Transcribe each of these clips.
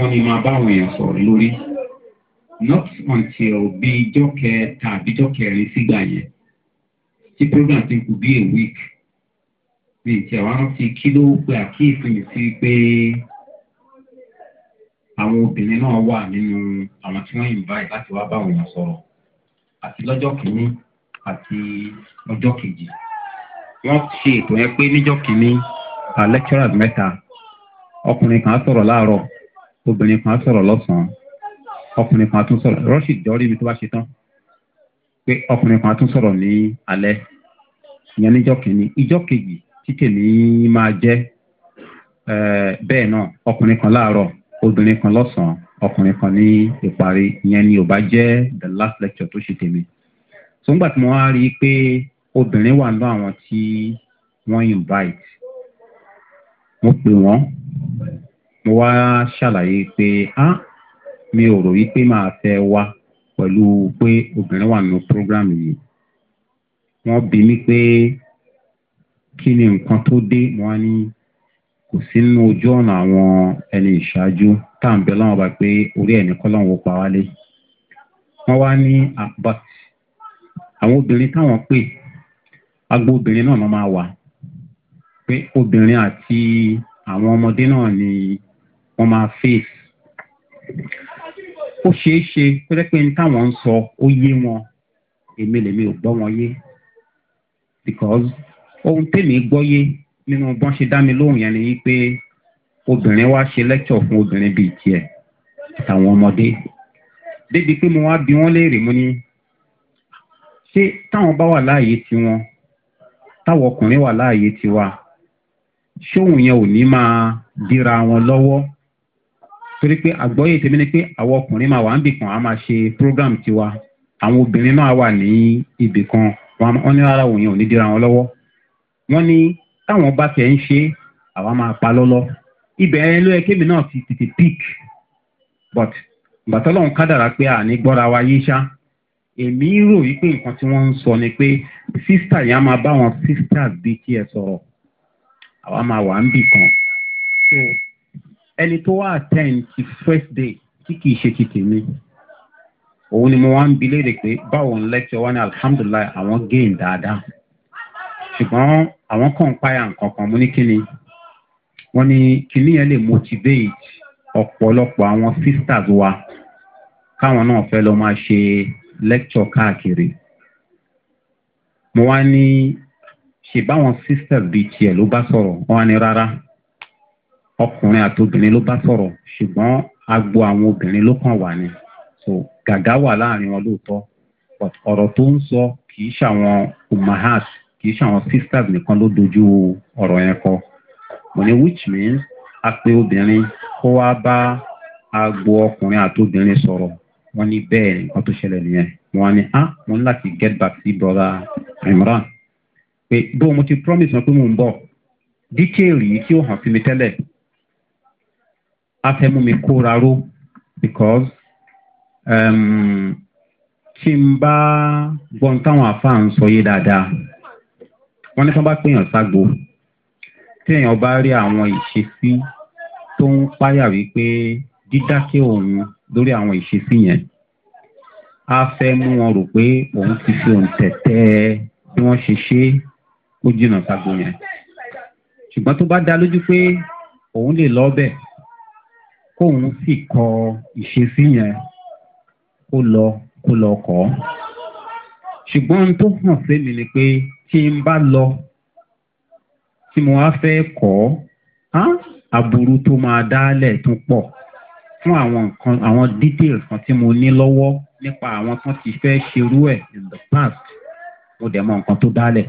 wọ́n ní máa báwọn èèyàn sọ̀rọ̀ lórí not until bí ijọ́ kẹta àbí ijọ́ kẹrin sígbà yẹn tí program ti kù bí a week ní ìtì àwọn rántí kí ló pe àkíyèsí mi sí pé àwọn obìnrin náà wà nínú àwọn tí wọ́n invite láti wá báwọn èèyàn sọ̀rọ̀ àti lọ́jọ́ kìíní àti ọjọ́ kejì wọ́n ṣe ètò yẹn pé níjọ́ kìíní lecturers mẹ́ta ọkùnrin kan sọ̀rọ̀ láàárọ̀ obìnrin kan sọ̀rọ̀ lọ́sàn-án ọkùnrin kan tún sọ̀rọ̀ rọ́ṣì jọ́rí mi tó bá ṣe tán pé ọkùnrin kan tún sọ̀rọ̀ ní alẹ́ ìyẹn níjọ́ kìíní ìjọ́ kejì tí tèmi máa jẹ́ bẹ́ẹ̀ náà ọkùnrin kan láàárọ̀ obìnrin kan lọ́sàn-án ọkùnrin kan ní ìparí ìyẹn ni ò bá jẹ́ the last lecture tó ṣe tèmi so ńgbà tí mo wá rí i pé obìnrin wà nínú àwọn tí wọ́n invite mo pè wọ́n mo wá ṣàlàyé pé á mi ò rò wípé máa fẹ́ wá pẹ̀lú pé obìnrin wà nínú program yìí wọ́n bí mi pé kí ni nǹkan tó dé mo wá ní kò sí nínú ojú ọ̀nà àwọn ẹni ìṣáájú tá à ń bẹ lọ́wọ́ bá pé orí ẹ̀ ní kọ́lọ́hún ó pa wálé wọ́n wá ní àbá àwọn obìnrin táwọn pè agbo obìnrin náà máa wà pé obìnrin àti àwọn ọmọdé náà ni wọ́n máa fèsì. ó ṣeé ṣe tó jẹ́ pé ní táwọn ń sọ ó yé wọn èmi lèmi ò gbọ́ wọn yé because ohun tèmi gbọ́ yé nínú bọ́n ṣe dá mi lóhùn yẹn ni wípé obìnrin wá ṣe lẹ́kṣọ̀ fún obìnrin bíi tiẹ̀ àtàwọn ọmọdé débi pé mo wá bí wọ́n léèrè mo ní ṣé táwọn bá wà láàyè tiwọn táwọn ọkùnrin wà láàyè tiwa ṣóhun yẹn ò ní máa dira wọn lọ́wọ́ torí pé àgbọ́yé tèmi ni pé àwọn ọkùnrin máa wà ń bìkan á máa ṣe program tiwa àwọn obìnrin náà wà ní ibì kan wọn ní rárá òun yẹn ò ní dira wọn lọ́wọ́ wọn ní táwọn bá tẹ̀ ń ṣe àwa máa pa lọ́lọ́ ibẹ̀ ẹ ló yẹ kémi náà ti tètè pick but gbàtọ́lọ́hún kádàrá pé àní gbọ́ra wa yé ṣá èmi rò yí pé nǹkan tí wọ́n ń sọ ni pé sísítà yẹn á máa bá wọn sísítà bíi kí ẹ sọ̀rọ̀ àwa máa wà ń bì kan ẹni tó wà ten ti first day tí kìí ṣe ti tèmi òun ni mo wá ń bi léèrè pé báwo ń lẹ́kṣọ̀ wá ní alihamudulilayi àwọn géèmù dáadáa ṣùgbọ́n àwọn kan ń páyà nǹkan kan mo ní kíni wọ́n ní kíní yẹn lè motivate ọ̀pọ̀lọpọ̀ àwọn sisters wa káwọn náà fẹ́ lọ máa ṣe lecture káàkiri mo wá ní ṣe báwọn sisters bíi tiẹ̀ ló bá sọ̀rọ̀ wọ́n á ní rárá ọkùnrin àti obìnrin ló bá sọ̀rọ̀ ṣùgbọ́n agbo àwọn obìnrin ló kàn wá ni so gàgá wà láàrin wọn lóòótọ́ but ọ̀rọ̀ tó ń sọ kì í ṣàwọn umahat kì ṣàwọn sisters nìkan ló dojú ọ̀rọ̀ yẹn kọ mo ní which means a pe obìnrin kó wá bá agbo ọkùnrin àti obìnrin sọ̀rọ̀ wọ́n ní bẹ́ẹ̀ nǹkan tó ṣẹlẹ̀ nìyẹn wọ́n ní ah mo ní láti get back sí brother imran pé bó mo ti promise wọn pé mo ń bọ̀ detail yìí tí ó hàn sí mi tẹ́lẹ̀ afẹ́mú mi kóra ró because um, tí n bá gbọ́n táwọn àfáà ń sọ yé dáadáa wọ́n ní kí wọ́n bá pèèyàn ságbo téèyàn bá rí àwọn ìṣesí tó ń páyà wípé dídákẹ́ òun lórí àwọn ìṣesí yẹn á fẹ́ mú wọn rò pé òun ti fi òun tẹ̀tẹ́ bí wọ́n ṣe ṣe kó jìnnà ságbo yẹn ṣùgbọ́n tó bá dá lójú pé òun lè lọ́ bẹ́ẹ̀ kóun sì kọ ìṣesí yẹn kó lọ kó lọ kọ́ ṣùgbọ́n tó hàn sí mi ni pé tí n bá lọ tí mo wá fẹ́ kọ́ aburú tó máa dálẹ̀ tún pọ̀ fún àwọn nǹkan àwọn details kan tí mo ní lọ́wọ́ nípa àwọn kan ti fẹ́ ṣerú ẹ̀ in the past mo dẹ̀ mọ nǹkan tó dálẹ̀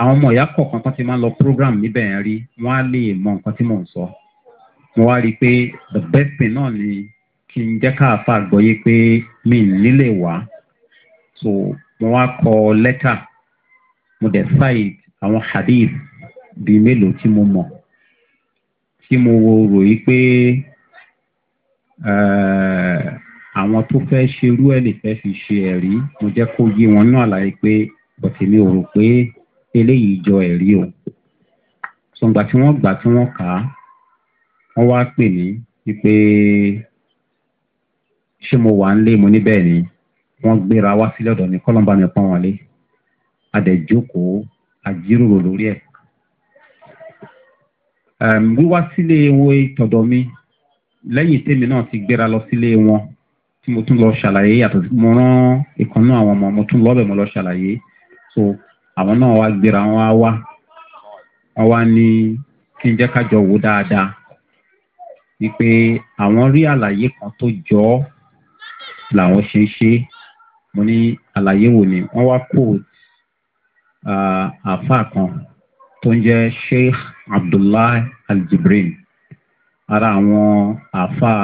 àwọn ọmọ ìyá kọ̀ọ̀kan kan ti máa ń lọ program níbẹ̀ yẹn rí wọ́n á lè mọ nǹkan tí mò ń sọ. So mo wá rí i pé the best thing náà ni kí n jẹ́ ká àfa àgbọ́yé pé mi nílé wá so mo wá kọ lẹ́tà mo dẹ̀ cite àwọn hadith bíi mélòó tí mo mọ̀ tí mo wo rò yí pé eh, àwọn tó fẹ́ ṣerú ẹ̀ lè fẹ́ fi ṣe ẹ̀rí mo jẹ́ kó yé wọn náà láyé pé bọ̀tẹ̀ mi ò rò pé eléyìí jọ ẹ̀rí o sọ̀gbà tí wọ́n gbà tí wọ́n kà á wọ́n wá pè mí wípé ṣé mo wà ń lé mo níbẹ̀ ni wọ́n gbéra wá sílẹ̀ ọ̀dọ̀ ní kọ́lọ́mbà mi pọ́n wọn lé adẹ̀jókòó àjíròrò lórí ẹ̀. wíwá sílé wọn tọ̀dọ̀ mi lẹ́yìn tèmi náà ti gbéra lọ sílé wọn tí mo tún lọ ṣàlàyé yàtọ̀ sí mo rán ìkànnú àwọn ọmọ mo tún lọ́bẹ̀ mo lọ ṣàlàyé so àwọn náà wá gbéra wọn wá wá wọn wá ní kí n jẹ́ ká jọ wò dáadáa wípé àwọn rí àlàyé kan tó jọ ọ́ làwọn ṣe ń ṣe mo ní àlàyé wò ni wọ́n wá kó àáfàá kan tó ń jẹ́ sheikh abdullahi aljibrin ara àwọn àáfàá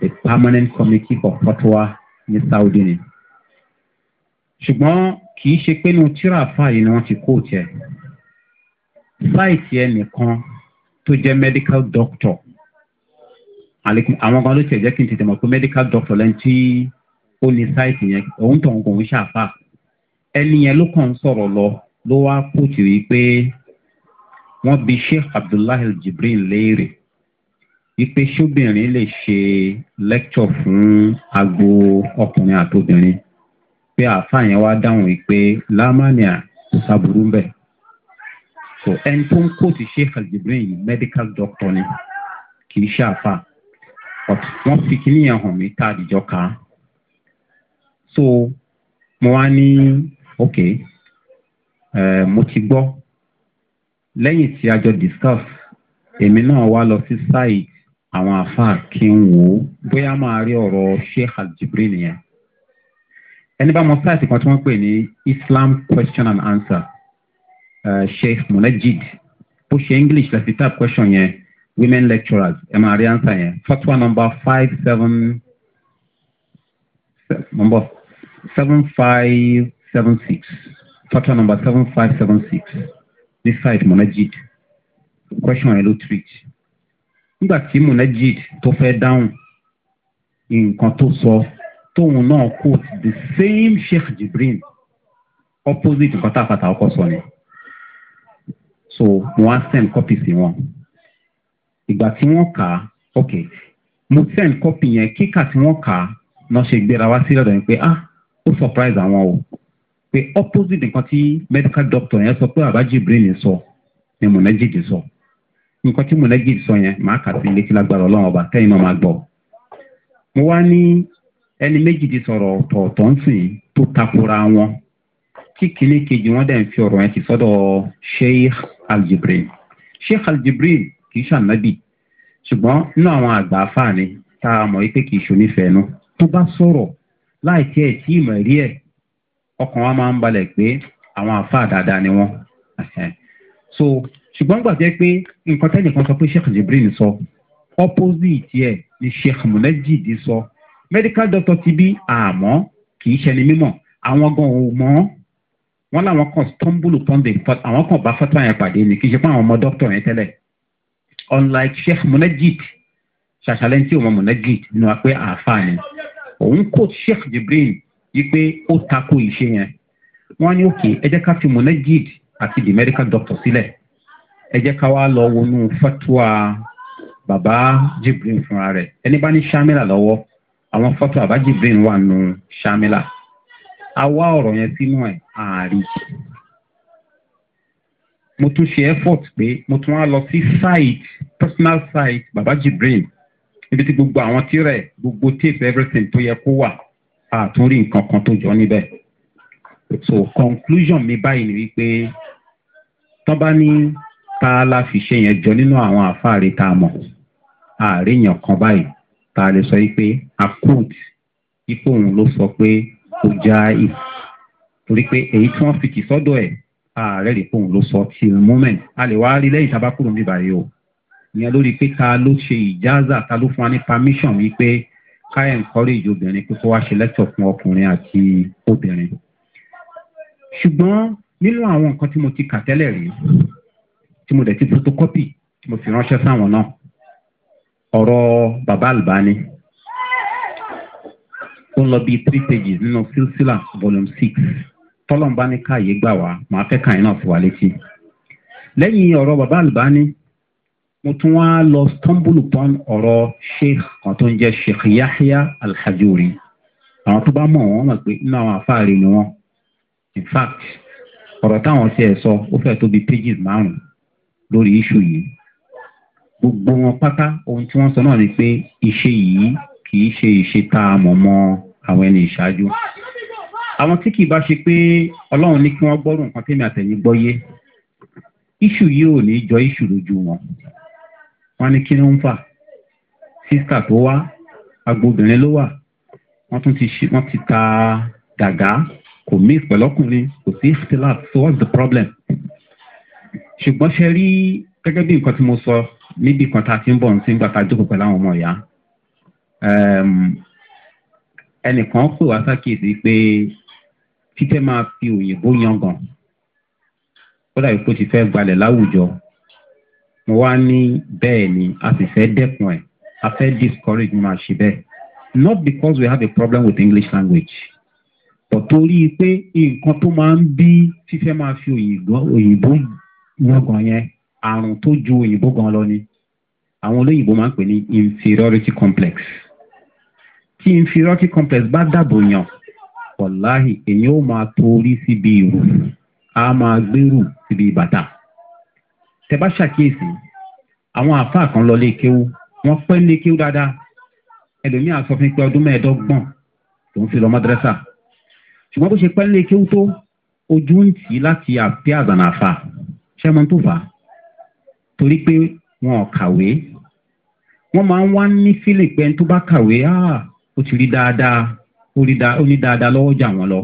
the permanent committee for fatwa ní saudi ni ṣùgbọ́n kì í ṣe pé ní tíra àáfàá yìí ni wọ́n ti kó tiẹ̀ sáìtì ẹ tó jẹ́ medical doctor àwọn kan ló tiẹ̀ jẹ́ kí n tètè mọ̀ pé medical doctor lẹ́ni tí ó ní sáìtì yẹn òun tó ń kò ń ṣàfà ẹni yẹn ló kàn ń sọ̀rọ̀ lọ ló wá kóòtù yìí pé wọ́n bi sheikh abdullahi jibril léèrè wípé ṣóbìnrin lè ṣe lecture fún agbo ọkùnrin àtobìnrin pé àáfàá yẹn wá dáhùn wípé lámánìà kò sábúrú ń bẹ̀ so ẹni tó ń kóòtù sheikh jibril medical doctor ni kì í ṣe but wọ́n fi kíní yẹn hàn mí káàdì ká so mo wá ní ok uh, mo ti gbọ́ lẹ́yìn tí a jọ discuss èmi náà wá lọ sí site àwọn àfáà kí n wò ó bóyá máa rí ọ̀rọ̀ sheikh aljibril yẹn ẹni bá mọ site kan tí wọ́n pè ní islam question and answer uh, sheikh munajid bó ṣe english láti type question yẹn women lecturers ẹ máa rí ansa yẹn fatwa number five seven number seven five seven six fatwa number seven five seven six this side monajid question yẹn ló treat nígbà tí monajid tó fẹ́ dáhùn nǹkan tó sọ tóun náà quote the same sheikh jibrin opposite nǹkan tá a fàtà ọkọ sọ ni so wọn á send copy sí wọn ìgbà tí wọ́n kà á ok mo send copy yẹn kíkà tí wọ́n kà á náà ṣe gbéra wá sí lọ́dọ̀ yẹn pé ah ó surprise àwọn o pé opposite nǹkan tí medical doctor yẹn sọ pé bàbá jibril sọ ni monegid sọ nǹkan tí monegid sọ yẹn màá kà sí létí lágbára ọlọ́run ọba tẹ́yìn náà máa gbọ́ mo wá ní ẹni méjì ti sọ̀rọ̀ ọ̀tọ̀ọ̀tọ̀ ń sìn tó takora wọn tí kìíní wọn dẹ̀ ń fi ọ̀rọ̀ yẹn ti sọ́dọ̀ sheikh aljibril sheikh aljibril kì í ṣànábì ṣùgbọ́n nínú àwọn àgbà afáàní tá a mọ̀ wípé kì í ṣonífẹ̀ẹ́ nu tó bá sọ̀rọ̀ láì tí ẹ̀ tí ìmọ̀ rí ẹ̀ ọkàn wa máa ń balẹ̀ pé àwọn àfáà dáadáa ni wọ́n so ṣùgbọ́n gbàgbé pé nǹkan tẹ́nìkan sọ pé sheikh jibril sọ opposite ẹ̀ ni sheikh munajid sọ medical doctor ti bí àmọ́ kì í ṣẹni mímọ̀ àwọn gan ò mọ́ wọn làwọn kan stumble upon the àwọn kan bá fọ́tàn yẹn pàdé ni kì í ṣe pé àwọn ọmọ dókítà yẹn tẹ́lẹ̀ unlike sheikh munajid ṣàṣàlẹ̀ tí òun munajid nínú wa pé àáfàá ni òun kò sheikh jibril yí pé ó tako ìṣe yẹn wọ́n ní òkè ẹ jẹ́ ká fi munajid àti the medical doctor sílẹ̀ ẹ jẹ́ ká wá lọ wọnú fatwa bàbá jibril fúnra rẹ̀ ẹni bá ní shamila lọ́wọ́ àwọn fatwa bàbá jibril wà nù shamila a ọ̀rọ̀ yẹn sínú ẹ̀ ààrí mo tún ṣe effort pé mo tún wá lọ sí site personal site baba jibril ibi tí gbogbo àwọn tí rẹ gbogbo tape everything tó yẹ kó wà àtúrí nǹkan kan tó jọ níbẹ̀ so conclusion mi báyìí ni wípé tán bá ní ta la fi ṣe yẹn jọ nínú àwọn àfáàrí tá a mọ̀ àríyàn kan báyìí tá a lè sọ wípé a quote ipò òun ló sọ pé ó já ì torí pé èyí tí wọ́n fi kì sọ́dọ̀ ẹ̀ ààrẹ rè fóun ló sọ till moment a lè wá rí lẹ́yìn tábà kúrò níbà yìí o ìyẹn lórí pé ta ló ṣe ìjáza ta ló fún wa ní permission wípé ká encourage obìnrin pé kó wá ṣe lẹ́tọ̀ fún ọkùnrin àti obìnrin ṣùgbọ́n nínú àwọn nǹkan tí mo ti kà tẹ́lẹ̀ rí tí mo dẹ̀ ti photocopy tí mo fi ránṣẹ́ sáwọn náà ọ̀rọ̀ bàbá àlùbáni ó ń lọ bíi three pages nínú silsila volume six tọ́lọ́mbá ní káàyè gbà wá màá fẹ́ kàn yín náà fi wá létí. lẹ́yìn ọ̀rọ̀ bàbá àlùbáni mo tún wá lọ stumble upon ọ̀rọ̀ sheikh kan tó ń jẹ́ sheikh yahya alhajuri àwọn tó bá mọ̀ wọ́n mọ̀ pé inú àwọn àfáàrí ni wọ́n in fact ọ̀rọ̀ táwọn ti ẹ̀ sọ ó fẹ́ tóbi pages márùn-ún lórí issue yìí gbogbo wọn pátá ohun tí wọ́n sọ náà ni pé iṣẹ́ yìí kì í ṣe ìṣe tá a mọ̀ mọ́ àwọn ẹni ìṣáájú àwọn tí kì í bá ṣe pé ọlọ́run ní kí wọ́n gbọ́rùn nǹkan tẹ́mi àtẹ̀yìn gbọ́yé iṣu yìí ò ní jọ iṣu lójú wọn wọn ní kí ló ń fà sísà tó wá agbóbìnrin ló wà wọn tún ti ṣe wọn ti ta gàgá kò mí pẹ̀lọ́kùnrin kò sí stilat so what's the problem ṣùgbọ́n ṣe rí gẹ́gẹ́ bí nǹkan tí mo sọ níbi kan tá a ti ń bọ̀ nígbà tá jókòó pẹ̀lú àwọn ọmọ ìyá ẹnìkan pè wá sákìyèsí pé fífẹ́ máa fi òyìnbó yangàn kódà yìí kó ti fẹ́ gbalẹ̀ láwùjọ mo wá ní bẹ́ẹ̀ ni a sì fẹ́ dẹ́kun ẹ̀ a fẹ́ discourage mi máa ṣe bẹ́ẹ̀ not because we have a problem with english language but torí pé nǹkan tó máa ń bí fífẹ́ máa fi òyìnbó yangàn yẹn àrùn tó ju òyìnbó gan lọ ni àwọn olóyìnbó máa ń pè ní inferiority complex tí inferiority complex bá dàbò yàn wàláhì èyàn ó máa torí síbi ìrù á máa gbérù síbi bàtà tẹ bá ṣàkíyèsí àwọn àáfàá kan lọ lé kéwú wọn pẹ́ lé kéwú dáadáa ẹlòmíà sọ fún mi pé ọdún mẹ́ẹ̀ẹ́dọ́gbọ̀n lòún fi lọ mọ́dẹ́rẹ́sà ṣùgbọ́n bó ṣe pẹ́ lé kéwú tó ojú ń tì í láti àpé àzànàfà ṣé mo ń tó fà á torí pé wọn ò kàwé wọn máa ń wá ní fílẹ̀ pé ẹni tó bá kàwé ah, ó ti rí dáadáa ó ní dáadáa lọ́wọ́ jà wọ́n lọ.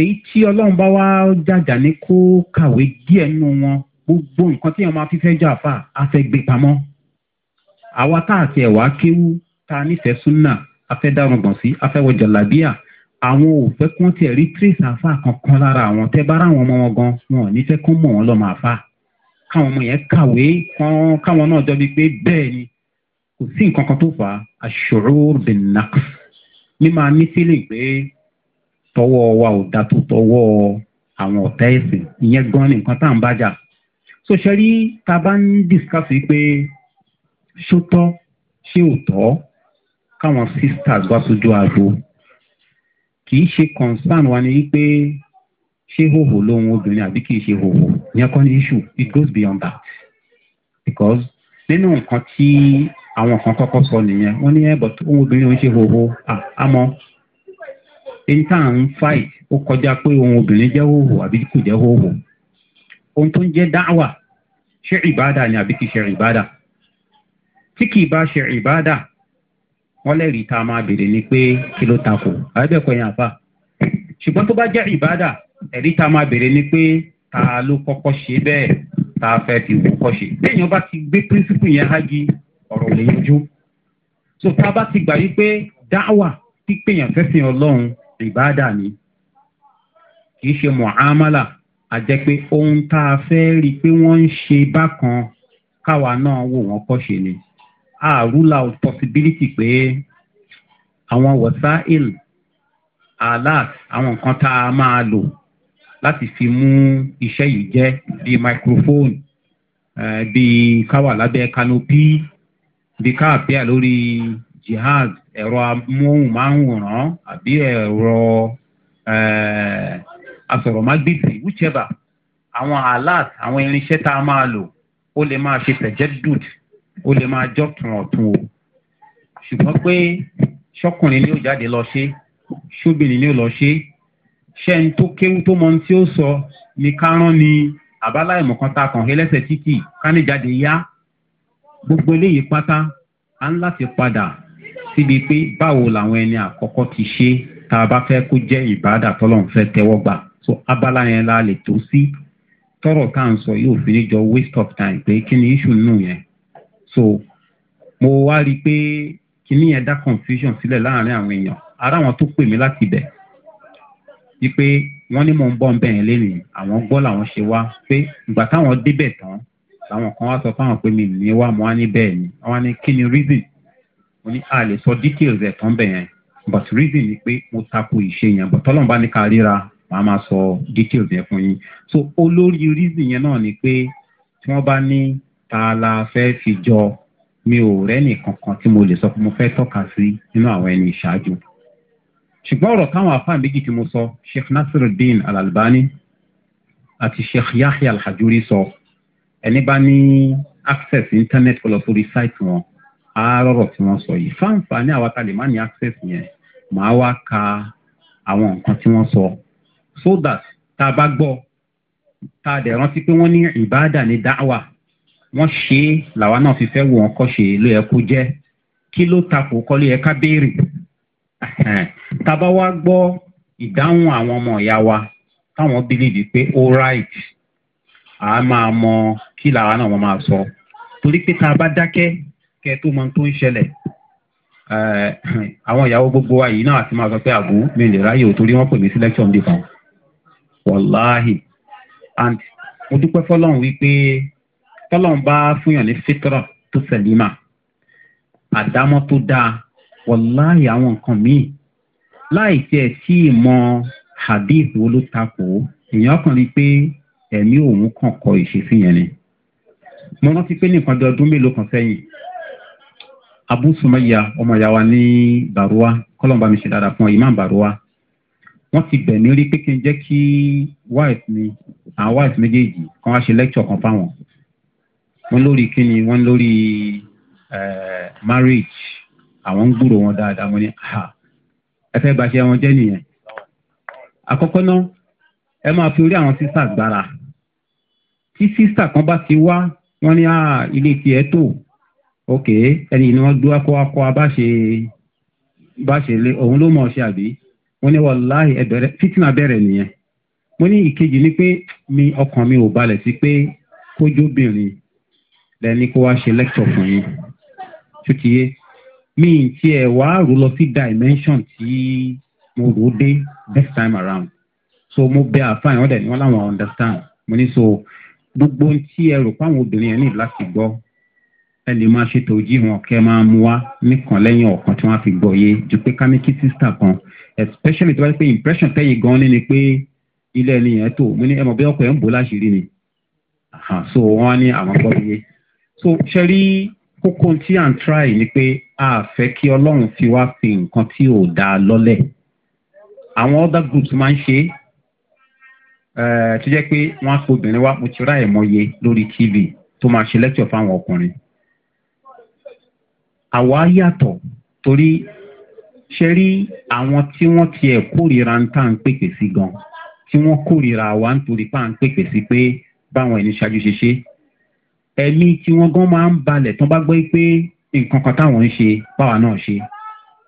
èyí tí ọlọ́run bá wá jàjà ní kó kàwé díẹ̀ nínú wọn gbogbo nǹkan tí wọn máa fi fẹ́ jà fà á fẹ́ gbé pamọ́. àwa tá àti ẹ̀wà kéwú ta nífẹ̀ẹ́ súnà afẹ́dárùngbọ̀n sí afẹ́wọ̀jà làbíà àwọn ò fẹ́ kún tiẹ̀ rí trace àfa kankan lára àwọn tẹ́ bá ráwọn ọmọ wọn gan wọn ò kún mọ̀ wọn lọ́mọ àfa káwọn ọmọ yẹn kàwé káwọn náà jọ bíi pé bẹ́ẹ̀ ni kò sí nǹkan kan tó fà á aṣòro bẹ̀nàkùs mímọ ní feeling pé tọwọ́ wa ò da tó tọwọ́ àwọn ọ̀tá ẹ̀sìn ìyẹn gan ni nǹkan tá à ń bájà so ṣe rí ta bá ń discuss pé ṣó tọ́ ṣé ò tọ́ káwọn sisters wá sójú àgbo kì í ṣe concern wa ni wípé ṣé hòhò lóhun obìnrin àbí kì í ṣe hòhò ìyẹn kọ́ ni issue it goes beyond that because nínú nǹkan tí àwọn kan kọ́kọ́ sọ nìyẹn wọ́n ní ẹ̀bọ̀ eh, tó ohun obìnrin ṣe hoho àmọ́ èyí tá à ń fight ó kọjá pé ohun obìnrin jẹ́ hoho àbí kò jẹ́ hoho ohun tó ń jẹ́ dáwà ṣe ìbáàdà ni àbí kì í ṣe ìbáàdà tí kì í bá ṣe ìbáàdà wọ́n lẹ́rìí tá a máa bèrè ni pé kí ló takò àbẹ́bẹ̀kọ yẹn àbá ṣùgbọ́n tó bá jẹ́ ìbáàdà ẹ̀rí tá máa bèrè ni pé ta ló kọ́kọ́ ṣe bẹ́ẹ̀ tá fẹ́ fi wò kọ́ ṣe. téèyàn bá ti gbé píríncípù yẹn hági ọ̀rọ̀ lè yanjú. so tá a bá ti gbà wípé dáwà pípéyàn fẹ́sìn ọlọ́run ìbáàdà ni kì í ṣe mọ̀ámálà àjẹ́ pé ohun tá a fẹ́ rí i pé wọ́n ń ṣe bákan káwa náà wò wọ́n kọ́ ni a rule out possibility pé àwọn wọ̀sáìl alat àwọn nǹkan tá a máa lò láti fi mú iṣẹ́ yìí jẹ́ bíi microphone eh, bíi káwà lábẹ́ canopy bí ká lórí jihad ẹ̀rọ amóhùnmáwòrán àbí ẹ̀rọ eh, asọ̀rọ̀mágbèsè whichever àwọn alert àwọn irinṣẹ́ tá a máa lò ó lè máa ṣe tẹ̀jẹ́dùd ó lè máa jọ́ tún ọ̀tún o ṣùgbọ́n pé ṣọkùnrin ni ó jáde lọ ṣe ṣóbìnrin ni ó lọ ṣe ṣẹ́ ń tó kéwú tó mọ ohun tí ó sọ ní kárán ni àbáláìmọ̀kan ta kàn hélẹ́sẹ̀ títì ká yá gbogbo eléyìí pátá a ń láti padà síbi pé báwo làwọn ẹni àkọ́kọ́ ti ṣe tá a bá fẹ́ kó jẹ́ ìbáàdà tọ́lọ́run fẹ́ tẹ́wọ́ gbà so abala yẹn la lè tó sí tọrọ tá à ń sọ yóò fi níjọ waste of time pé kí ni issue nù yẹn so mo wá rí i pé kíní yẹn dá confusion sílẹ̀ láàrin àwọn èèyàn ara àwọn tó pè mí láti bẹ̀ wípé wọ́n ní mò ń bọ̀ ń bẹ̀yẹn lénìí àwọn gbọ́ làwọn ṣe wá pé ìgbà táwọn débẹ̀ tán àwọn kan wá sọ fáwọn pé mi ní wá mo wá ní bẹ́ẹ̀ ni wọ́n ní kí ni reason mo ní a lè sọ details ẹ̀ tán bẹ̀ but reason ni pé mo tako ìṣe yẹn but tọ́lọ́mùbá ní ká ríra màá máa sọ details yẹn fún yín so olórí reason yẹn náà ni pé tí wọ́n bá ní ta la fẹ́ fi jọ mi ò rẹ́nì kankan tí mo lè sọ pé mo fẹ́ tọ́ka sí nínú àwọn ẹni ìṣáájú ṣùgbọ́n ọ̀rọ̀ táwọn afáà méjì tí mo sọ sheikh nasiruddin alalbani àti sheikh yahya alhajuri sọ. So, ẹni bá ní access internet kọlọ sórí site wọn á rọrọ tí wọn sọ yìí fáǹfààní àwọn tá lè má ní access yẹn màá wá ka àwọn nǹkan tí wọn sọ so that tá a bá gbọ tá a dẹ̀ rántí pé wọ́n ní ìbáàdà ní dáwà wọ́n ṣe é làwa náà fi fẹ́ wò wọ́n kọ́ ṣe ló yẹ kó jẹ́ kí ló takò kọ́ ló yẹ ká béèrè tá a bá wá gbọ́ ìdáhùn àwọn ọmọ ìyá wa táwọn bílíìdì pé ó right a máa mọ kí làwa náà máa sọ torí pé tá a bá dákẹ́ kẹ tó mọ tó ń ṣẹlẹ̀ àwọn ìyàwó gbogbo wa yìí náà àti máa sọ pé àbú mi lè ráyè ò torí wọ́n pè mí sí lẹ́kṣọ̀ ń dìbò wàláhì and mo dúpẹ́ fọlọ́run wípé tọ́lọ́run bá fúnyàn ní fitra tó sẹ̀límà àdámọ́ tó dáa wàláhì àwọn nǹkan míì láì tiẹ̀ tí ì mọ hadith wo ló takò èèyàn kàn rí i pé ẹ̀mí òun kàn kọ ìṣesí yẹn ni. mo rántí pé nìkan bí ọdún mélòó kan sẹ́yìn abúsùmáyà ọmọ ìyá wa ní baruwa kọ́lọ́mbà mi ṣe dáadáa fún ọ imam baruwa wọ́n ti bẹ̀ mí rí pé kí n jẹ́ kí wife mi àwọn wife méjèèjì kan wá ṣe lecture kan fáwọn wọ́n lórí kíni wọ́n lórí eh, marriage àwọn ń gbúrò wọn dáadáa wọ́n ní ẹ fẹ́ bá ṣe wọn jẹ́ nìyẹn àkọ́kọ́ náà ẹ máa fi orí àwọn sisters gbára tí sísà kan bá ti wá wọ́n ní ah, ilé tiẹ̀ tó ok ẹni ni wọ́n dúró akọ akọ abáṣe báṣe lé òun ló mọ̀ ṣe àbí wọ́n ní wàláhì ẹ̀bẹ̀rẹ̀ fìtínà bẹ̀rẹ̀ nìyẹn mo ní ìkejì ni pé mi ọkàn mi ò balẹ̀ sí pé kójóbìnrin lẹni kó wá ṣe lẹ́kṣọ̀ fún yín ṣùtìyé mi ì tiẹ̀ wá rò lọ sí dimension tí mo rò dé next time around so mo bẹ àfáàyàn ọ̀dẹ̀ ni wọ́n láwọn understand mo ní so gbogbo tí ẹ rò fáwọn obìnrin yẹn ní láti gbọ́ ẹ lè máa ṣètò ojí wọn kẹ máa mú wá nìkan lẹ́yìn ọ̀kan tí wọ́n fi gbọ́ yé ju pé ká ní kan especially tí wọ́n ti impression tẹ́yìn gan ní ni pé ilé ẹni yẹn tó mo ní ẹ mọ̀ bí ọkọ̀ ẹ̀ ń bò láṣìírí ni so wọ́n ní àwọn gbọ́ yé so ṣe rí kókó tí à ń try ni pé a fẹ́ kí ọlọ́run fi wá fi nǹkan tí ò dáa lọ́lẹ̀ àwọn other groups máa ń ṣe é tó jẹ́ pé wọ́n á pe obìnrin wá mo ti ra ẹ̀mọye lórí tv tó máa ṣe lẹ́kítọ̀ fáwọn ọkùnrin. àwa yàtọ̀ torí ṣe rí àwọn tí wọ́n tiẹ̀ kórìíra ń tà ń pèpè sí gan tí wọ́n kórìíra wa nítorí pà ń pèpè sí pé báwọn ẹni ṣáájú ṣe ṣe ẹ̀mí tí wọ́n gan máa ń balẹ̀ tán bá gbọ́ pé nǹkan kan táwọn ń ṣe báwa náà ṣe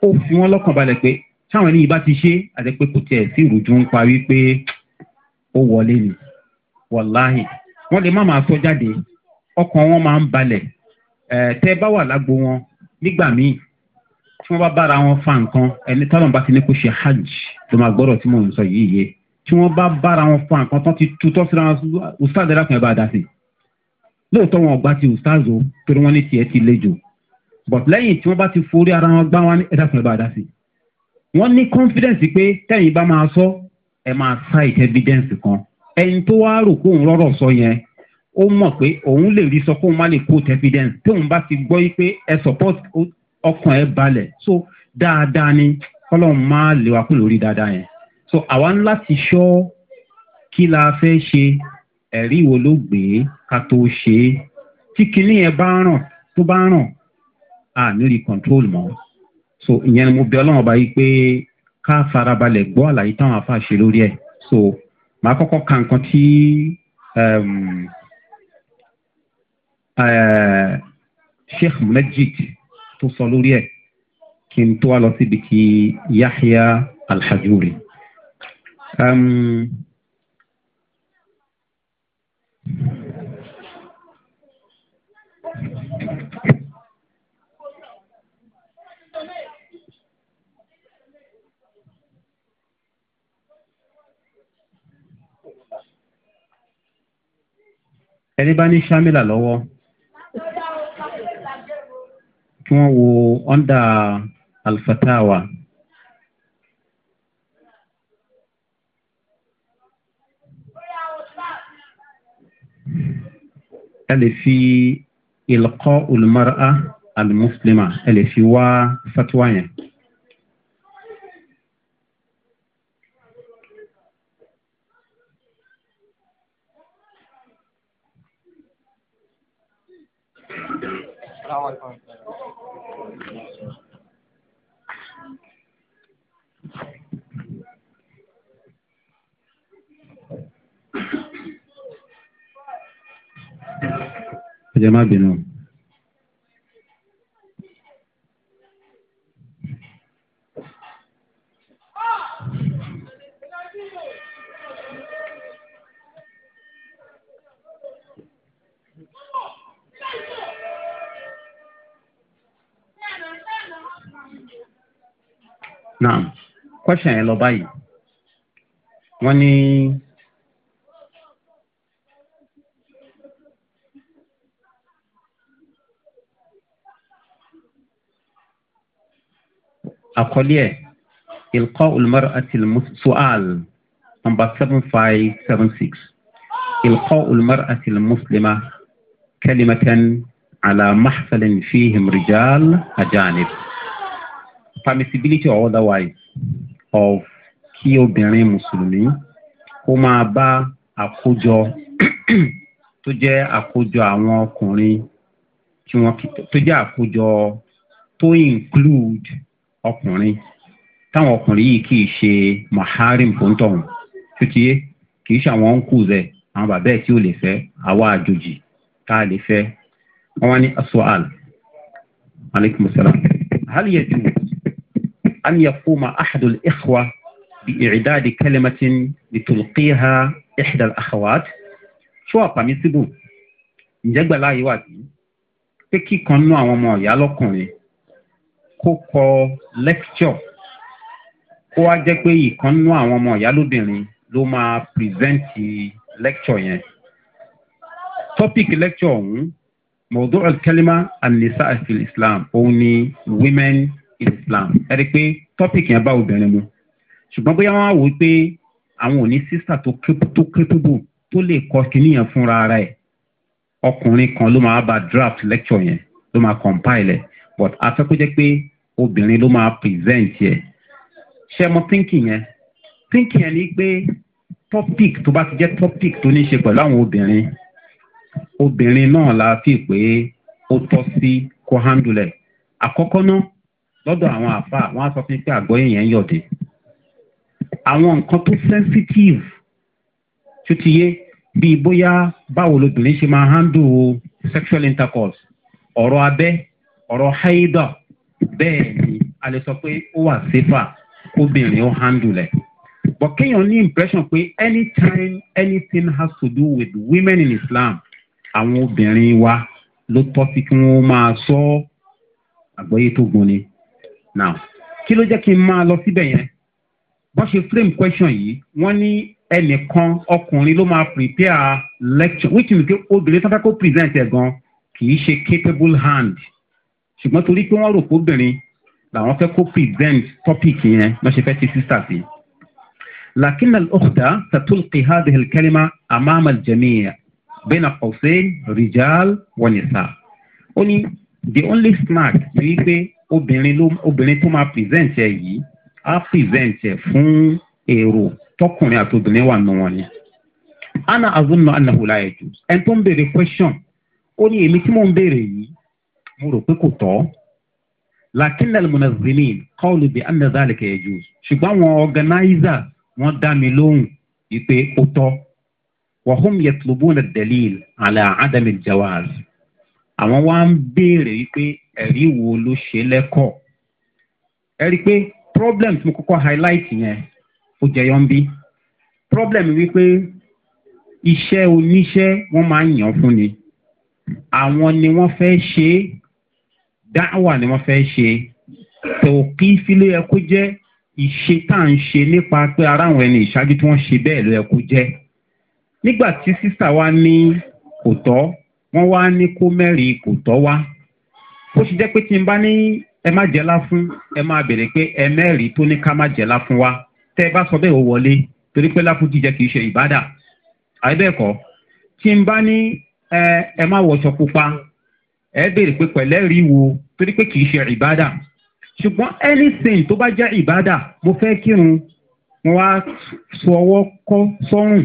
ó fi wọ́n lọ́kàn balẹ̀ pé táwọn ẹni yìí bá ti ṣe àti pé kò tiẹ̀ sí ìrújú ń parí pé ó wọlé ni wàláhì wọ́n lè má máa sọ jáde ọkàn wọn máa ń balẹ̀ ẹ̀ tẹ́ bá wà lágbo wọn nígbà míì tí wọ́n bá bára wọn fa nǹkan ẹni tálọ̀ bá ti ní kó ṣe hajj ló máa gbọ́dọ̀ tí mò ń sọ yìí yé tí wọ́n bá bára wọn fa nǹkan tán ti tutọ́ síra wọn ustaz ẹ̀dàkùn ẹ̀ bá dá sí i lóòótọ́ wọn ọ̀gbá ti ustaz o torí wọ́n ní tiẹ̀ ti le jù but lẹ́yìn tí wọ́n bá ti forí ara wọn gbá wọn ẹ̀dàkùn ẹ̀ bá dá sí i ní confidence pé tẹ́yìn bá máa sọ ẹ máa cite evidence kan ẹni tó wá rò pé òun rọrọ sọ yẹn ó mọ̀ pé òun lè rí sọ pé òun má lè quote evidence tóun bá ti gbọ́ pé ẹ support ọkàn ẹ balẹ̀ so dáadáa ni kọ́lọ́n má lè wá kú lórí dáadáa yẹn so àwa ń láti ṣọ́ kí la fẹ́ ṣe ẹ̀rí wo ló gbé ká tó ṣe é tí kinní yẹn bá ràn tó bá ràn à rí control mọ́ so ìyẹn ni mo bẹ ọlọ́run ọba yìí pé ká farabalẹ̀ gbọ́ àlàyé táwọn afa ṣe lórí ẹ̀ so màá kọ́kọ́ ka nǹkan tí um, eh, sheikh mejid tó sọ lórí ẹ̀ kí n tó wá lọ síbi ti yahya alhajuri. Um, ẹni bá ní ṣámílà lọ́wọ́ kí wọ́n wo ọ́ndà alfatawa ẹ lè fi ilkọ́ olùmọ́ra alimuslima ẹ lè fi wá fatuwa yẹn. dá o iPhone. Ẹ نعم question yẹn lọ báyìí. Wọ́n ní. Àkọlé ẹ̀ Ilkọ́ number seven five seven six. إلقاء المرأة المسلمة كلمة على محفل فيهم رجال أجانب permissibility or otherwise of kí obìnrin mùsùlùmí kó máa bá àkójọ tó jẹ́ àkójọ àwọn ọkùnrin tí wọ́n tó jẹ́ àkójọ tó include ọkùnrin táwọn ọkùnrin yìí kì í ṣe maharim fóńtọ̀hún títíye kì í ṣe àwọn uncles ẹ̀ àwọn bàbá ẹ̀ tí ò lè fẹ́ àwa àjòjì tá a lè fẹ́ wọ́n wá ní aswa'al aleykum salaam hali yẹ ti wò. أن يقوم أحد الإخوة بإعداد كلمة لتلقيها إحدى الأخوات ṣó permissible ǹjẹ́ gbà láàyè wà bí pé kíkan nú àwọn ọmọ ìyá lọ́kùnrin kó kọ lecture kó wá jẹ́ pé ìkan nú àwọn ọmọ ìyá lóbìnrin ló máa present lecture yẹn topic lecture ọ̀hún mọ̀ọ́dọ́ al-kalima an-nisa' fil islam òun ni women islam ẹ rí i pé tọ́pìkì yẹn bá obìnrin mu ṣùgbọ́n bóyá wọ́n á wò ó pé àwọn ò ní sísà tó képébù tó lè kọ́ kínní yẹn fúnra ara ẹ̀ ọkùnrin kan ló máa bá draft lecture yẹn ló máa compile ẹ̀ but afẹ́ kó jẹ́ pé obìnrin ló máa present yẹ ṣé mo thinking yẹn thinking yẹn ni pé topic tó bá ti jẹ́ topic tó ní í ṣe pẹ̀lú àwọn obìnrin obìnrin náà la fi pé ó tọ́ sí kó handle ẹ̀ àkọ́kọ́ náà lọ́dọ̀ àwọn àfa wọ́n á sọ fún pé àgbọ́yé yẹn yọ̀dé àwọn nǹkan tó sensitive tó ti yé bíi bóyá báwo lobìnrin ṣe máa handle sexual intercourse ọ̀rọ̀ abẹ́ ọ̀rọ̀ haida bẹ́ẹ̀ ni a lè sọ pé ó wà sífà kóbìnrin ó handle ẹ̀ but kéèyàn ní impression pé anytime anything has to do with women in islam àwọn obìnrin wa ló tọ́ sí kí wọ́n máa sọ àgbọ́yé tó gun ni now kí ló jẹ́ kí n máa lọ síbẹ̀ yẹn bọ́n ṣe frame question yìí wọ́n ní ẹnìkan ọkùnrin ló máa prepare lecture which means pé obìnrin tó fẹ́ kó present ẹ̀ gan kì í ṣe capable hand ṣùgbọ́n torí pé wọ́n rò pé obìnrin làwọn fẹ́ kó present topic yẹn lọ́ ṣe fẹ́ ti sísà sí. لكن الأخت ستلقي هذه الكلمة أمام الجميع بين قوسين رجال ونساء. Only the only smart ni wípé obìnrin ló obìnrin tó máa present ẹ yìí á present ẹ fún èrò tọkùnrin àti obìnrin wà nù wọn ni. ana azunna anahu la yẹtu ẹn tó ń béèrè question ó ní èmi tí mò ń béèrè yìí mo rò pé kò tọ́ lakin almunazimin kọ́ọ̀lù bíi anazali kẹ̀yẹ́jú ṣùgbọ́n àwọn organizer wọ́n dá mi lóhùn wípé ó tọ́ wàhùn yẹtùlùbùn dalil àlà àdàmì jawaz àwọn wa ń béèrè wípé ẹ̀rí wo ló ṣe lẹ́kọ̀ọ́ ẹ rí i pé problem tí mo kọ́kọ́ highlight yẹn ó jẹyọ ń bí problem wípé iṣẹ́ oníṣẹ́ wọ́n máa ń yàn fún ni àwọn ni wọ́n fẹ́ ṣe é dáwà ni wọ́n fẹ́ ṣe tòkí sílé yẹ kó jẹ́ ìṣe tá à ń ṣe nípa pé ara àwọn ẹni ìṣáájú tí wọ́n ṣe bẹ́ẹ̀ ló yẹ jẹ́ nígbà tí sísà wa ní kò tọ́ wọ́n wá ní kó mẹ́rin kò tọ́ wá bó ṣe jẹ́ pé tí n bá ní ẹ má jẹ́lá fún ẹ máa bèrè pé ẹ mẹ́rìí tó ní ká má jẹ́lá fún wa tẹ́ ẹ bá sọ bẹ́ẹ̀ ó wọlé torí pé láfún jíjẹ kì í ṣe ìbádà àìbẹ́ẹ̀kọ́ tí n bá ní ẹ má wọṣọ pupa ẹ bèrè pé pẹ̀lẹ́ wo torí pé kì í ṣe ìbádà ṣùgbọ́n anything tó bá jẹ́ ìbádà mo fẹ́ kírun mo wá sọ ọwọ́ kọ́ sọ́rùn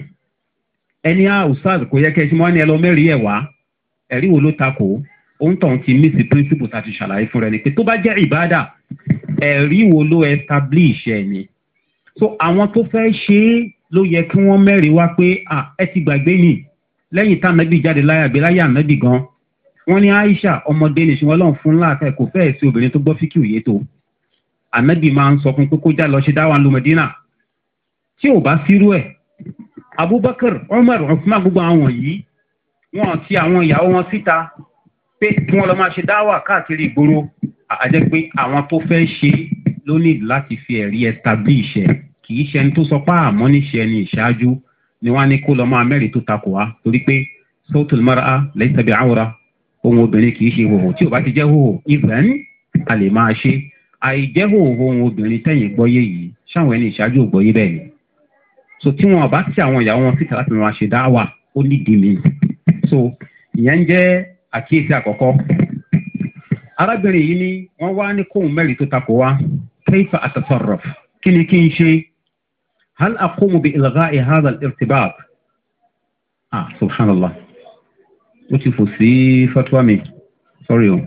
ẹni àwùsàd ah, kò yẹ kẹ́ ẹ ṣe mọ́ ni ẹ lọ mẹ́rìí ẹ̀ wá ẹ̀rí wo ló takò ó òun tàn ti mí sí principle tá a ti ṣàlàyé fún rẹ ni pé tó bá jẹ́ ìbádà ẹ̀rí wo ló establish ẹ̀ ni so àwọn tó fẹ́ ṣe é ló yẹ kí wọ́n mẹ́rin wá pé ẹ ti gbàgbé ni lẹ́yìn tá ànábì jáde láyàgbé láyà ànábì gan wọ́n ní aisha ọmọdé ní ṣùgbọ́n lọ́n fún láàfẹ́ kò fẹ́ẹ̀ sí obìnrin tó gbọ́ fíkì òye tó ànábì máa ń sọ fún pé kó já lọ ṣe dáwà ń lo medina tí ò bá sírú ẹ̀ abubakar umar usman gbogbo àwọn yìí wọn ti àwọn ìyàwó wọn síta pé kí wọ́n lọ máa ṣe dáwà káàkiri ìgboro àjẹ́ pé àwọn tó fẹ́ ṣe ló ní láti fi ẹ̀rí establish ẹ̀ kì í ṣe ẹni tó sọ pé àmọ́ ah, níṣe ẹni ìṣáájú ni wọ́n á ní kó lọ máa mẹ́rin tó takò wá torí pé sọ́tòlù mara lẹ́yìn tàbí àwòrá ohun obìnrin kì í ṣe hòhò tí ò bá ti jẹ́ hòhò ìfẹ́ ní a lè máa ṣe àìjẹ́ hòhò ohun obìnrin tẹ̀yìn gbọ́yé yìí ṣáwọn ẹni ìṣáájú gbọ́yé bẹ́ẹ̀ ni so tí wọn bá ti àwọn ìyàwó wọn síta láti máa ṣe dáwà ó nídìí mi so ìyẹn jẹ́ àkíyèsí àkọ́kọ́ arábìnrin yìí ni wọ́n wá ní kóhùn mẹ́rin tó takò wá kaifa atasarraf kí ni kí n ṣe hal aqumu bi ilgha'i hadha al ah subhanallah ó ti fò sí fatwa mi sorry o.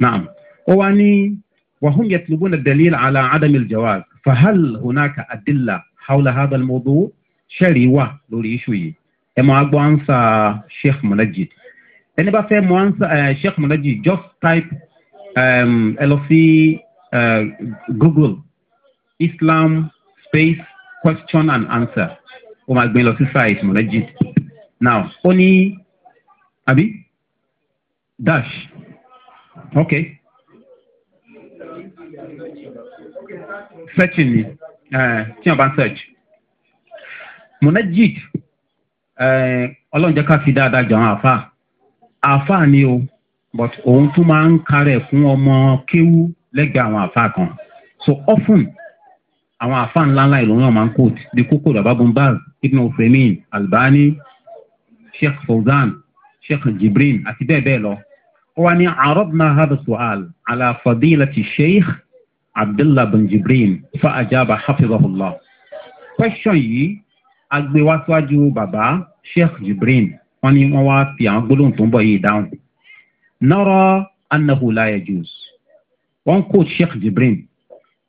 نعم واني وهم يطلبون الدليل على عدم الجواز فهل هناك أدلة حول هذا الموضوع ṣẹ́ẹ̀rí wà lórí iṣu yìí ẹ máa gbọ́ ansa sheikh mulaji ẹni bá fẹ́ mọ ansa sheikh mulaji just type um, ẹ lọ sí google islam space question and answer ó máa gbé lọ sí site mulaji now ó ní àbí dash ok searching ni tí wọ́n bá ń search munajid eh, ọlọ́run jẹ́ ká fi dáadáa jọ àwọn àfa àfa ni o but òun tún máa ń karẹ̀ fún ọmọ kéwú lẹ́gbẹ̀ẹ́ àwọn àfa kan so often àwọn àfa ńláńlá ìlú náà máa ń kóòtù bí kókó babumbaz ibn ofemin albani sheikh fozan sheikh jibrin àti bẹ́ẹ̀ bẹ́ẹ̀ lọ wa ni arabna hada su'al ala fadilati sheikh abdullah bin jibrin fa ajaba hafizahullah question yìí agbéwáṣíwájú bàbá sheikh jibrin wọn ni wọn wá fi àwọn gbólóhùn tó ń bọ yìí dáhùn nọrọ anahulaya jews wọn kó sheikh jibrin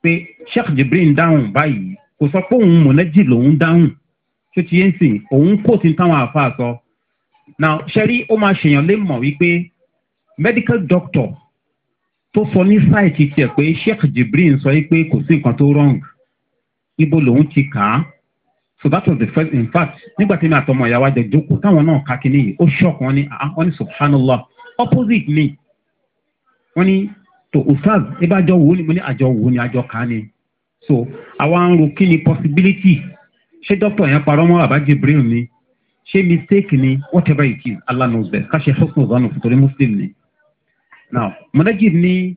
pé sheikh jibrin dáhùn báyìí kò sọ pé òun mọ̀lẹ́jì lòun dáhùn tó ti yẹn sìn òun kò sí táwọn àáfàá sọ now sẹ́rí ó máa ṣèyàn lé mọ̀ wípé medical doctor tó sọ ní sáìtì tiẹ̀ pé sheikh jibrin sọ pé kò sí nǹkan tó wrong ibo lòun ti kà so that was the first in fact nígbà tí mi àtọmọ ìyàwó àjẹ jókòó táwọn náà ká kínní yìí ó ṣọ́ọ̀kù wọn ní ah, ah, wọn ní subhanallah opposite me, wọn ní to usaz ibà jọ wò ó ni mo ní àjọ wò ó ni àjọ kà ni so àwa ń ro kí ni possibility ṣé doctor yẹn parọ́ mọ́ àbá jibril ni ṣé mistake ni whatever it is allah knows best ká ṣe husnu zanu nítorí muslim ni now mọ̀nẹ́jì ni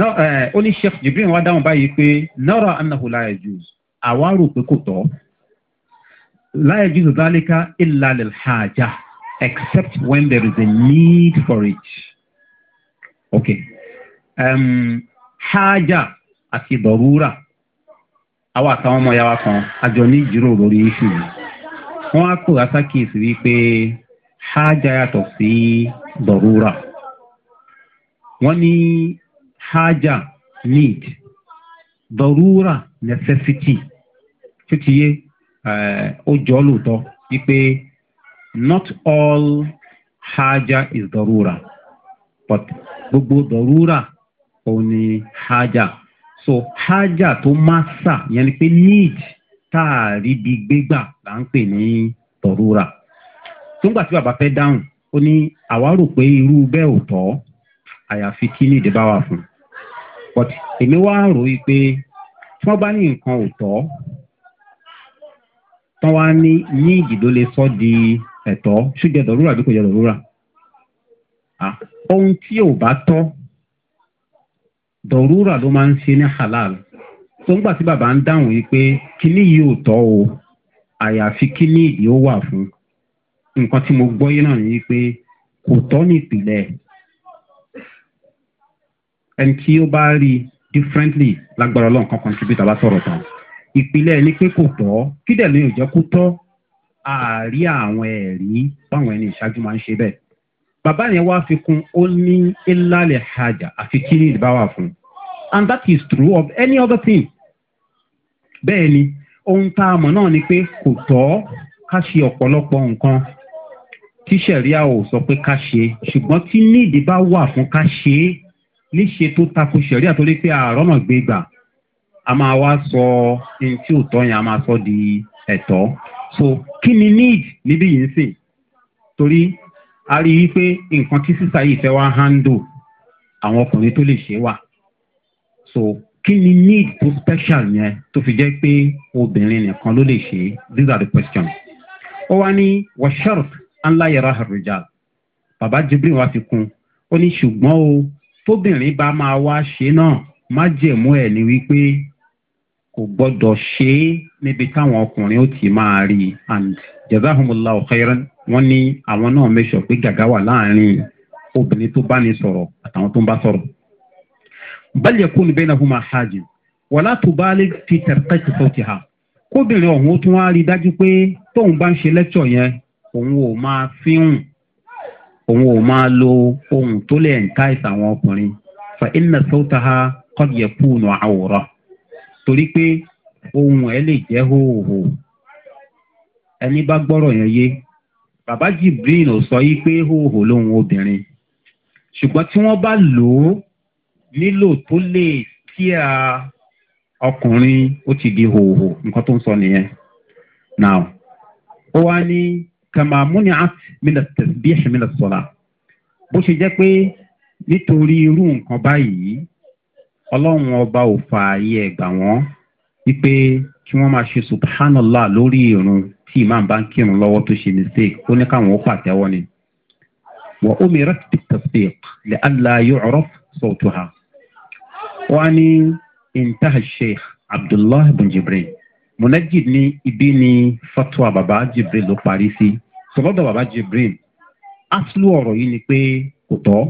eh, ó ní sheikh jibril wá dáhùn báyìí pé nara anahu la yajuz àwa rò pé kò tọ́ láyé jùlọ dálíkà ìlàlẹ̀ hàjà except when there is a need for it. Okay. Um, hàjà àti dọ̀rúrà àwọn àtàwọn ọmọ yàrá kan àjọ ní ìjíròrò lórí iṣu yìí. Wọ́n á kó àsákìsì wípé hàjà yàtọ̀ sí dọ̀rúrà. Wọ́n ní hàjà need dọ̀rúrà necessity. Ṣé ti yé? Eh, ó jọ lóòótọ́ wípé not all haja is dorura but gbogbo dorura òun ni haja so haja tó máa sà yẹn ni pé need tá a rí bi gbégbà là ń pè ní dorura tóńgbà tí bàbá fẹ́ dáhùn ó ní àwa rò pé irú bẹ́ẹ̀ ò tọ́ àyàfi kí ní ìdíbà fún but èmi wá rò wípé tí wọ́n bá ní nǹkan ò tọ́ tọ́wá ní yí ìdó lè sọ́ di ẹ̀tọ́ ṣújẹ́ dọ̀rúrà bí kò jẹ́ dọ̀rúrà. ohun tí ò bá tọ́ dọ̀rúrà ló máa ń ṣe ní halal tó ń gbà tí bàbá ń dáhùn yìí pé kíní yìí ò tọ́ o àyàfi kíní ìdí ó wà fún nǹkan tí mo gbọ́ yìí náà ni pé kò tọ́ ní ìpìlẹ̀ ẹni tí ó bá rí differently lágbára ọlọ́run kan contribute abá sọ̀rọ̀ tán ìpìlẹ̀ ni pé kò tọ́ kí dẹ̀ ló yóò jẹ́ kó tọ́ àárí àwọn ẹ̀rí báwọn ẹni ìṣáájú máa ń ṣe bẹ́ẹ̀. bàbá yẹn wá fi kún ó ní ìlàlẹ̀ hajà àfi kí ní ìdìbá wà fún and that is true of any other thing. bẹ́ẹ̀ ni ohun tá a mọ̀ náà ni pé kò tọ́ ká ṣe ọ̀pọ̀lọpọ̀ nǹkan tí sẹ̀ríà ò sọ pé ká ṣe ṣùgbọ́n tí ní ìdìbá wà fún ká ṣe é níṣe tó takò sẹ̀ríà torí pé àárọ̀ náà gbé gbà a máa wá sọ ẹni tí ò yẹn a máa sọ di ẹ̀tọ́ so kí ni need níbí yìí ń sìn torí a rí i pé nǹkan tí sísá yìí fẹ́ wá handle àwọn ọkùnrin tó lè ṣe wà so kí ni need tó special yẹn tó fi jẹ́ pé obìnrin nìkan ló lè ṣe these are the questions ó wá ní washarf ńlá yẹra àrùjá bàbá jibril wá fi kún ó ní ṣùgbọ́n o tóbìnrin bá máa wá ṣe náà májẹ̀mú ẹ̀ ni wípé kò gbọ́dọ̀ ṣe é níbi táwọn ọkùnrin ó ti máa rí i and jazahumullah khairan wọn ní àwọn náà mẹsọ pé gàgá wà láàrin obìnrin tó bá ní sọ̀rọ̀ àtàwọn tó ń bá sọ̀rọ̀. bal yakun bainahuma hajib wala tubalig fi tarqati sawtiha kóbìnrin ọ̀hún tún wá rí i dájú pé tóun bá ń ṣe lẹ́kṣọ̀ yẹn òun ò máa fíhùn òun ò máa lo ohun tó lè ń ká ìsàwọn ọkùnrin fa inna sawtaha qad yakunu torí pé ohun ẹ̀ lè jẹ́ hóhò ẹni bá gbọ́rọ̀ yẹn yé bàbá jibril ò sọ yí pé hóhò lóhun obìnrin ṣùgbọ́n tí wọ́n bá lò ó nílò tó lè tí a ọkùnrin ó ti di hóhò nǹkan tó ń sọ nìyẹn now ó wá ní kàmáàmúni àti mílẹ̀ tẹ̀síbíyẹ̀ mílẹ̀ sọ̀la bó ṣe jẹ́ pé nítorí irú nǹkan báyìí ọlọ́run ọba ò fa ayé ẹ̀gbà wọ́n wípé kí wọ́n máa ṣe subhanallah lórí irun tí imam bá ń kírun lọ́wọ́ tó ṣe mistake ó ní káwọn ó pàtẹ́wọ́ ni. wọ́n ó mìíràn ti tẹ̀sík lè allah yóò ọ̀rọ̀ sọ̀tù ha. wọ́n á ní intah sheikh abdullah ibn jibril munajid ní ibi ní fatwa baba jibril ló parí sí sọlọ́dọ̀ baba jibril aslu ọ̀rọ̀ yìí ni pé kò tọ́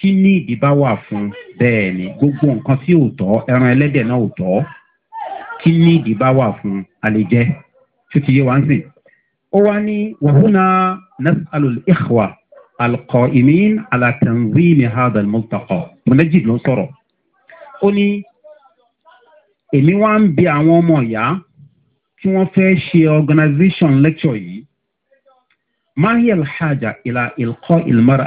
tí ní ìdí bá wà fún bẹ́ẹ̀ ni gbogbo nǹkan tí ò tọ́ ẹran ẹlẹ́dẹ̀ náà ò tọ́ tí ní ìdí bá wà fún àlejẹ́ tó ti yé wá ń sìn. ó wá ní wàhúnà nasalul ikhwa alkọ imin alatanzimi hadal mustapha munajid ló sọ̀rọ̀ ó ní èmi wá ń bi àwọn ọmọ ìyá tí wọ́n fẹ́ ṣe organization lecture yìí mahil haja ila ilkọ ilmara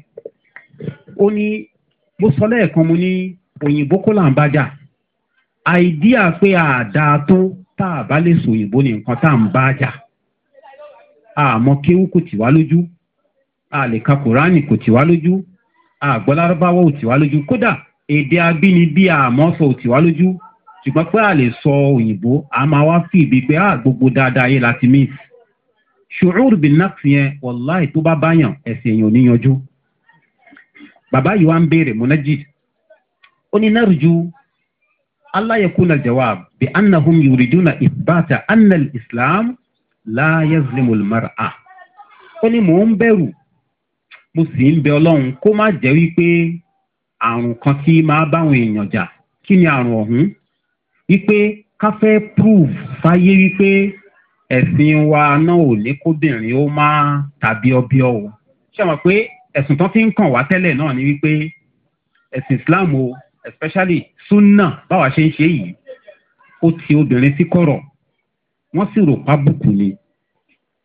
ó ní bó sọ lẹ́ẹ̀kan mo ní òyìnbó kó là ń bá jà àìdíà pé àdá tó tá a bá lè sòyìnbó ní nǹkan tá à ń bá jà àmọ́ kéwú kò tì wá lójú àlè ka kùránì kò tì wá lójú àgbọ́ lárúbáwọ́ ò tì wá lójú kódà èdè abínibí àmọ́ sọ ò tì wá lójú ṣùgbọ́n pé àlè sọ òyìnbó a máa wá fi ìbí pé a dáadáa yé láti mí ṣùgbọ́n bin náà fi yẹn wọ̀láì tó bá báyàn ẹ̀sìn èèyàn ò ní yanjú bàbá yìí wá ń béèrè munajid ó ní nárùjú aláyẹkùnà jawab bí anahum yuriduna ibata anal islam láyẹsìlẹmùl mara ó ní mò ń bẹ̀rù mo sì ń bẹ ọlọ́run kó má jẹ́ wípé àrùn kan tí máa báwọn èèyàn jà kí ni àrùn ọ̀hún wípé ká fẹ́ prove fáyé wípé ẹ̀sìn wa náà ò ní kóbìnrin ó má tàbí ọbẹ̀ ọ̀ ṣé wọn pé ẹ̀sùn tó fi ń kàn wá tẹ́lẹ̀ náà ni wípé ẹ̀sìn islam o especially sunna báwa ṣe ń ṣe yìí ó ti obìnrin sí kọ̀rọ̀ wọ́n sì rò pábùkù ni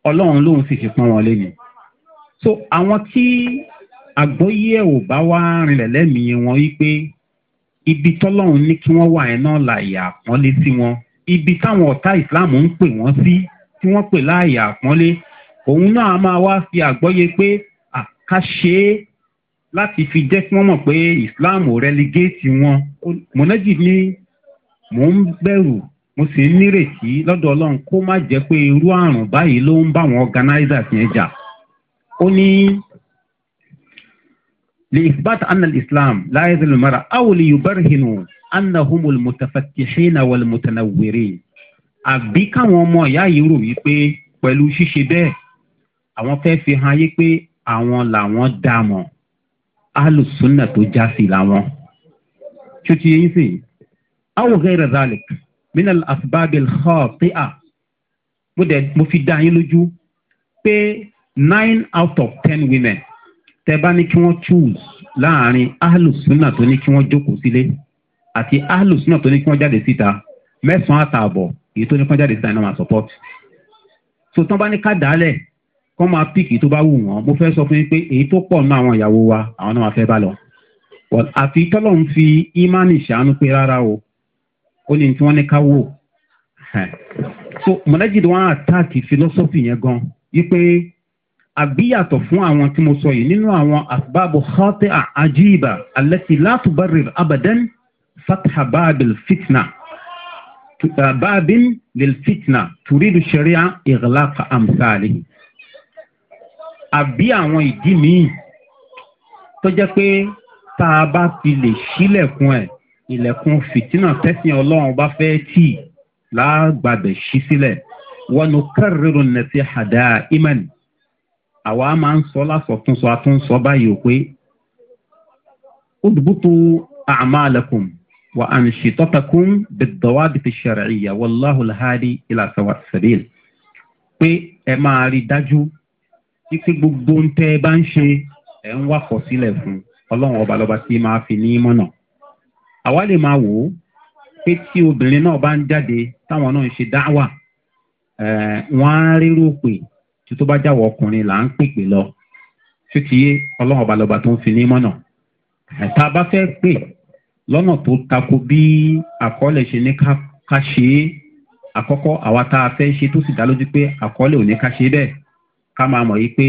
ọlọ́run lòun sì fi pọ́n wọn lé so àwọn tí àgbóyé ẹ̀ ò bá wá rinlẹ̀ lẹ́mìí wọn wípé ibi tọ́lọ́run ní kí wọ́n wà ẹ̀ náà làyà àpọ́nlé sí wọn ibi táwọn ọ̀tá islam ń pè wọ́n sí tí wọ́n pè láàyè àpọ́nlé òun náà máa wá fi àgbọ́yé pé ká ṣe é láti fi jẹ́ kí wọ́n mọ̀ pé islam ò rẹ́lígéètì wọn mọ̀nẹ́jì ni mò ń bẹ̀rù mo sì ń nírètí lọ́dọ̀ ọlọ́run kó má jẹ́ pé irú àrùn báyìí ló ń bá àwọn organizers yẹn jà ó ní lè isbat anna islam láyé zèlùmọ́ra awo lè anna humul mutafakihina wal mutanawiri àbí káwọn ọmọ ìyá yìí rò wípé pẹ̀lú ṣíṣe bẹ́ẹ̀ àwọn fẹ́ fi hàn ayé pé àwọn làwọn dá mọ alùsùnà tó já sí làwọn. tuntun yẹn sìn awùgẹ́ ìrẹ̀dálẹ̀ mina asibabil xọ́ọ̀tì à mo dẹ̀ mo fi dá yín lójú pé nine out of ten women tẹ bá ní kí wọ́n choose láàrin alùsùnà tó ní kí wọ́n jókòó sílé àti alùsùnà tó ní kí wọ́n jáde síta mẹ́sàn-án àtààbọ̀ èyí tó ní kí wọ́n jáde síta ní wọ́n support. sọ̀tàn bá ní ká dálẹ̀ kọ́ máa píìkì tó bá wù wọ́n mo fẹ́ sọ fún yín pé èyí tó pọ̀ nínú àwọn ìyàwó wa àwọn náà máa fẹ́ bá lọ. àfi tọ́lọ́run fi ímánì ṣàánú pé rárá o ó ní tí wọ́n ní ká wò. so mọ̀lẹ́jì ni wọ́n á táàkì philosophy yẹn gan wípé àgbéyàtọ̀ fún àwọn tí mo sọ yìí nínú àwọn àbábọ̀ xọ́tẹ́ àjíìbà alẹ́sì látùbárẹ̀ abadan fatah baabil fitna baabin lil fitna turidu sharia iglaq amsaalihi àbí àwọn ìdí míì tó jẹ́ pé tá a bá fi lè sílẹ̀kùn ẹ̀ ilẹ̀kùn fìtínà tẹ́sìn ọlọ́run bá fẹ́ tì láàgbàbẹ̀ sí sílẹ̀ wọnú kẹrìnrún nẹ̀sí àdá imani àwa máa ń sọ lásọtúnsọ àtúnsọ báyìí pé udbutu àmàlẹkùn wa àǹṣìtọ́takùn bẹ̀dọ̀wádìí ṣẹ̀rẹ̀ ìyàwó láhùlhárì ìlàsọ̀wàsẹ̀bìl pé ẹ máa rí dájú wípé gbogbo ń tẹ́ ẹ bá ń ṣe ẹ̀ ń wà kọ́ sílẹ̀ fún ọlọ́run ọba lọ́ba tí máa fi ní mọ́nà. àwa lè máa wò ó pé tí obìnrin náà bá ń jáde táwọn náà ń ṣe dáwà wọ́n á rírú pè tí tó bá jáwọ́ ọkùnrin là ń pèpè lọ tí ọlọ́run ọba lọ́ba tó ń fi ní mọ́nà. tá bá fẹ́ pè lọ́nà tó tako bí àkọọ́lẹ̀ ṣe ní ká ṣe é àkọ́kọ́ àwa tá a fẹ́ ṣe tó sì dá lójú pé àkọọ́lẹ̀ ò ká ṣe bẹ́ẹ̀ ká máa mọ̀ yí pé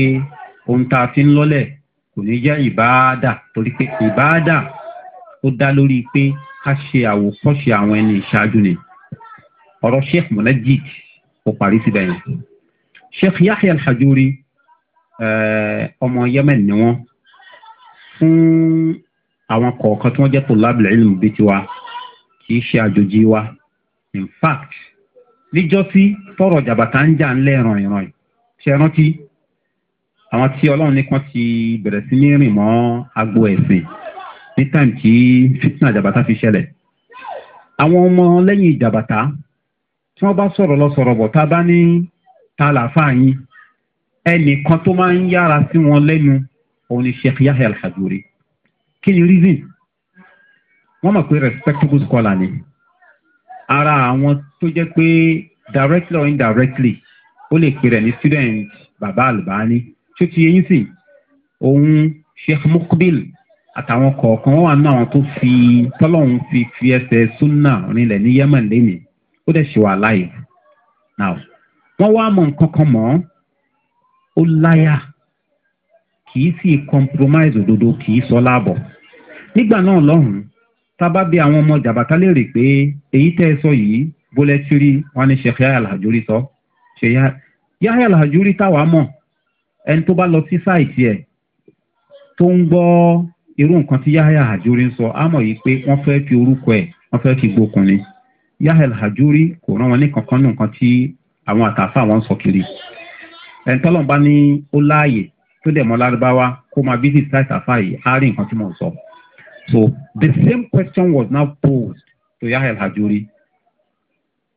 ohun tá a fi ń lọ́lẹ̀ kò ní jẹ́ ìbáàdà torí pé ìbáàdà ó dá lórí pé ká ṣe àwòkọ́ṣe àwọn ẹni ìṣáájú ni ọ̀rọ̀ sheikh monajid ó parí síbẹ̀ yẹn sheikh yahya alhajuri eh, ọmọ yemen ni wọ́n fún àwọn kọ̀ọ̀kan tí wọ́n jẹ́ tó lábìlẹ̀ ìlú bíi tiwa kì ṣe àjòjì wa in fact níjọ́ tí tọrọ jàbàtà ń jà ńlẹ̀ ìrànìràn yìí ṣe rántí àwọn tí ọlọ́run nìkan ti bẹ̀rẹ̀ sí ní rìn mọ́ agbo ẹ̀sìn ní táìmù tí fitna jabata fi ṣẹlẹ̀ àwọn ọmọ lẹ́yìn jàbàtà tí wọ́n bá sọ̀rọ̀ lọ sọ̀rọ̀ bọ̀ tá a bá ní ta làáfàá yín ẹnìkan tó máa ń yára sí wọn lẹ́nu òun ni sheikh yahya alhaduri kí ni reason wọ́n mọ̀ pé respectable scholar ni ara àwọn tó jẹ́ pé directly or indirectly ó lè pè rẹ̀ ní student bàbá àlùbáni tí ó ti yẹ yín sìn òun sheikh mukbil àtàwọn kọ̀ọ̀kan wà nínú àwọn tó fi tọ́lọ́hún fi fi ẹsẹ̀ súnà rinlẹ̀ ní yemen lénìí ó dẹ̀ ṣe wà láàyè now wọ́n wá mọ nǹkan kan mọ́ ó láyà kì í sì compromise òdodo kì í sọ láàbọ̀ nígbà náà lọ́hùn-ún tábà bí àwọn ọmọ jàbátá lè rè pé èyí tẹ́ ẹ sọ yìí bólẹ́tírì wọn ni sheikh yahya alhajori sọ. So ṣèyá yáyà làjúrí táwa mọ̀ ẹni tó bá lọ sí sáìtì ẹ̀ tó ń gbọ́ irú nǹkan tí yáyà àjúrí ń sọ á yìí pé wọ́n fẹ́ fi orúkọ ẹ̀ wọ́n fẹ́ fi gbókun ni yáhà àjúrí kò rán wọn ní kankan ní nǹkan tí àwọn àtàfà wọn ń sọ kiri ẹni tọ́lọ̀ bá ní ó láàyè tó dẹ̀ mọ́ lárúbáwá kó máa bí sísá ìtàfà yìí á rí nǹkan tí mò ń sọ so the same question was now posed to yahya al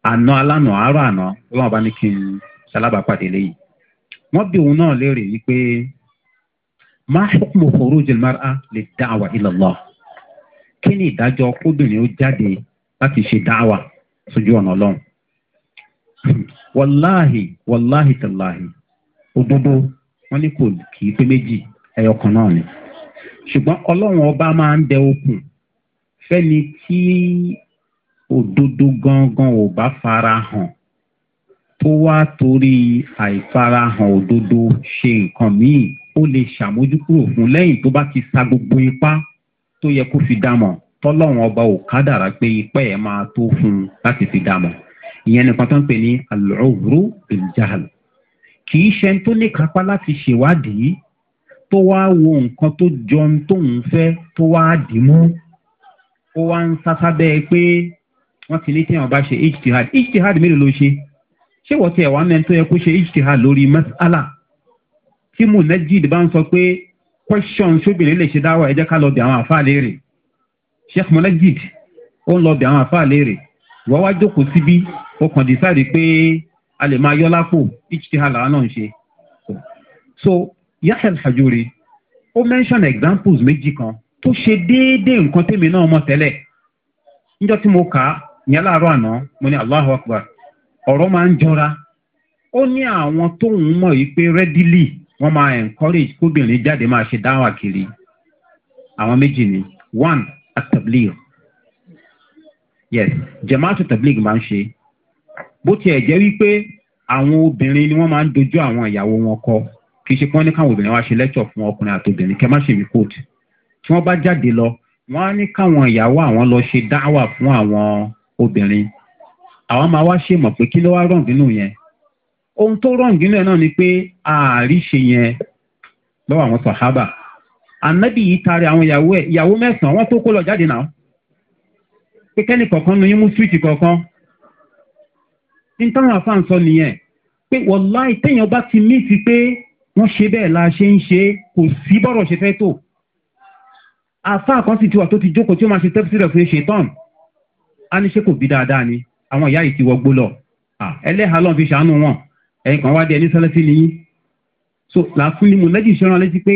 àná alánà àárọ̀ àná ọlọ́run bá ní kí n ṣalábàápàdé léyìí wọ́n bí òun náà léèrè wípé má ṣùkùmù fòrò jìnnàmárà lè dá àwà ìlọ̀lọ́ kí ni ìdájọ́ kóbìnrin ó jáde láti ṣe dáwà sójú ọ̀nà ọlọ́run wàláhì wàláhì tàláhì òdodo wọn ní kò kì í pé méjì ọba máa ń dẹ okùn fẹ́ni òdodo gangan ò bá fara hàn tó wá torí àìfarahàn òdodo ṣe nǹkan míì ó lè ṣàmójúkúrò fún lẹ́yìn tó bá ti sa gbogbo ipá tó yẹ kó fi dámọ̀ tọ́lọ́run ọba ò kádàrá pé ipá ẹ̀ máa tó fún un láti fi dámọ̀ ìyẹn nìkan tó ń pè ní alọ́ọ̀rọ̀ ìjàl kì í ṣe tó ní kápá láti ṣèwádìí tó wá wo nǹkan tó jọ tóun fẹ́ tó wá dì mú ó wá ń sásábẹ́ pé wọ́n ti ní tí àwọn bá ṣe ijtihad ijtihad mélòó ló ṣe ṣé wọ́n ti ẹ̀wà mẹ́rin tó yẹ kó ṣe ijtihad lórí mas'ala tí munajid bá ń sọ pé question ṣóbìnrin lè ṣe dáwọ́ ẹ̀jẹ̀ ká lọ bí àwọn àfáà léèrè sheikh munajid ó ń lọ bí àwọn àfáà léèrè wọ́n wá jókòó síbí ó kàn dísáàdì pé a lè máa yọ lápò ijtihad làwọn náà ń ṣe so yahya hajuri ó mention examples méjì kan tó ṣe déédéé nǹkan tèmi náà mọ̀ tẹ́lẹ̀ níjọ́ tí mo kà á ìyẹn láàárọ̀ àná mo ní allahu akbar ọ̀rọ̀ máa ń jọra ó ní àwọn tóun mọ̀ yìí pé readily wọ́n máa encourage kóbìnrin jáde máa ṣe dáhùn àkiri àwọn méjì ni one atablir yes jemaatu tablig máa ń ṣe bó tiẹ̀ jẹ́ wípé àwọn obìnrin ni wọ́n máa ń dojú àwọn ìyàwó wọn kọ kì í ṣe pé wọ́n ní káwọn obìnrin wá ṣe lẹ́tọ̀ fún ọkùnrin àti obìnrin má ṣe mí kóòtù tí wọ́n bá jáde lọ wọ́n á ní káwọn ìyàwó àwọn lọ ṣe dáhùn fún àwọn obìnrin àwọn máa wá ṣe mọ̀ pé kí ló wá rọ̀ nínú yẹn ohun tó rọ̀ nínú yẹn náà ni pé ààrí ṣe yẹn lọ́wọ́ àwọn sàhábà ànábì yìí taari àwọn ìyàwó ẹ̀ ìyàwó mẹ́sàn-án wọ́n tó kó lọ jáde náà pé kẹ́ni kọ̀ọ̀kan nu yín mú súwìtì kọ̀ọ̀kan nítawọn àfáàn sọ nìyẹn pé wọláì téèyàn bá ti mí ti pé wọ́n ṣe bẹ́ẹ̀ la ṣe ń ṣe kò sí bọ́rọ̀ ṣe fẹ́ tó àfáà kan sì ti wà tó ti jókòó tí ó máa ṣe tẹ́pítì rẹ̀ fún ṣe á ní ṣé kò bí dáadáa ni àwọn ìyá yìí ti wọgbó lọ ẹlẹ́hàá lọ́n fi ṣàánú wọn ẹ̀yìn kan wá dé ẹni sẹ́lẹ́sì nìyí so làákùn ni mọ̀lẹ́jì ṣẹ́ran létí pé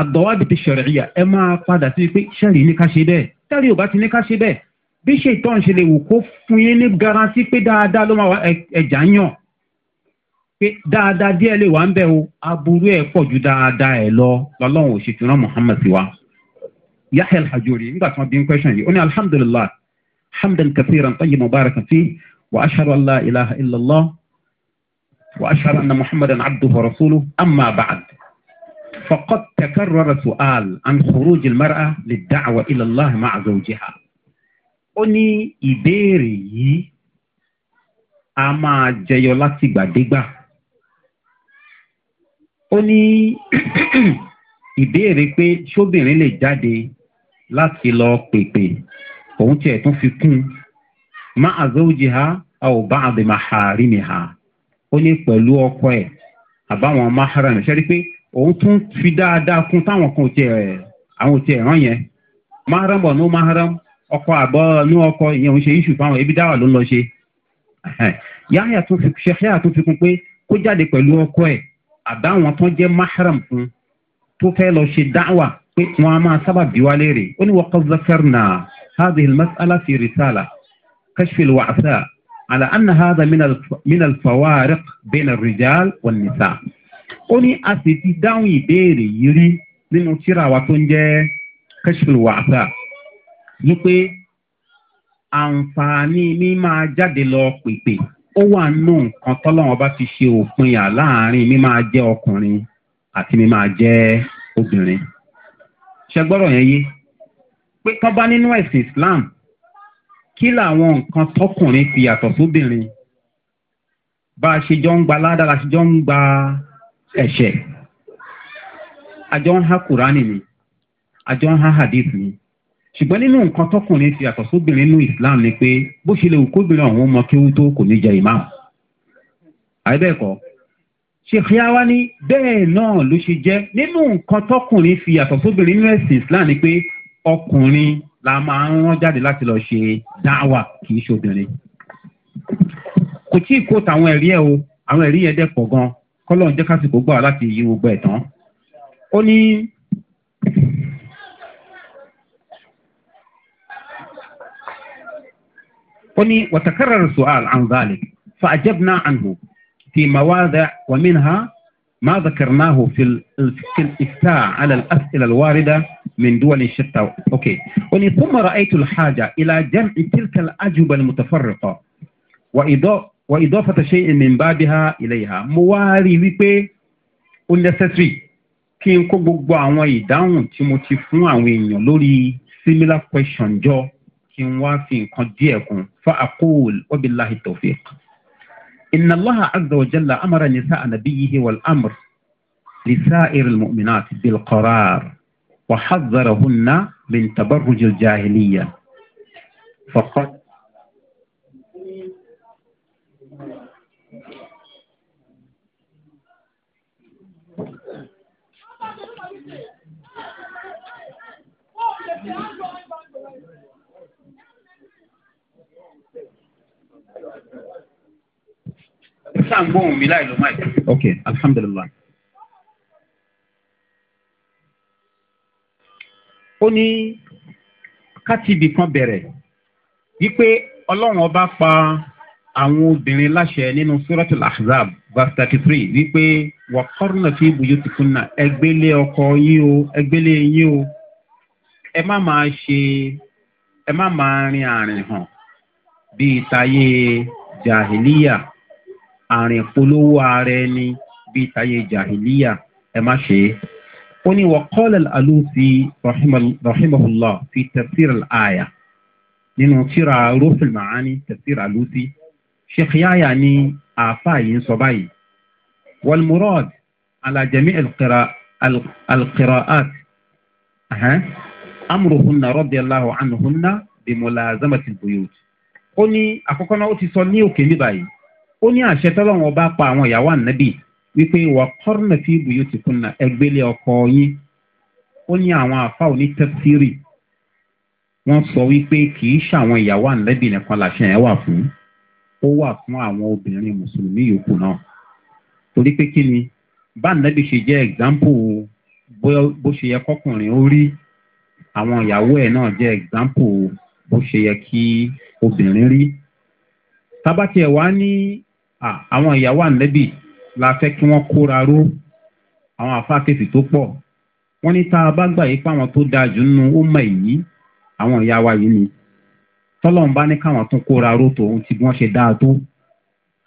àdọ́wà bìtì ṣẹ̀rẹ̀yà ẹ máa padà sí pé ṣẹ́rì ní ká ṣe bẹ́ẹ̀ tẹ́rì ò bá ti ní ká ṣe bẹ́ẹ̀ bí ṣe ìtọ́ ṣe lè wò kó fún yín ní garanti pé dáadáa ló máa wá ẹ̀jà ń yàn pé dáadáa díẹ̀ lè wà ń bẹ̀ o aburú ẹ̀ pọ̀ ju dáadáa ẹ̀ lọ lọ́lọ́run òṣèṣin náà muhammed wa yahya alhajori nígbà tí wọ́n bí ń question yìí ó ní alhamdulilayi حمدا كثيرا طيبا مباركا فيه وأشهد أن لا إله إلا الله وأشهد أن محمدا عبده ورسوله أما بعد فقد تكرر سؤال عن خروج المرأة للدعوة إلى الله مع زوجها ó ìbéèrè yìí a máa jẹyọ láti gbàdégbà ó ìbéèrè pé ṣóbìnrin lè jáde láti lọ pèpè òun tiẹ̀ tún fi kún un má àzọ́wọ́jì ha a ò bá àbẹ̀ máa hàárí mi ha ó ní pẹ̀lú ọkọ ẹ̀ àbáwọn mahara ẹ̀ ṣẹ́rí pé òun tún fi dáadáa kún táwọn kan tiẹ̀ àwọn tiẹ̀ rán yẹn mahara bọ̀ ní mahara ọkọ àbọ̀ ní ọkọ ìyẹn òun ṣe iṣu fáwọn ebi dáwà ló ń lọ ṣe yáyà tún fi ṣe yáyà tún fi kún pé kó jáde pẹ̀lú ọkọ ẹ̀ àbáwọn tán jẹ́ mahara fún tó fẹ́ lọ ṣe dáwà pé wọ́n á máa sábà bí wálé rè ó ní wọ́n kọ́ zẹ́fẹ́rì náà. هذه المسألة في رسالة كشف الوعثاء على أن هذا من من الفوارق بين الرجال والنساء ó ní a sì ti dáhùn ìbéèrè yìí rí nínú tíra wa tó ń jẹ́ kashfil wàhálà wípé àǹfààní mi máa jáde lọ pèpè ó wà nù nǹkan tọ́lọ́wọ́n bá ti ṣe òpin yà láàrin mi máa jẹ́ ọkùnrin àti mi máa jẹ́ obìnrin ṣẹgbọ́rọ̀ yẹn yé pé kọ́ba nínú ẹ̀sìn islam kí làwọn nǹkan tọkùnrin fi yàtọ̀ sóbìnrin bá a ṣe jọ ń gba ládàá la ṣe jọ ń gba ẹ̀ṣẹ̀ àjọ ń ha kùránì ni àjọ ń ha hadith ni ṣùgbọ́n nínú nǹkan tọkùnrin fi yàtọ̀ sóbìnrin nínú islam ni pé bó ṣe lè wù kóbìnrin ọ̀hún mọ kí ó tó kò ní jẹ ìmáàmù àìbẹ́ẹ̀kọ́ ṣèkì àwa ni bẹ́ẹ̀ náà ló ṣe jẹ́ nínú nǹkan tọkùnrin fi yàtọ̀ sóbìnrin nínú ẹ̀sìn islam ni pé ọkùnrin la máa ń rán jáde láti lọ ṣe dáwà kì í ṣobìnrin. kò tí ì kó tàwọn ẹ̀rí ẹ̀ o àwọn ẹ̀rí yẹn dẹ̀ pọ̀ gan kọ́lọ́n jẹ́ kásìkò gbà láti yí gbogbo ẹ̀ tán. ó ní ó ní wàtàkàrà rẹ̀ sọ̀hál àǹzálẹ̀ fàájẹ́bùnà àǹhù tìmọ̀wá dà wàmínà ما ذكرناه في الإفتاء على الأسئلة الواردة من دول شتى أوكي ولي ثم رأيت الحاجة إلى جمع تلك الأجوبة المتفرقة وإضافة شيء من بابها إليها مواري ويبي unnecessary kí n kó gbogbo àwọn ìdáhùn tí mo ti fún àwọn èèyàn lórí similar question jọ kí n wá fi nǹkan díẹ̀ kún fa akóòl wọ́bi láhi tọ̀fíìkì. إن الله عز وجل أمر نساء نبيه والأمر لسائر المؤمنات بالقرار وحذرهن من تبرج الجاهلية فقد Yeah. sáà ń gbóhùn mi láì ló máa jẹ. ok alhamdulilah. ó ní kátìbì kan bẹ̀rẹ̀ wípé ọlọ́run ọba pa àwọn obìnrin láṣẹ nínú suratul ahzab verse thirty three wípé wàkọ́rùnà fi buyutikunna ẹgbẹ́lé ọkọ yín o ẹgbẹ́lé yín o ẹ má máa ṣe ẹ má máa rin àrìn hàn bíi tayé jahiliya àrìn polówó ara ẹni bíi táyé jahiliya ẹ má ṣe é. ó ní wàkọ́lẹ̀ alóòsì rahimahullah fi tafsir al-aya nínú tíra rufin maani tafsir alóòsì sheikh yaya ní àáfàá yìí ń sọ báyìí. والمراد على جميع القراء القراءات أه. أمرهن رضي الله عنهن بملازمة البيوت ó ní àkọ́kọ́ náà ó ti sọ ní òkè ní báyìí ó ní àṣẹ tọ́lọ́wọ́n ọba pa àwọn ìyàwó ànábì wípé wà kọ́rọ̀nà tí ibùyó ti kùnà ẹgbẹ́lẹ̀ ọkọ yín ó ní àwọn àfa òní tẹ́sírì wọ́n sọ wípé kì í ṣàwọn ìyàwó ànábì nìkan làṣẹ yẹn wà fún ó wà fún àwọn obìnrin mùsùlùmí yòókù náà torí pé kí ni bá ànábì ṣe jẹ́ example bó ṣe yẹ kọkùnrin ó rí àwọn ìyàwó ẹ̀ náà jẹ́ example bó ṣe yẹ kí obìnrin rí tábàtì wá ní àwọn ìyàwó ànẹ́bì la fẹ́ kí wọ́n kóra ró àwọn àfáàkèsì tó pọ̀ wọ́n ní tá a bá gbà yí pé àwọn tó dáa jù nínú ó mọ̀ èyí àwọn ìyá wa yìí ni tọ́lọ́run bá ní káwọn tún kóra ró tòun ti bí wọ́n ṣe dáa tó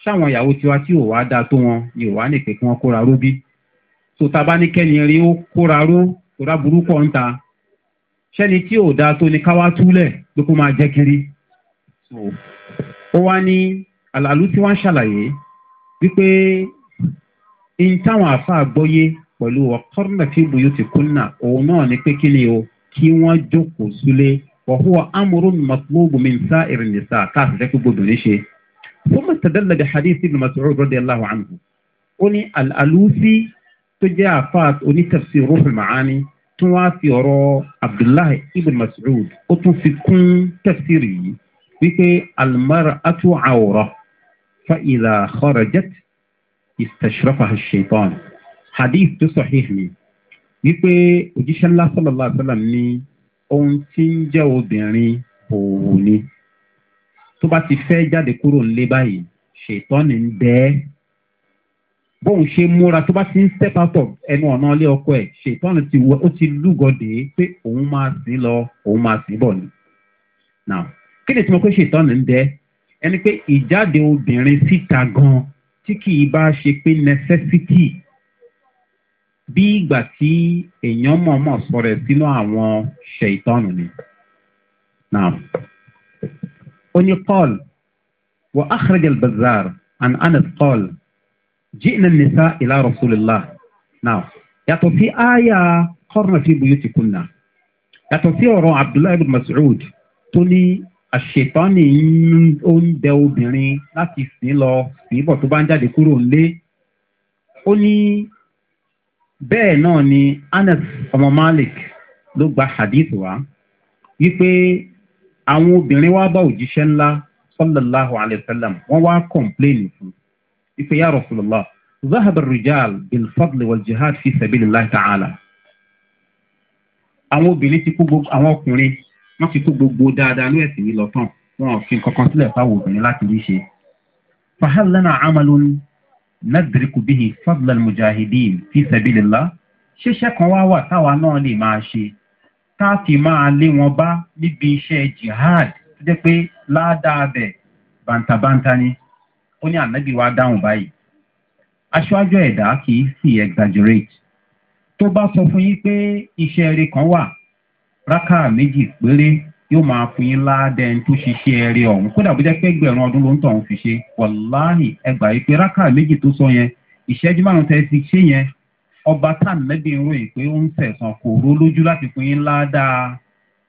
ṣáwọn ìyàwó tiwa tí ò wá dáa tó wọn ni ò wá lè pè kí wọ́n kóra ró bí tó ta bá ní kẹ́ni rí ó kóra ró tó rá ń ta ṣẹ́ni tí ò dáa tó ni káwá túlẹ̀ ló kó máa jẹ́ kiri ó wá ní àlàlú tí wọ́n ń ṣàlàyé wípé in táwọn àfa àgbọ́yé pẹ̀lú ọ̀kọ́rọ̀nà tí ibùyó ti kúnnà òun náà ni pé kí ni o kí wọ́n jókòó sílé wàhùwà amúrú mọ̀tòmọ́gùn mi nsá ìrìnnìsá káàsì fẹ́ kí gbogbo ní ṣe. fún mọ̀tàdánlẹ̀ bí hadith ibn masoud rọ́dẹ̀ aláwọ̀ àǹhù ó ní àlùsí tó jẹ́ àfa onítàfsí rúfù màání tún wá fi ọ̀rọ̀ abdullahi ibn masoud ó tún fi kún tàfsírì yìí wípé almar atu àwòrán فإذا خرجت استشرفها الشيطان حديث صحيح sọ̀hìn mi wípé òjíṣẹ́ ńlá sọ́lọ́lá àbẹ́là ní ohun tí ń jẹ́ obìnrin òwò ni tó bá ti fẹ́ jáde kúrò nílé báyìí ṣètọ́ni ń bẹ́ bóun ṣe múra tó bá ti ń step out of ẹnu ọ̀nà ilé ọkọ ẹ̀ ṣètọ́ni ti wọ ó ti lúgọdè pé òun máa sí lọ òun máa sí bọ̀ ni. kí ni tí mo pé ṣètọ́ni ń bẹ́ẹ́ ẹni pé ìjáde obìnrin síta gan tí kì í bá ṣe pé necessity bí ìgbà tí èèyàn mọ̀ọ́mọ̀ sọ rẹ̀ sínú àwọn ṣèitọ́nù ni. ó ní paul wa akhraj al-bazar an anas paul jìnnà nisa ilá rasulillah yàtọ̀ sí àyà kọ́rọ̀nà fi buyutikunna yàtọ̀ sí ọ̀rọ̀ abdullahi bin mas'ud tó ní àṣetọ́nì ó ń dẹ obìnrin láti sìn lọ sìn bọ̀ tó bá ń jáde kúrò ńlé ó ní bẹ́ẹ̀ náà ni anas ọmọ malik ló gba hadith wa wípé àwọn obìnrin wá bá òjíṣẹ́ ńlá sallallahu alayhi wa sallam wọ́n wá kọ̀ǹpléènì fún wípé yàrá rasulillah zahab rijal bil fadli wal jihad fi sabilillahi ta'ala àwọn obìnrin ti kú gbogbo àwọn ọkùnrin wọ́n fi kó gbogbo dáadáa ló ẹ̀sìn yìí lọ tán wọn ò fi kankan sílẹ̀ fáwọn obìnrin láti rí ṣe. fahallana amalun nadiriku bihi fadlan mujahideen fi sabilila ṣiṣẹ́ kan wá wà táwa náà lè máa ṣe tá a fi máa lé wọn bá níbi iṣẹ́ jihad tó jẹ́ pé ládàá bẹ̀ bàǹtàbàǹtà ni ó ní ànábì wa dáhùn báyìí aṣáájú ẹ̀dá kì í sì exaggerate tó bá sọ fún yín pé iṣẹ́ eré kan wà rákà méjì péré yóò máa fún yín láàdẹ ẹni tó ṣiṣẹ́ ẹrẹ ọ̀hún kódà bó jẹ́ pé ẹgbẹ̀rún ọdún ló ń tọ̀hún fi ṣe wàláhì ẹgbà yìí pé rákà méjì tó sọ yẹn ìṣẹ́jú márùn tẹ́ ti ṣe yẹn ọba tàmílẹ́bí ń ròyìn pé ó ń tẹ̀sán kò ró lójú láti fún yín ládàá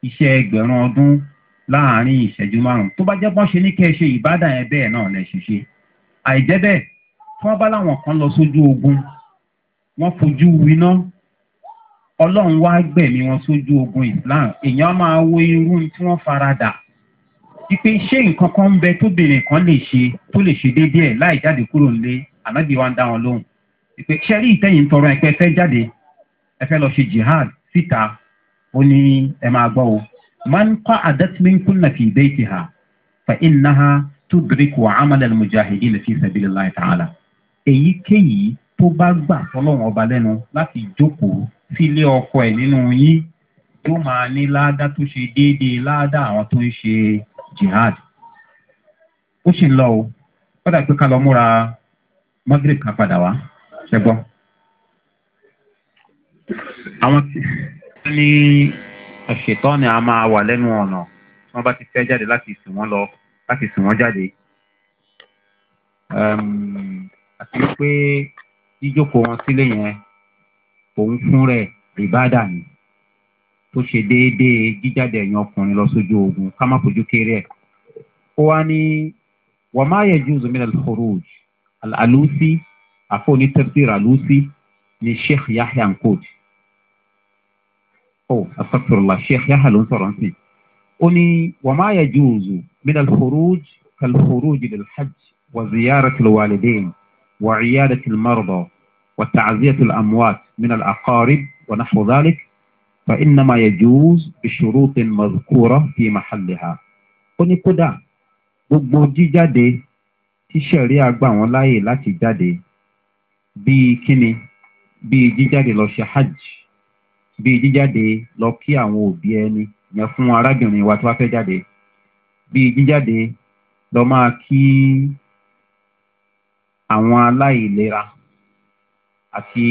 iṣẹ́ ẹgbẹ̀rún ọdún láàrin ìṣẹ́jú márùn tó bá jẹ́ bọ́n ṣe ní kẹ́ ẹ ṣe ìbádàn yẹn bẹ́ẹ̀ náà lẹ ṣe àìjẹ́ bẹ́ẹ̀ tí wọ́n kan lọ sójú ogun wọ́n fojú winá ọlọ́run wá gbẹ̀mí wọn sójú ogun islam èèyàn máa wo irú tí wọ́n farada wípé ṣé nǹkan kan ń bẹ tóbìnrin kan lè ṣe tó lè ṣe déédéé láì jáde kúrò nílé ànábì wa ń dá wọn lóhùn wípé ṣẹ́rí ìtẹ̀yìn tọrọ ẹ̀pẹ́ fẹ́ jáde ẹ fẹ́ lọ ṣe jihad síta ó ní ẹ máa gbọ́ o máa ń kọ́ àdẹ́tìmínkún náà fi ìbéèkì ha fa iná ha tó bíríkù àmàlẹ́ mujahidi lè fi sẹ́bílẹ̀ láì tààlà èyíkéyìí tó bá gbà tọ́lọ́wọ́n ọba lẹ́nu láti jókòó sílé ọkọ ẹ̀ nínú yín yóò máa ní láádá tó ṣe déédéé láádá àwọn tó ń ṣe jihad ó sì ń lọ o kódà pé ká lọ múra magreth kan padà wá ṣẹgbọ́. àwọn tí wọ́n ní ọ̀ṣẹ̀tọ́ ni a máa wà lẹ́nu ọ̀nà tí wọ́n bá ti fẹ́ jáde láti sùn wọ́n lọ láti sùn wọ́n jáde. àti wípé jíjókòó wọn sílé yẹn òun fún rẹ̀ ìbádà ni tó ṣe déédéé jíjáde ẹ̀yìn ọkùnrin lọ sójú ogun ká má fojú kéré ẹ̀. ó wá ní wàmáyé jùzọ mi lọ́dún foroj alùsí àfọ̀ní tẹ́sír alùsí ni sheikh yahya nkot. ó asàkùrùlà sheikh yahya ló ń sọ̀rọ̀ sí. ó ní wàmáyé jùzọ mi lọ́dún foroj kàlùforoj lil hajj wà ziyara tilwalideen wà ciyada tilmardo. وتعزية الأموات من الأقارب ونحو ذلك فإنما يجوز بشروط مذكورة في محلها oni kódà gbogbo jíjáde tí sẹ̀ríà gbà wọ́n láàyè láti jáde bíi kíni bíi jíjáde lọ ṣe hajj bíi jíjáde lọ kí àwọn òbí ẹni yẹn fún arábìnrin wa tó wá fẹ́ jáde bíi jíjáde lọ máa kí àwọn aláìlera àti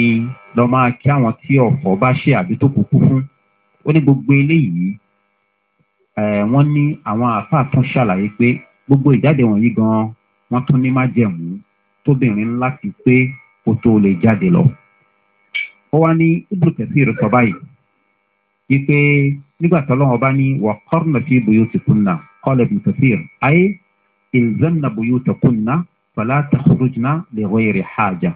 lọ máa kí àwọn tí ọ̀fọ̀ bá ṣe àbí tó kúkú fún ó ní gbogbo eléyìí wọ́n ní àwọn àáfàá tún ṣàlàyé pé gbogbo ìjáde wọ̀nyí gan wọ́n tún ní májẹ̀mú tóbìnrin ńlá ti pé kó tó lè jáde lọ. ó wá ní ibùdó tẹ̀sí rẹ̀ sọ báyìí wípé nígbà tọ́lọ́wọ́n bá ní wà kọ́rùnà sí ibùyó ti kùnà kọ́lẹ̀ ibùdó tẹ̀sí rẹ̀ ayé ìlzánà ibùyó ti kùnà fàlà tàkùrùjìnà lè wọ́ èrè hájà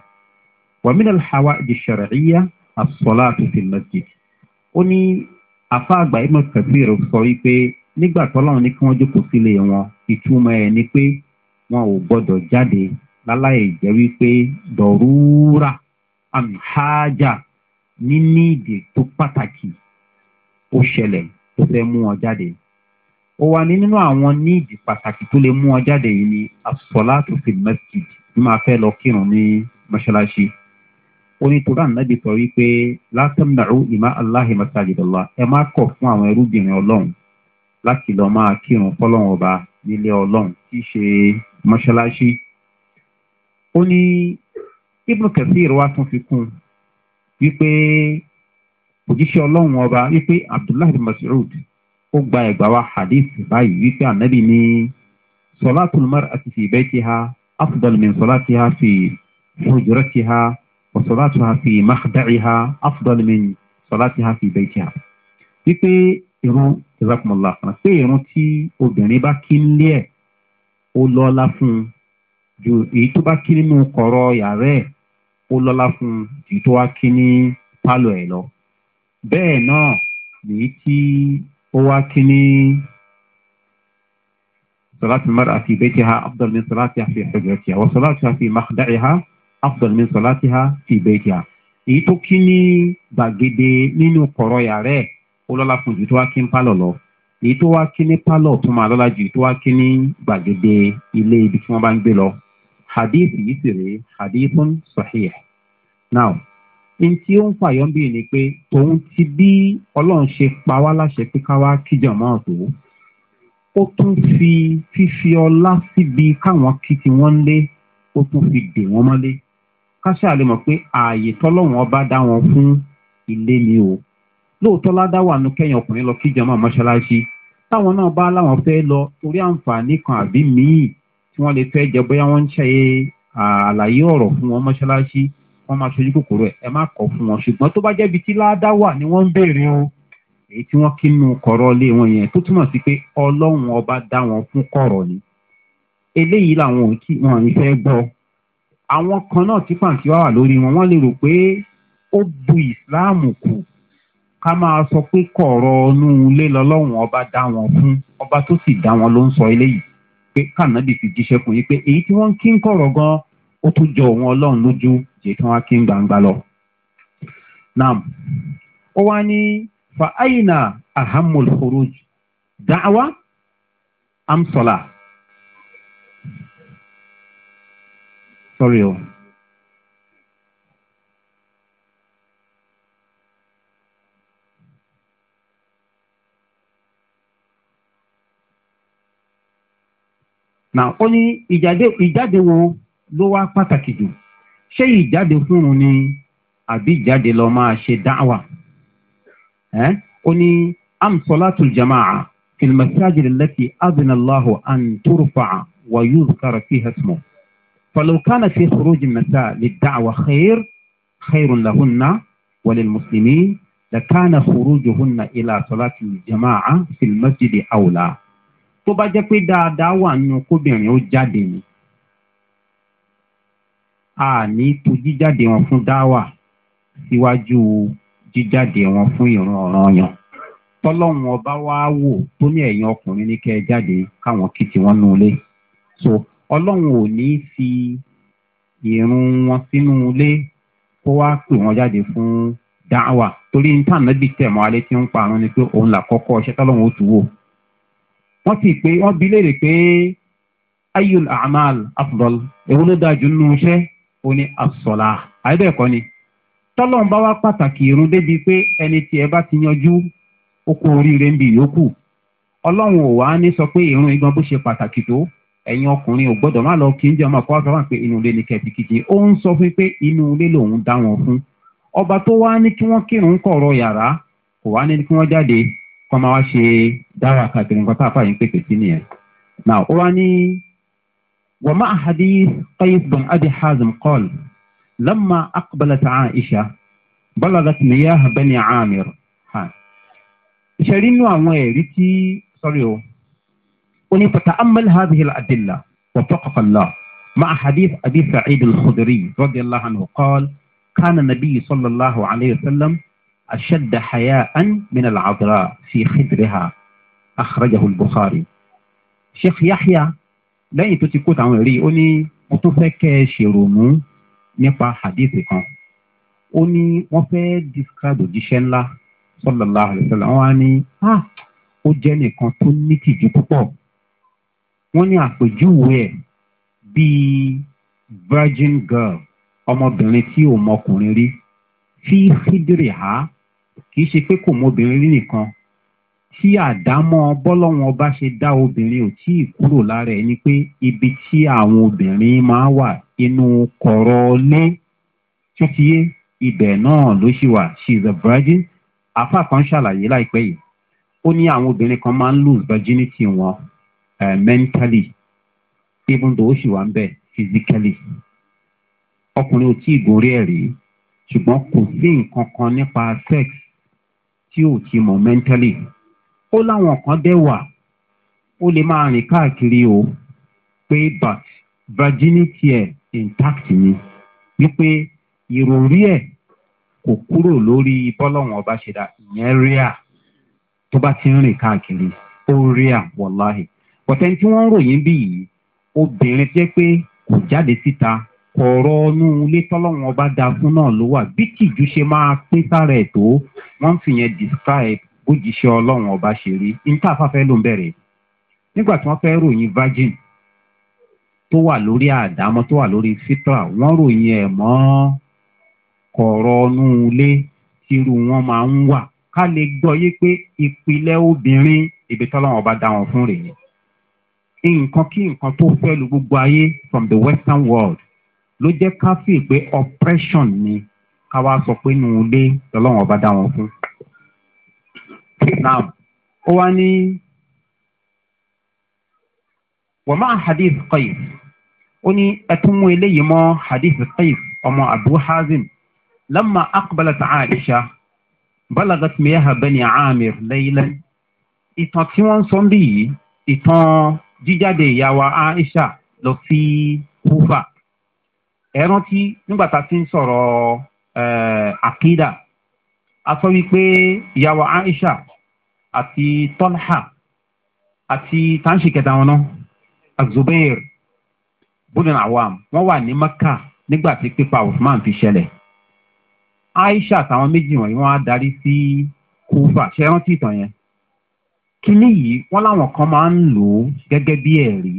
wàmínà hawa ìṣẹ̀rẹ̀ẹ́yà àsọ̀lá àtúntì masjid ó ní afá àgbà ibùn kẹfìrì sọ wípé nígbà tọ́lọ́run ní kí wọ́n jókòó sílé wọn ìtumọ̀ ẹ̀ ni pé wọn ò gbọ́dọ̀ jáde láláì jẹ́ wípé dọ̀rúra amhaja níní ìdè tó pàtàkì ó ṣẹlẹ̀ tó fẹ́ mú wọn jáde ó wà ní nínú àwọn níìdì pàtàkì tó lè mú wọn jáde yìí ni asọ́lá tó fi mẹ́sìkì bí máa fẹ́ lọ kírun ní mọ́ṣáláṣí onítòrá nàbì sọ wípé látàmdàrú ìmá aláhi masajidọlá ẹ má kọ fún àwọn ẹrúbìnrin ọlọrun láti lọ máa kírun fọlọrun ọba nílé ọlọrun tí í ṣe mọṣáláṣí ó ní ibùdó kẹsí ìrọwà tún fi kún wípé òjíṣẹ́ ọlọ́run ọba wípé abdullahi masoud ó gba ẹ̀gbà wa hadith báyìí wípé anabi ní sọlá tùlùmọ́rì àti fìbẹ́ ti ha afdal sọlá ti ha fi fojúrọ́ ti ha. وصلاتها في مخدعها أفضل من صلاتها في بيتها wípé irun ìzákùmọ̀lá kan pé irun tí obìnrin bá kí nílé ẹ̀ ó lọ́lá fún un ju èyí tó bá kí nínú kọ̀rọ̀ yàrá ẹ̀ ó lọ́lá fún un ju tó wá kí ní pálọ̀ ẹ̀ lọ. bẹ́ẹ̀ náà nìyí tí ó wá kí ní sọláàtì mara àti ìbẹ́tì ha abdulmin sọláàtì àfi ìfẹ̀gẹ̀tì àwọn sọláàtì àfi ìmáàdáì ha afdal min salatiha fi baytiha èyí tó kí ní gbàgede nínú kọ̀rọ̀ yàrá ẹ̀ ó lọ́la fún ju tó wá kí ń pálọ̀ lọ èyí tó wá kí ní pálọ̀ tó máa lọ́la ju tó wá kí ní gbàgede ilé ibi tí wọ́n bá ń gbé lọ hadith yìí sì rèé hadithun sahih now n tí ó ń fàyọ́ ń bì ní pé tòun ti bí ọlọ́run ṣe pa wá láṣẹ pé ká wá kíjọ mọ́ ọ̀tọ̀ ó tún fi fífi ọlá síbi káwọn kí tí wọ́n lé ó tún fi dè wọ́n mọ́lé káṣá lè mọ̀ pé ààyè tọ́lọ́wọ́n ọba dá wọn fún ilé mi o lóòótọ́ ládá wà nù kẹ́yìn ọkùnrin lọ kíjọ máa mọ́ṣáláṣí táwọn náà bá láwọn fẹ́ lọ torí àǹfààní kan àbí míì tí wọ́n lè fẹ́ jẹ bóyá wọ́n ń ṣe àlàyé ọ̀rọ̀ fún wọn mọ́ṣáláṣí wọ́n máa ṣojú kòkòrò ẹ̀ ẹ má kọ̀ fún wọn ṣùgbọ́n tó bá jẹ́bi tí ládá wà ni wọ́n ń béèrè o èyí tí wọ́n kí nù kọ̀rọ̀ lé wọn yẹn tó túmọ̀ sí pé ọlọ́run ọba dá wọn fún kọ̀rọ̀ ni eléyìí làwọn ò kí wọn ò ní fẹ́ gbọ́ àwọn kan náà tí pàǹtí wà lórí wọn wọn lè rò pé ó bu ìsìláàmù kù ká máa sọ pé kọ̀ọ̀rọ̀ ọnú ilé lọ́lọ́run ọba dá wọn fún ọba tó sì dá wọn ló ń sọ eléyìí pé kànáàbì fi jíṣẹ́ kù yí pé èyí tí wọ́n ń kí ń kọ̀rọ̀ gan ó tún jọ òun ọlọ́run lójú jẹ́ tí wọ́n á kí ń gbangba lọ. nam ó wá ní fa aina ahamul khuruj da'wa amsola. Sorry o. Now, ó ní ìjáde wo ló wá pàtàkì jù? Ṣé ìjáde fúnrun ni àbí ìjáde lọ máa ṣe dáwà? Ó ní amsolatul jama'a fil masajid allati adina Allahu an turfa'a wa فلو كان في خروج مساء للدعوة خير خير لهن وللمسلمين لكان خروجهن إلى صلاة الجماعة في المسجد أولى tó bá jẹ́ pé dáadáa wà nínú kóbìnrin ó jáde ni a ní tu jíjáde wọn fún dáwà síwájú jíjáde wọn fún ìran ọ̀ràn yàn tọ́lọ́run ọba wa wò tó ní ẹ̀yìn ọkùnrin ní kẹ́ ẹ jáde káwọn kìtì wọn nù so ọlọ́run ò ní fi ìrún wọn sínú ilé kó wá pè wọ́n jáde fún dáhàwà torí ní tàn nábì tẹ̀ mọ́ alẹ́ tí ń parun ni pé òun là kọ́kọ́ ọṣẹ́ tọ́lọ́run ó tù wò. wọ́n ti pé wọ́n bi léèrè pé ayul amal afdol èwo ló dáa jù nínú iṣẹ́ ó ní asọ̀la àìbẹ̀ẹ̀kọ́ ni tọ́lọ́run bá wá pàtàkì irun débi pé ẹni tí ẹ bá ti yanjú ó kó oríire ń bì yókù ọlọ́run ò wá ní sọ pé irun igan bó ṣe pàtàkì tó ẹ̀yin ọkùnrin ò gbọ́dọ̀ má lọ kí n jẹ́ ọmọ àkọ́wá sọ wọn pé inú ilé ni kẹ̀kìkìjì ó ń sọ fún pé inú ilé dá wọn fún ọba tó wá ní kí wọ́n kírun kọ̀ọ̀rọ̀ yàrá kò wá ní kí wọ́n jáde kọ́ máa wá ṣe dára kàkiri nǹkan táàpá yìí ń sí nìyẹn. ó wá ní bin abi hazim ونتتأمل هذه الأدلة وفقك الله مع حديث أبي سعيد الخدري رضي الله عنه قال كان النبي صلى الله عليه وسلم أشد حياء من العذراء في خدرها أخرجه البخاري شيخ يحيى لا يتتكوت عن ريوني وتفك شيرونو نبا حديثك أني وفيد ديسكادو جيشن صلى الله عليه وسلم واني ها آه، وجاني كنتو نتيجي wọ́n ní àpèjúwe ẹ̀ bíi virgin girl ọmọbìnrin tí ò mọkùnrin rí fi hídìrì ha kì í ṣe pé kò mọbìnrin rí nìkan tí àdámọ́ bọ́lọ́wọ́n bá ṣe dá obìnrin ò tí ì kúrò lára ẹ̀ ni pé ibi tí àwọn obìnrin máa wà inú kọ̀rọ̀ lé títíyé ibẹ̀ náà ló ṣì wà she is a virgin àfa kan ṣàlàyé láìpẹ́ yìí ó ní àwọn obìnrin kan máa ń lose virginity wọn Eh, mentally even though she sì wà physically ọkùnrin ò tí ì gorí ẹ̀ rí ṣùgbọ́n kò sí nǹkan kan nípa sex tí ò ti mọ̀ mentally ó láwọn kan dẹ̀ wà ó lè máa rìn káàkiri o pé but virginity ẹ̀ intact ni wípé ìròrí ẹ̀ kò kúrò lórí bọ́lọ́wọ́n ọba ṣẹ̀dá ìyẹn rí à tó bá ti ń rìn káàkiri ó rí à wọ́láhìí pọ̀tẹ́ni tí wọ́n ń ròyìn bí yìí obìnrin jẹ́ pé kò jáde síta kọ̀ọ̀rọ̀ ọnú ilé tọ́lọ́wọ́n ọba da fún náà ló wà bí tìjú ṣe máa pín sára ẹ̀ tó wọ́n ń fìyẹn describe bójìṣẹ́ ọlọ́run ọba ṣe rí níta afáfẹ́ ló ń bẹ̀rẹ̀ nígbà tí wọ́n fẹ́ ròyìn virgin tó wà lórí àdámọ́ tó wà lórí fitra wọ́n ròyìn ẹ̀ mọ́ kọ̀ọ̀rọ̀ ọnú ilé tírú wọn máa ń wà ká lè gbọ́ yé pé ìpìlẹ̀ obìnrin ìbítọ́lọ́wọ́n ọba da wọn fún rèé nǹkan kí nǹkan tó fẹ́ lu gbogbo ayé from the western world ló jẹ́ ká fi pé oppression ni ká wá sọ pé nù ilé lọ́lọ́wọ́n ọba dá wọn fún. now ó wá ní wọ́n máa hadith qaif ó ní ẹtún mú eléyìí mọ́ hadith qaif ọmọ abu hazim lama akbalat aisha balagat miyaha bani amir laylan ìtàn tí wọ́n ń sọ ń bí yìí ìtàn jíjáde ìyá wa aisha lọ sí kúfà ẹ rántí nígbà tá a ti ń sọ̀rọ̀ àkídà a sọ wípé ìyá aisha àti tolha àti tánṣì kẹta wọn náà azubair bùnà awam wọn wà ní maka nígbà tí pípa usman fi ṣẹlẹ̀ aisha àtàwọn méjì wọ̀nyí wọ́n á darí sí kúfà ṣe rántí ìtàn yẹn kínní yìí wọ́n láwọn kan máa ń lò ó gẹ́gẹ́ bí ẹ̀rí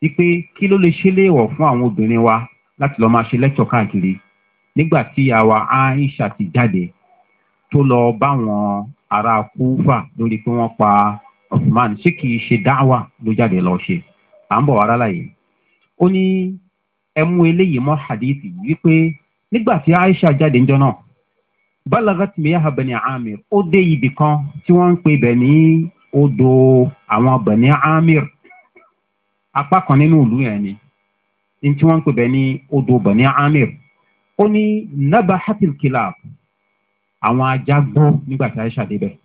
wípé kí ló lè ṣe léèwọ̀ fún àwọn obìnrin wa láti lọ́ọ́ máa ṣe lẹ́tọ̀ káàkiri nígbà tí àwa aisha ti jáde tó lọ báwọn ará kúfà lórí pé wọ́n pa usman ṣé kì í ṣe dáwà ló jáde lọ ṣe à ń bọ̀ wá rálá ó ní ẹ eléyìí mọ́ hadith wípé nígbà tí aisha jáde ńjọ náà balagat miyaha bani amir ó dé ibì kan tí wọ́n ń pè bẹ̀ ní odò àwọn bani amir apá kan nínú ìlú yẹn ni ní tí wọ́n ń pè bẹ̀ ní odò bani amir ó ní naba hatil kilab àwọn ajá gbó nígbà tí aisha débẹ̀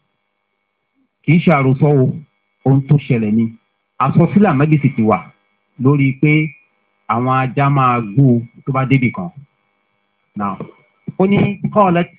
kì í ṣe àròsọ o ohun tó ṣẹlẹ̀ ni àsọsílẹ̀ àmẹ́gìsì ti wà lórí pé àwọn ajá máa gbó tó bá débì kan. ó ní kọ́ọ̀lẹ́tì.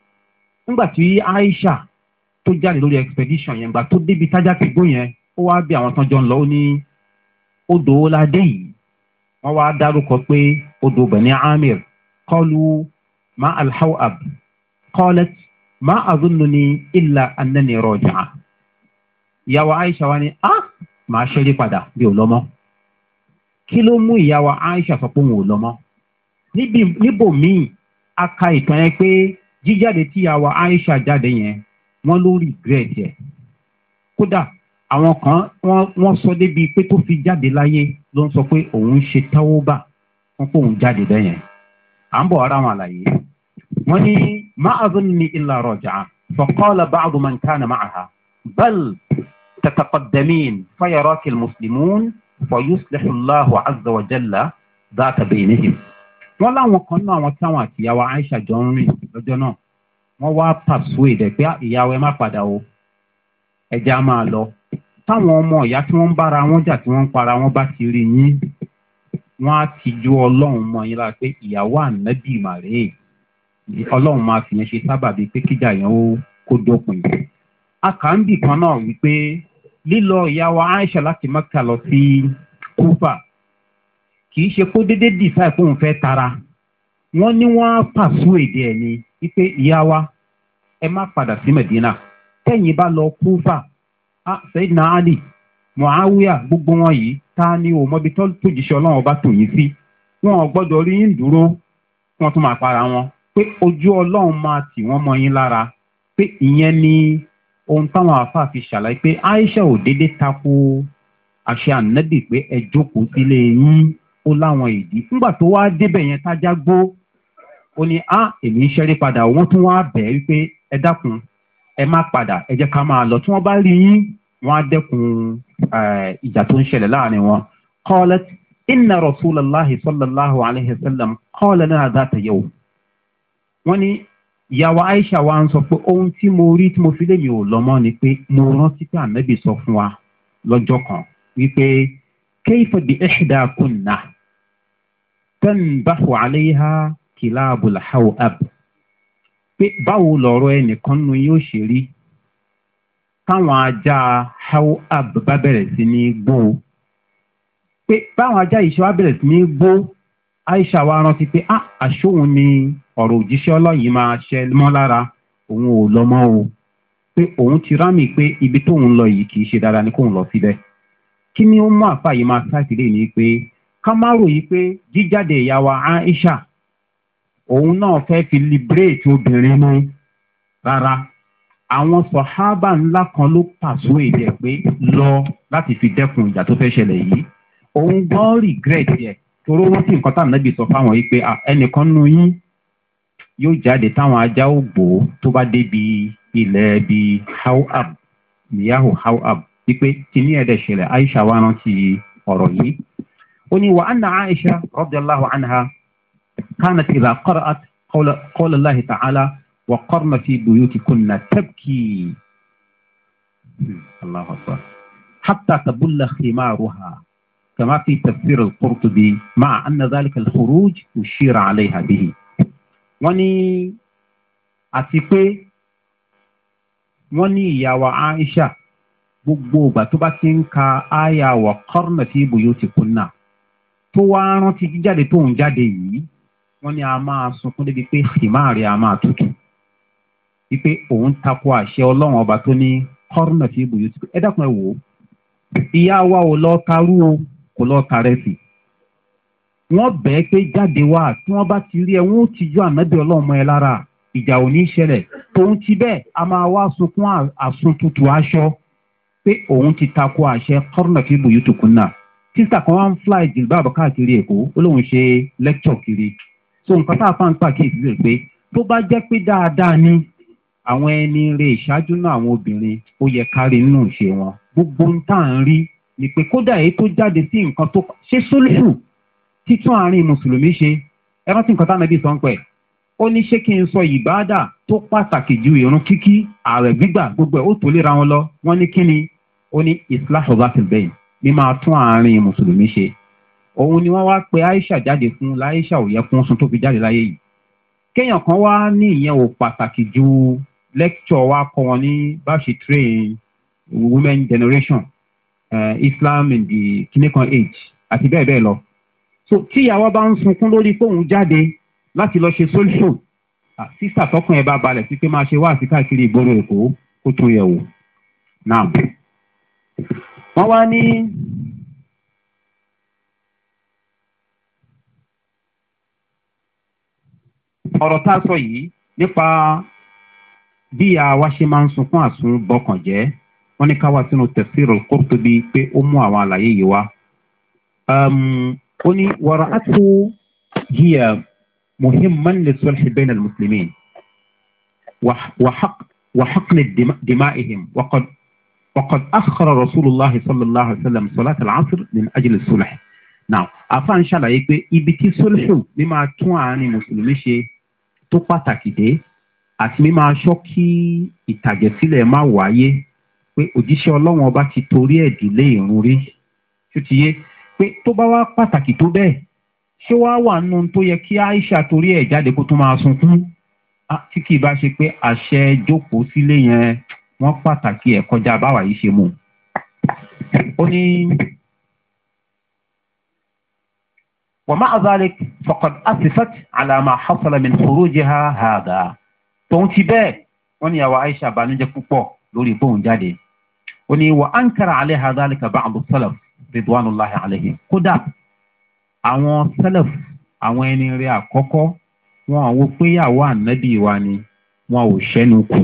nígbà tí aisha tó jáde lórí expedition yẹn gbà tó débi tájà ti gbó yẹn ó wá bí àwọn tọ́jọ́ ń lọ ó ní odò ládé yìí wọ́n wá dárúkọ pé odò bẹ̀ni amir kọlu ma alhawab kọlẹt ma azununi illa anani rọjà ìyàwó aisha wa ni a ah, máa ṣeré padà bí ò lọ́mọ́ kí ló mú ìyàwó aisha sọ pé òun ò lọ́mọ́ níbòmíì a ka ìtàn yẹn pé jíjáde tí àwa aisha jáde yẹn wọ́n ló regret ẹ̀ kódà àwọn kan wọ́n sọ débi pé tó fi jáde láyé ló ń sọ pé òun ṣe táwọ́bà wọ́n pé òun jáde bẹ́yẹn à ń bọ̀ ara wọn àlàyé wọ́n ní máàzún ní ìlà rọ̀jà fọ̀kọ́lá báàbù máa ń kánà máa ha bẹ́ẹ̀l tẹ̀tẹ̀kọ̀dẹ̀mín fáyọ̀rọ̀kì mùsùlùmún fọ̀yúsùlẹ̀hùn láhùn dáàtà bẹ́ẹ̀ níhìn wọ́n láwọn kan náà àwọn táwọn àti ìyàwó aisha jọ ń rìn lọ́jọ́ náà wọ́n wá persuade ẹ̀ pé ah, ìyàwó ẹ má padà o ẹja máa lọ táwọn ọmọ ìyá tí wọ́n ń bára wọn jà tí wọ́n ń para wọn bá ti rí yín wọ́n á ti ju ọlọ́run mọ yín lára pé ìyàwó ànábì màrè ọlọ́run máa fi yẹn ṣe sábàbí pé kíjà yẹn ó kó dópin a kan náà wípé lílọ ìyàwó aisha láti mẹ́ka lọ sí kúfà kì í ṣe kó dédé dìfà pé fẹ́ tara wọ́n ní wọ́n á pàṣẹ èdè ẹ̀ ni wípé ìyá wa ẹ má padà sí medina tẹ̀yìn bá lọ kúfà ah, sẹ́yìnà ali muawiya gbogbo wọn yìí ta ni o mọbi tó tójìṣẹ́ ọlọ́run ọba tò yín sí wọn ò gbọ́dọ̀ rí yín dúró wọn tún máa para wọn pé ojú ọlọ́run máa tì wọ́n mọ yín lára pé ìyẹn ni ohun táwọn àáfàá fi ṣàlàyé pé aisha ò déédéé tako àṣẹ ànádì pé ẹ jókòó sílé yín ó láwọn ìdí nígbà tó wá débẹ̀ yẹn tájá gbó ó ní á ah, èmi ṣẹ́rí padà wọ́n tún wá bẹ̀ ẹ́ wípé ẹ dákun ẹ má padà ẹ jẹ́ ká máa lọ tí wọ́n bá rí yín wọ́n á dẹ́kun eh, ìjà tó ń ṣẹlẹ̀ láàrin wọn. قالت إن رسول الله صلى الله عليه وسلم قال لنا ذات wọ́n ní ìyàwó aisha wa ń sọ pé ohun tí mo rí tí mo fi lè mi ò lọ́mọ́ ni pé mo rántí pé ànábì sọ fún wa lọ́jọ́ kan wípé kéèfé bí ẹ̀ṣẹ̀dá kùnà tẹ́ǹbàfọ̀ àléhà kìlá abùlàhàù ab pé báwo lọ̀rọ̀ ẹnìkan nu yóò ṣe rí táwọn ajá hàù ab bá bẹ̀rẹ̀ sí ní gbó pé báwọn ajá ìṣọ́ á bẹ̀rẹ̀ sí ní gbó aisha wa rántí pé ah àṣóhun ni ọ̀rọ̀ òjíṣẹ́ ọlọ́yìn máa ṣẹ mọ́ lára òun ò lọ mọ́ o pé òun ti rámì pé ibi tóun lọ yìí kì í ṣe dáadáa ni kóun lọ síbẹ̀ kí ni ó mú àpá yìí máa ṣáàtìlẹ́yìn ni pé ká má rò yìí pé jíjáde ìyàwó aisha òun náà fẹ́ fi liberate obìnrin ní rárá àwọn sọ̀hábà ńlá kan ló pàṣẹ èdè pé lọ láti fi dẹ́kun ìjà tó fẹ́ ṣẹlẹ̀ yìí òun gan regret yẹ toró wọn sì nǹkan táwọn ẹbí sọ fáwọn yìí pé ẹnìkan nu yín yóò jáde táwọn ajá ò gbò tó bá débi ilẹ̀ bíi howab níyàwó howab wípé kíní ẹ̀dẹ̀ ṣẹlẹ̀ aisha wa rántí ọ̀rọ̀ yìí وني وأن عائشة رضي الله عنها كانت إذا قرأت قول, قول الله تعالى وقرن في بيوتكن تبكي الله أكبر حتى تبل خمارها كما في تفسير القرطبي مع أن ذلك الخروج يشير عليها به وني أتيكي وني يا وعائشة gbogbo ìgbà tó وقرن في ń ka tó wá rántí jíjáde tó ń jáde yìí wọ́n ní a máa sunkún débi pé ìmáàrí a máa tutù wípé òun tako àṣẹ ọlọ́run ọba tó ní kọ́rùnà sí ibùdó tí ẹ dákun ẹ wò ó ìyá wa ò lọ tarú o kò lọ tarẹ sí wọ́n bẹ́ẹ̀ pé jáde wá tí wọ́n bá ti rí ẹ wọ́n ó ti yọ ànábì ọlọ́run mọ́ ẹ lára ìjà ò ní ṣẹlẹ̀ tòun ti bẹ́ẹ̀ a máa wá sunkún àsuntutù aṣọ pé òun ti tako àṣẹ kọ́rùnà sí ibùdó tó kùn náà sísà kan wá ń fly jìlbáàbò káàkiri èkó ó lóun ṣe lecture kiri so nǹkan tá a fà ń pàkíyèsí rẹ̀ pé tó bá jẹ́ pé dáadáa ni àwọn ẹni rè ṣáájú náà àwọn obìnrin ó yẹ kárí nínú ìṣe wọn gbogbo ń tà ń rí ni pé kódà èyí tó jáde sí nǹkan tó ṣe sólùsù títún àárín mùsùlùmí ṣe ẹ rántí nǹkan táwọn ẹbí sọ ń pẹ ó ní ṣé kí n sọ ìbáàdà tó pàtàkì ju ìrún kíkí ààrẹ gbígbà gbogbo ẹ ó tó wọn lọ wọn ní kíni ó ní islah of that is bẹ́ẹ̀ mímáa tún àárín mùsùlùmí ṣe òun ni wọ́n wá pe aisha jáde fún láìsà ò yẹ kún sun tó fi jáde láyé yìí kéèyàn kan wá ní ìyẹn ò pàtàkì ju lecture wa kọ́ wọn ní bá train women generation uh, islam in the kinikan age àti bẹ́ẹ̀ bẹ́ẹ̀ lọ so tíyàwó bá ń sunkún lórí póun jáde láti lọ ṣe solution sísà ah, tọkàn ẹ bá balẹ̀ sí pé máa ṣe wá àti káàkiri ìgboro èkó kó tún yẹ̀ wò náà wọ́n wá ní. ọ̀rọ̀ tá a sọ yìí nípa bí àwa ṣe máa ń sunkún àsun bọkàn jẹ́ wọ́n ní káwá sínú tẹ̀sírò kóòtù bíi pé ó mú àwọn àlàyé yìí wá. ó ní wàrà àtú hiya muhimman le sọlhi bẹ́ẹ̀ na muslimin wàhaqni dima'ihim wàkọ̀dọ̀. وقد أخر رسول الله صلى الله عليه وسلم صلاة العصر من أجل الصلح now afa ń ṣàlàyé pé ibi tí sulhu mímáa tún àárín mùsùlùmí ṣe tó pàtàkì dé àti mímáa ṣọ́ kí ìtàjẹ̀sílẹ̀ má wáyé pé òjíṣẹ́ ọlọ́run ọba ti torí ẹ̀ dìlé ìrun rí tó ti yé pé tó bá wá pàtàkì tó bẹ́ẹ̀ ṣé wàá wà nù tó yẹ kí aisha torí ẹ̀ jáde kó tó máa sunkún tí kì í bá ṣe pé àṣẹ jókòó sílé yẹn wọ́n pàtàkì ẹ̀ kọjá báwa yìí ṣe mú un. ó ní wàmà azalik fọkàn asifat alama hasalamin khurujiha hàgà tóun ti bẹ́ẹ̀ wọ́n ní àwa aisha banújẹ́ púpọ̀ lórí bóun jáde ó ní wà ankara alẹ́ hazalika ba'du salaf ridwanullahi alayhi kódà àwọn salaf àwọn ẹni rẹ àkọ́kọ́ wọn àwọn péyàwó ànábì wa ni wọn ò ṣẹ́nu kù.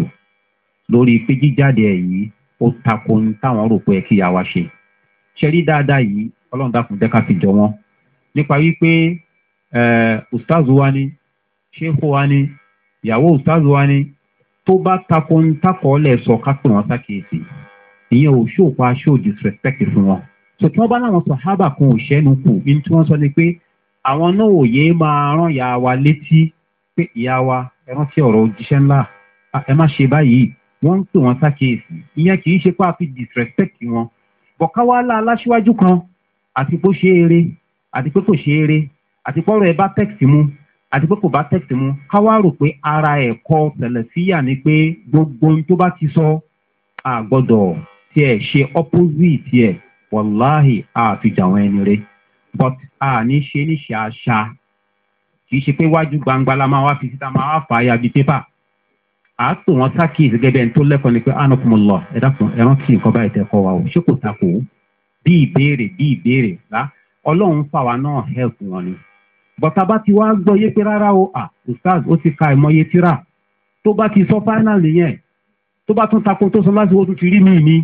lórí pé jíjáde ẹ̀ yìí ó tako ní táwọn rò pé ẹ kí ya wa ṣe ṣẹlí dáadáa yìí ọlọ́run dákun fi jọ wọn nípa wípé ustaz wa ni ṣéfò wa ni ìyàwó ustaz wa ni tó bá tako ní sọ ká pè disrespect fún wọn so tí bá láwọn kan ò ṣẹ́nu kù ní tí sọ ni pé àwọn náà ò máa rán ìyá wa létí pé ìyá wa ẹ rántí ọ̀rọ̀ òjíṣẹ́ báyìí wọ́n ń pè wọ́n sákèésì ìyẹn kì í ṣe pé a fi disrespect wọn bọ̀káwálá aláṣíwájú kan àti pé ó ṣe eré àti pé kò ṣe eré àti pé ọ̀rọ̀ ẹ bá text mu àti pé kò bá text mu ká wá rò pé ara ẹ̀kọ́ tẹ̀lẹ̀síyà ni pé gbogbo ohun tó bá ti sọ àgbọ̀dọ̀ tiẹ̀ ṣe opposite ẹ̀ wàláhì àfijà àwọn ẹni rẹ̀ but a ní ṣe níṣe àṣà kì í ṣe pé wájú gbangba la máa wá fi síta máa wá fà á yá bíi pépà. a pè wọn sákìsì gẹ́gẹ́ ẹni tó lẹ́kọ̀ọ́ ni pé anakumọ̀lọ́ ẹ dákun ẹ rántí nǹkan báyìí tẹ́ o ṣé kò takò bí ìbéèrè bí ìbéèrè rà ọlọ́run fà wá náà help wọn ni bọ́tà bá ti wá gbọ́ yé pé o à ustaz ó ti ka ìmọ̀ye tíra tó bá ti sọ final yẹn tó bá tún takò tó sọ ti rí mi ni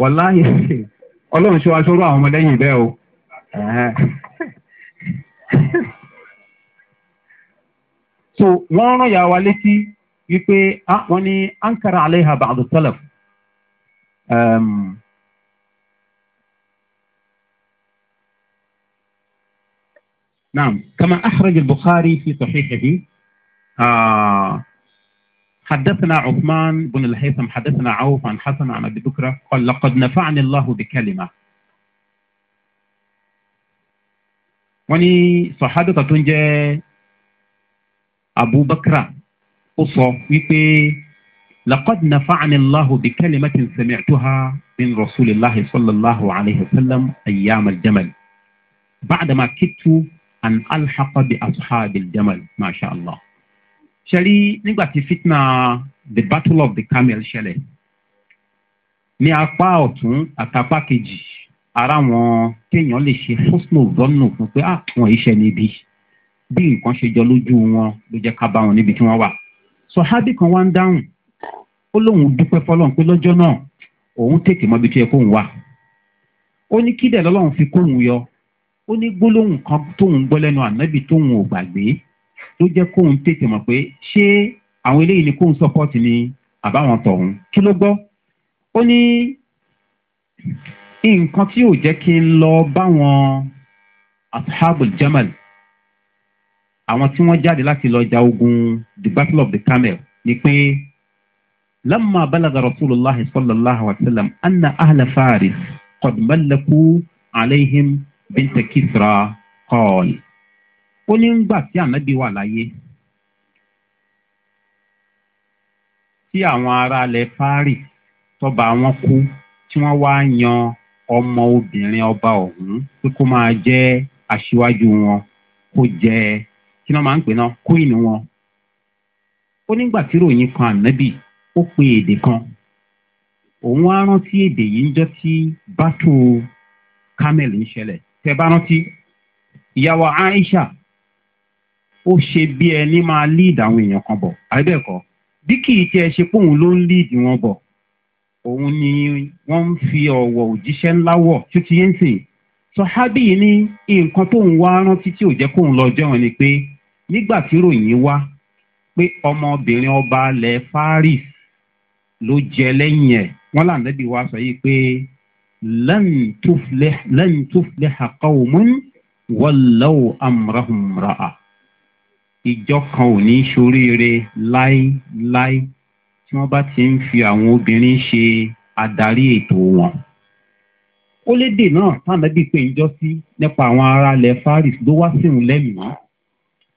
ọlọ́run o. so wọ́n rán yà wá létí wípé ah, wọ́n ní ankara aleha ba'adu salaf نعم كما أخرج البخاري في صحيحه آه حدثنا عثمان بن الهيثم حدثنا عوف عن حسن عن أبي بكرة قال لقد نفعني الله بكلمة وني صحابة تنجي abubakar ó sọ wípé lakọ́dì na fáàní allahu bí kẹ́lẹ́mẹ́tì sẹ̀mẹ́tùhá bin rasulillahi sallallahu alayhi wa sallam ayyama jamal bàdàmà kìtù an alhaqa bi asuhabil jamal masha allah. ṣẹ́rí nígbà tí fitna the battle of the camel ṣẹlẹ̀ ní apá ọ̀tún àtàpá kejì ara wọn kéèyàn lè ṣe hosno zọ́nù fún pé àwọn ah, iṣẹ́ níbi bí nǹkan ṣe jọ lójú wọn ló jẹ́ ká bá wọn níbi tí wọ́n wà. sọ̀hábì kan wá ń dáhùn ó lóun dúpẹ́ fọlọ́run pé lọ́jọ́ náà òun tètè mọ́bi tó yẹ kóun wà. ó ní kídẹ̀ lọ́lọ́run fi kóun yọ ó ní gbólóhùn kan tóun gbọ́ lẹ́nu ànábì tóun ò gbàgbé ló jẹ́ kóun tètè mọ̀ pé ṣé àwọn eléyìí ni kóun sọ́pọ́ọ̀tì ni àbáwọn tọ̀hún kí ló gbọ́. ó ní nǹkan tí ò jẹ́ kí n lọ báwọn ashabul jamal àwọn tí wọ́n jáde láti lọ ja ogun the battle of the camel ni pé lamma balaga rasulillah sallallahu alaihi wa sallam anna ahla faris qad malaku alayhim binta kisra qal ó ní ń gbà tí ànábì wà láyé tí àwọn ará alẹ faris tọba wọn kú tí wọn wá yan ọmọ obìnrin ọba ọhún pé kó máa jẹ aṣíwájú wọn kó jẹ kí wọ́n máa ń pè náà queen wọn ó nígbà tí ròyìn kan ànábì ó pe èdè kan òun á rántí èdè yìí ń jọ tí bátò camel ń ṣẹlẹ̀ tẹ bá rántí ìyàwó aisha ó ṣe bí ẹni máa lead àwọn èèyàn kan bọ̀ àbẹ́ẹ̀kọ́ bí kì í tiẹ̀ ṣe pé òun ló ń lead wọn bọ̀ òun ni wọ́n ń fi ọ̀wọ̀ òjíṣẹ́ ńlá wọ̀ títí yẹn sìn sọ hábì ní nǹkan tóun wá rántí tí ò jẹ́ kóun lọ jẹun ni pé nígbà tí ròyìn wá pé ọmọbìnrin ọba alẹ̀ paris ló jẹ lẹ́yìn ẹ̀ wọ́n làǹdẹ́bí wa sọ yìí pé lẹ́yìn tó filẹ̀ àkọ́wò mú wọ́lọ́wọ́ amúrahùnmùràá ìjọ kan ò ní soríire láéláé tí wọ́n bá ti ń fi àwọn obìnrin ṣe adarí ètò wọn ó lédè náà tànàbí pé ń jọ sí nípa àwọn ará ilẹ̀ faris ló wá síhùn lẹ́mìí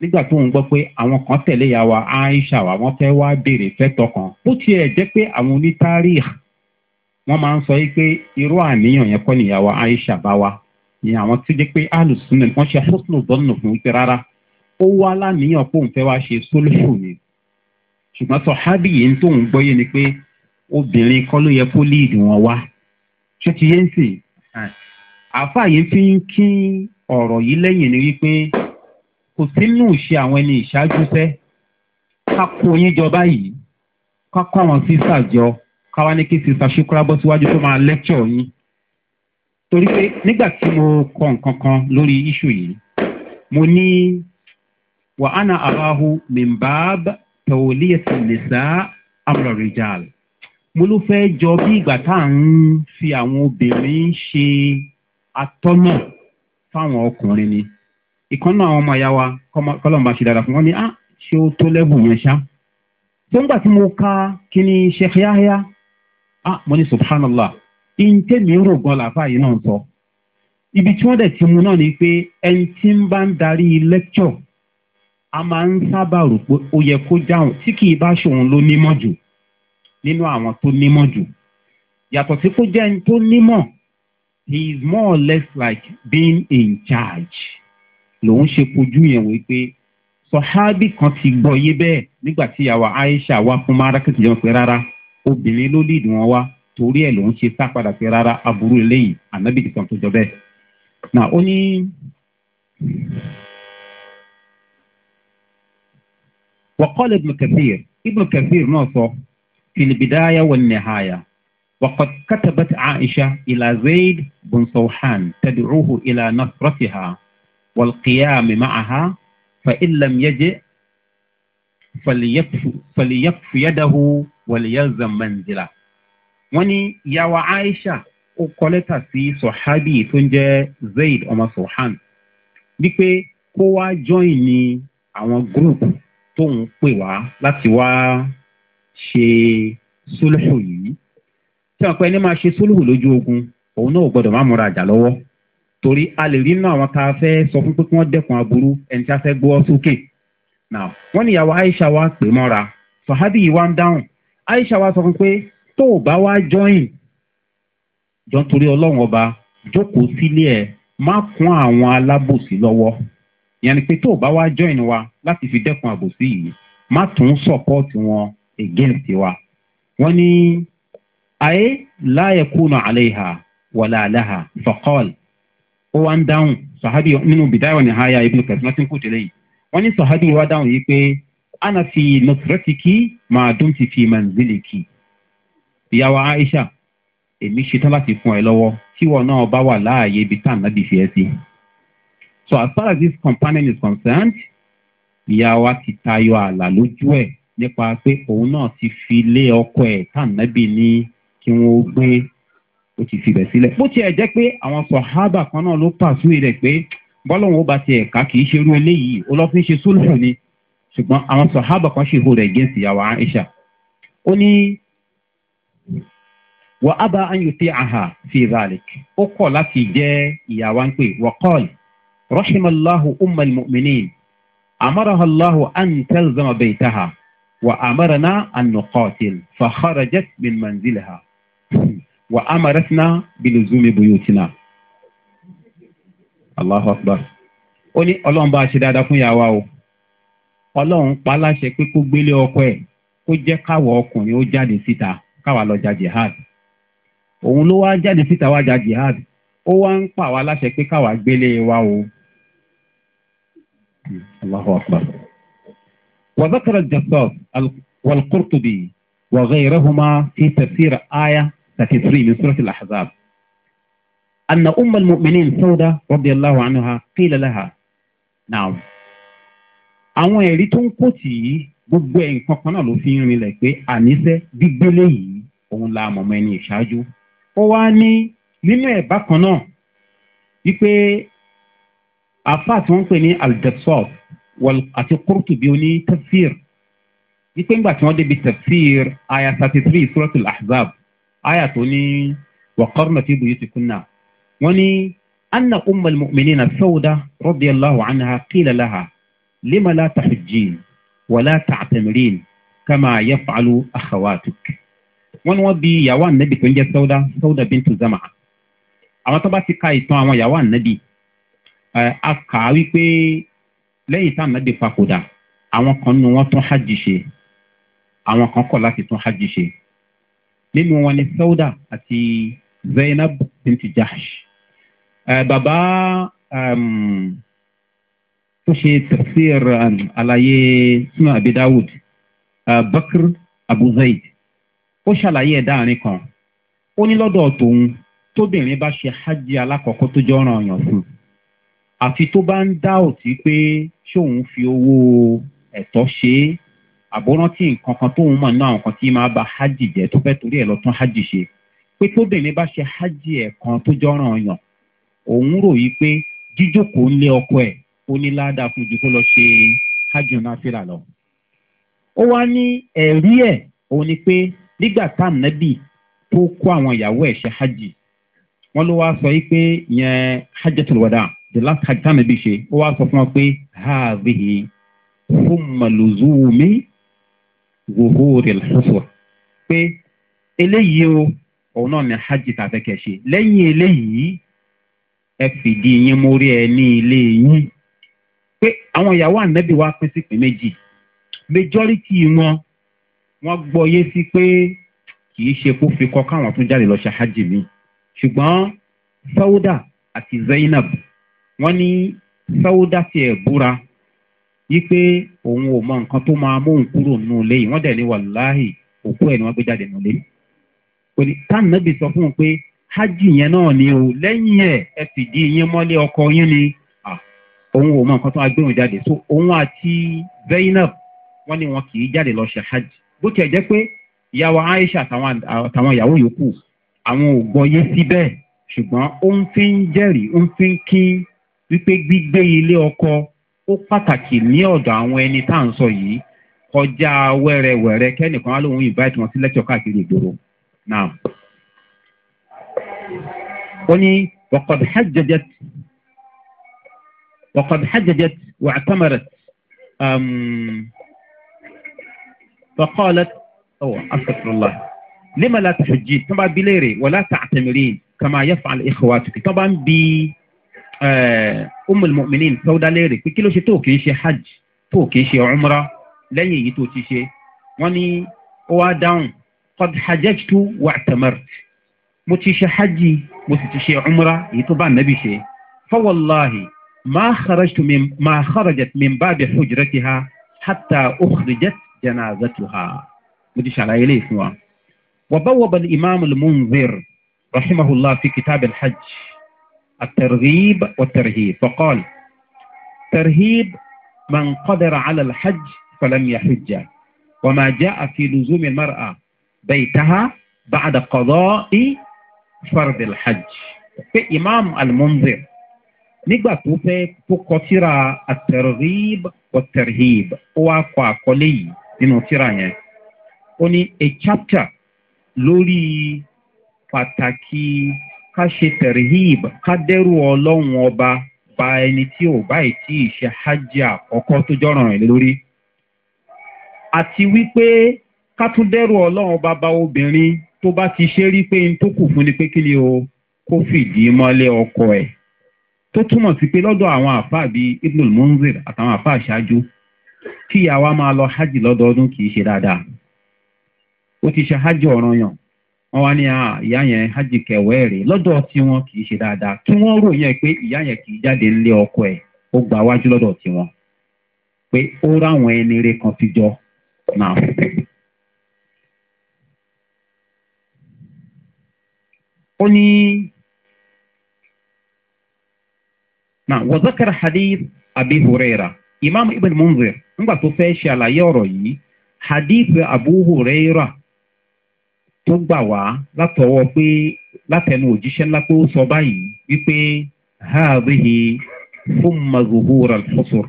nígbà tó ń gbọ́ pé àwọn kan tẹ̀lé ya wa aisha wa wọ́n fẹ́ wá béèrè fẹ́tọ̀ kan bó tiẹ̀ jẹ́ pé àwọn onítàrí wọ́n máa ń sọ yìí pé irú àníyàn yẹn kọ́ nìyàwó aisha bá wa ni àwọn tó jẹ́ pé alùsùnà wọ́n ṣe hosùn bọ́ọ̀nù fún wípé rárá ó wá láníyàn pé òun fẹ́ wá ṣe sólùsù ni ṣùgbọ́n sọ hábì yìí ń tóun gbọ́yé ni pé obìnrin kọ́ ló yẹ kó líìdì wọn wá ṣé ti yé ń sìn àáfàá yìí fi ń kí ọ̀rọ̀ yìí lẹ́yìn ni wípé kò sínú ìṣe àwọn ẹni ìṣáájú sẹ́ ká kó yín jọ báyìí ká kọ́ àwọn sísà jọ ká wá ní kí sísà ṣúkúrá bọ́ síwájú tó máa lẹ́kṣọ̀ yín torí pé nígbà tí mo kọ nǹkan kan lórí iṣu yìí mo ní wà á na àbáhu mìmbàb tòlíyèsí nìsá amúlọ̀rìjàl mo ló fẹ́ jọ bí ìgbà tá à ń fi àwọn obìnrin ṣe atọ́nà fáwọn ọkùnrin ni ìkan náà àwọn ọmọ ìyá wa kọ́lọ́mù bá ṣe dára fún wọn ni á ṣe ó tó lẹ́bù yẹn ṣá tó ń gbà tí mo ka kíní sheikh yahya á ah, mo ní subhanallah ìǹtẹ́ mi rò gan làbá yìí náà sọ ibi tí wọ́n dẹ̀ ti mu náà ni pé ẹni tí ń bá ń darí lecture a máa ń sábà rò pé ó yẹ kó dáhùn tí kì í bá ṣòun ló nímọ̀ jù nínú àwọn tó nímọ̀ jù yàtọ̀ sí kó jẹ́ ẹni tó nímọ̀ he is more or less like being in charge. lòun ṣe kojú yẹn wò pé sọ̀hábì kan ti gbọ́ yé nígbà aisha wá fún márakẹ́tì jẹun pé rárá obìnrin ló lè dùn wọn wá torí ẹ̀ lòun ṣe sá padà pé rárá aburú eléyìí ànábì kan tó jọ bẹ́ẹ̀. nà ó ní. وقال ابن كثير ابن كثير نصه في البداية والنهاية وقد كتبت عائشة إلى زيد والقيام معها فإن لم يجئ فليكف, فليكف يده وليلزم منزله wọ́n ní ìyàwó aisha ó kọ lẹ́tà sí sọ̀hábì tó ń jẹ́ zaid ọmọ sọ̀hán wípé kó wá join ní àwọn gúrùpù tóun pè wá láti wá ṣe sólùhù yìí tí wọ́n pẹ́ ní máa ṣe sólùhù lójú ogun òun náà ò gbọ́dọ̀ má múra àjà lọ́wọ́ torí a lè rí inú àwọn tá a fẹ́ sọ fún pé kí wọ́n dẹ̀kun aburú ẹni tí a fẹ́ gbọ́ sókè. wọ́n ní ìyàwó aisha wa pè mọ́ra sahabi yìí wá ń dáhùn aisha wa sọ fún pé tó o bá wá jọyìn jọ torí ọlọ́run ọba jókòó sílé ẹ̀ má kún àwọn alábòsí lọ́wọ́ ìyẹn ni pé tó o bá wá jọyìn wa láti fi dẹ́kun àbòsí yìí má tún sọ̀pọ́ọ̀tì wọn against wa wọ́n ní ayé láyẹ̀kùnà àlẹ́ ìhà wàlàlẹ́ ìhà fọ́kọ́ọ̀lì ó wá ń dáhùn sàhádì nínú bìdáyà ní haya ibùdó kẹsàn án tí ń kú tẹ́lẹ̀ yìí wọ́n ní sàhádì wá dáhùn yìí pé ana fi nọtìrẹ́tìkì máa dún ti fi manziliki ìyàwó aisha èmi ṣetán láti fún ẹ lọ́wọ́ tíwọ náà bá wà láàyè ibi tá àná bìí fi ẹ sí. so as far as this companion is concerned ìyàwó ti tayọ ààlà lójú ẹ nípa pé òun náà ti fi lé ọkọ ẹ tá àná bìí ní kí wọn ó gbé ó ti fìbẹ̀ sílẹ̀. bó tiẹ̀ jẹ́ pé àwọn sọ̀hábà kan náà ló pàṣẹ rẹ̀ pé bọ́lọ́hún ó bá tiẹ̀ ká kì í ṣerú eléyìí ó lọ́ fi ń ṣe sólùfù ni ṣùgbọ́n àwọn sọ̀hábà kan ṣe ìhòòrẹ̀ gẹ̀ẹ́sì ìyàwó aisha. ó ní wà á bá anyùté àhà fi ralik ó kọ̀ láti jẹ́ ìyàwó ń pè wà kọ́ọ̀lì umar mu'minin amarahallahu an tẹ́lzama wà amarana an nukọ́til fàkàràjẹ́t min manzilha. wa amaratna biluzumi buyutina allahu akbar ó bá a ṣe dáadáa fún yàrá o ọlọ́run pa pé kó gbélé ọkọ ẹ, kó jẹ káwọ ọkùnrin ó jáde síta káwa lọ ja jihad òun ló wá jáde síta wá ja jihad ó wá ń pa gbélé wa o allahu akbar aya. 33 من سورة الأحزاب أن أم المؤمنين سودة رضي الله عنها قيل لها نعم àwọn ẹ̀rí tó ń kó tì í gbogbo ẹ̀ nǹkan kan náà ló fi ń rinlẹ̀ pé àníṣe gbígbélé yìí òun la mọ̀mọ́ ẹni ìṣáájú ó wá ní nínú ẹ̀ bákan náà wípé àfáà tí wọ́n pè ní aldepsop àti kúrútùbí oní tafsir wípé ńgbà tí wọ́n débi tafsir aya thirty three suratul ahzab àyà tó ní wàkọ́rùnà tí ibùyí ti kúnnà wọ́n ní anna umar mu'minin na fẹ́wọ́dá rọ́bì allahu anha kílẹ̀ laha lima la taxijin wala tactamirin kama yafalu akhawatuk wọ́n ní wọ́n bí yàwó ànábì tó ń jẹ́ sẹ́wọ́dá sẹ́wọ́dá bintu zama àwọn tó bá ti ka ìtàn àwọn yàwó ànábì a kà á wípé lẹ́yìn tá ànábì papòdà àwọn kan nínú wọn tún hajj ṣe àwọn kan kọ̀ láti tún hajj ṣe nínú wọn ni sauda àti zainab bintu jahsh eh, Baba ehm, tó ṣe tafsir ehm, àlàyé sunu abi dawud eh, bakr abu zaid ó ṣàlàyé ẹ̀ dáàrin kan ó ní lọ́dọ̀ tòun tóbìnrin bá ṣe hajj alákọ̀ọ́kọ́ tó jọ ràn yàn fún un àfi tó bá ń dá òtí pé ṣóun fi owó ẹ̀tọ́ ṣe é àbórántì nǹkan kan tóun mọ̀ náà nǹkan tí máa ba hajj jẹ́ tó fẹ́ torí ẹ̀ lọ tún hajj ṣe pé tóbìnrin bá ṣe hajj ẹ̀ kan tó jọ́ràn yàn òun rò yí pé jíjókòó ń lé ọkọ ẹ̀ ó ní ládàá fún ju kó lọ ṣe hajj náà fìlà lọ. ó wá ní ẹ̀rí ẹ̀ òun ni pé nígbà táwọn nẹ́bì tó kó àwọn ìyàwó ẹ̀ ṣe hajj wọ́n ló wá sọ yí pé yẹn hajj tó lọ́dà the last hajj táwọn nẹ́bì ṣe ó wá sọ fún wọn pé haavihi fún màlúzùmí zuhuri al-husur pé eléyìí o òun náà ní hajj tàbẹ́kẹ̀ ṣe lẹ́yìn eléyìí ẹ fìdí yín mórí ẹ ní ilé yín pé àwọn ìyàwó ànábì wa pín sí pé méjì majority wọn wọn gbọ́yé sí pé kì í ṣe kó fi kọ káwọn tún jáde lọ ṣe hajj mi ṣùgbọ́n sauda àti zainab wọ́n ní sauda tiẹ̀ búra wípé òun ò mọ nǹkan tó máa móhùn kúrò nínú ilé yìí wọ́n dẹ̀ ní wàláhì òkú ẹ̀ ni wọ́n gbé jáde nínú ilé. kò ní táwọn náà bì sọ fún un pé hajj yẹn náà ni o lẹ́yìn ẹ̀ ẹ fìdí yín mọ́lé ọkọ yín ni òun ò mọ nǹkan tó máa gbé òun jáde so òun àti zainab wọ́n ní wọn kì í jáde lọ ṣe hajj bó tiẹ̀ jẹ́ pé ìyàwó aisha àtàwọn ìyàwó yòókù àwọn ò gbọ́yé síbẹ̀ ṣùgbọ́n ó ń fi ń jẹ́rìí ó ń fi ń kí wípé gbígbé ilé ọkọ ó pàtàkì ní ọ̀dọ̀ àwọn ẹni tá à ń sọ yìí kọjá wẹ́rẹ́wẹ́rẹ́ kẹ́nìkan á lóun invite wọn sí lẹ́kṣọ̀ káàkiri ìgboro náà. ó ní wọ́kọ̀dù hajjajet wà tamarat fọ́kọ́lẹ́t ọ̀wọ́ oh, asàtúrọ̀lá lima la tàjì tó bá tàtẹ̀mìrì kàmá yẹ fàlẹ́ ìkọ̀wá tukì tó ń bi. Ummul Mu'minin sọ́dá léèrè pé kí ló ṣe tó kìí ṣe hajj tó kìí ṣe umra lẹ́yìn èyí tó ti ṣe wọ́n ní ó wá dáhùn qad hajjtu wa i'tamartu mo ti ṣe hajj mo sì ti ṣe umra èyí tó bá nàbì ṣe fa wallahi ma kharajtu min ma kharajat min babi hujratiha hatta ukhrijat janazatuha mo ti ṣàlàyé lè fún wa. wa bawwaba al-imam al-munzir rahimahullah fi kitab al-hajj الترغيب والترهيب فقال ترهيب من قدر على الحج فلم يحج وما جاء في لزوم المرأة بيتها بعد قضاء فرض الحج في إمام المنذر nígbà tó الترغيب والترهيب kọ tíra àtẹ̀rìb ọ̀tẹ̀rìb ó wá kọ àkọlé a chapter ká ṣe tẹ̀rìhìb ká dẹ́rù ọlọ́run ọba ba ẹni tí ò báyìí tí ìṣe hajj àkọ́kọ́ tó jọ́ràn rẹ̀ lórí. àti wípé ká tún dẹ́rù ọlọ́run ọba ba obìnrin tó bá ti ṣe rí pé n tó kù fún ni pé kí ni o kó fìdí mọ́lé ọkọ ẹ̀. tó túmọ̀ sí pé lọ́dọ̀ àwọn àfáà bíi ibnul munzir àtàwọn àfáà ṣáájú kí ìyàwó máa lọ hajj lọ́dọọdún kì í ṣe dáadáa. ó ti ṣe hajj ọ̀ranyàn wọ́n wá a ìyá yẹn hajj kẹwẹ́ rè lọ́dọ̀ tí wọ́n kì í ṣe dáadáa kí wọ́n rò yẹn pé ìyá yẹn kì í jáde ńlé ọkọ ẹ̀ ó gbà wájú lọ́dọ̀ tí wọ́n pé ó ráwọn ẹni kan fi jọ náà. ó ní na wọ́zọ́kẹ́rẹ́ hadith abi hurera imam ibn munzir nígbà tó fẹ́ ṣe àlàyé hadith abu hurera. tó gbà wá látọwọ́ pé látẹnu òjíṣẹ́ ńlá pé ó sọ báyìí wípé haadhihi fúnma zuhura alhusur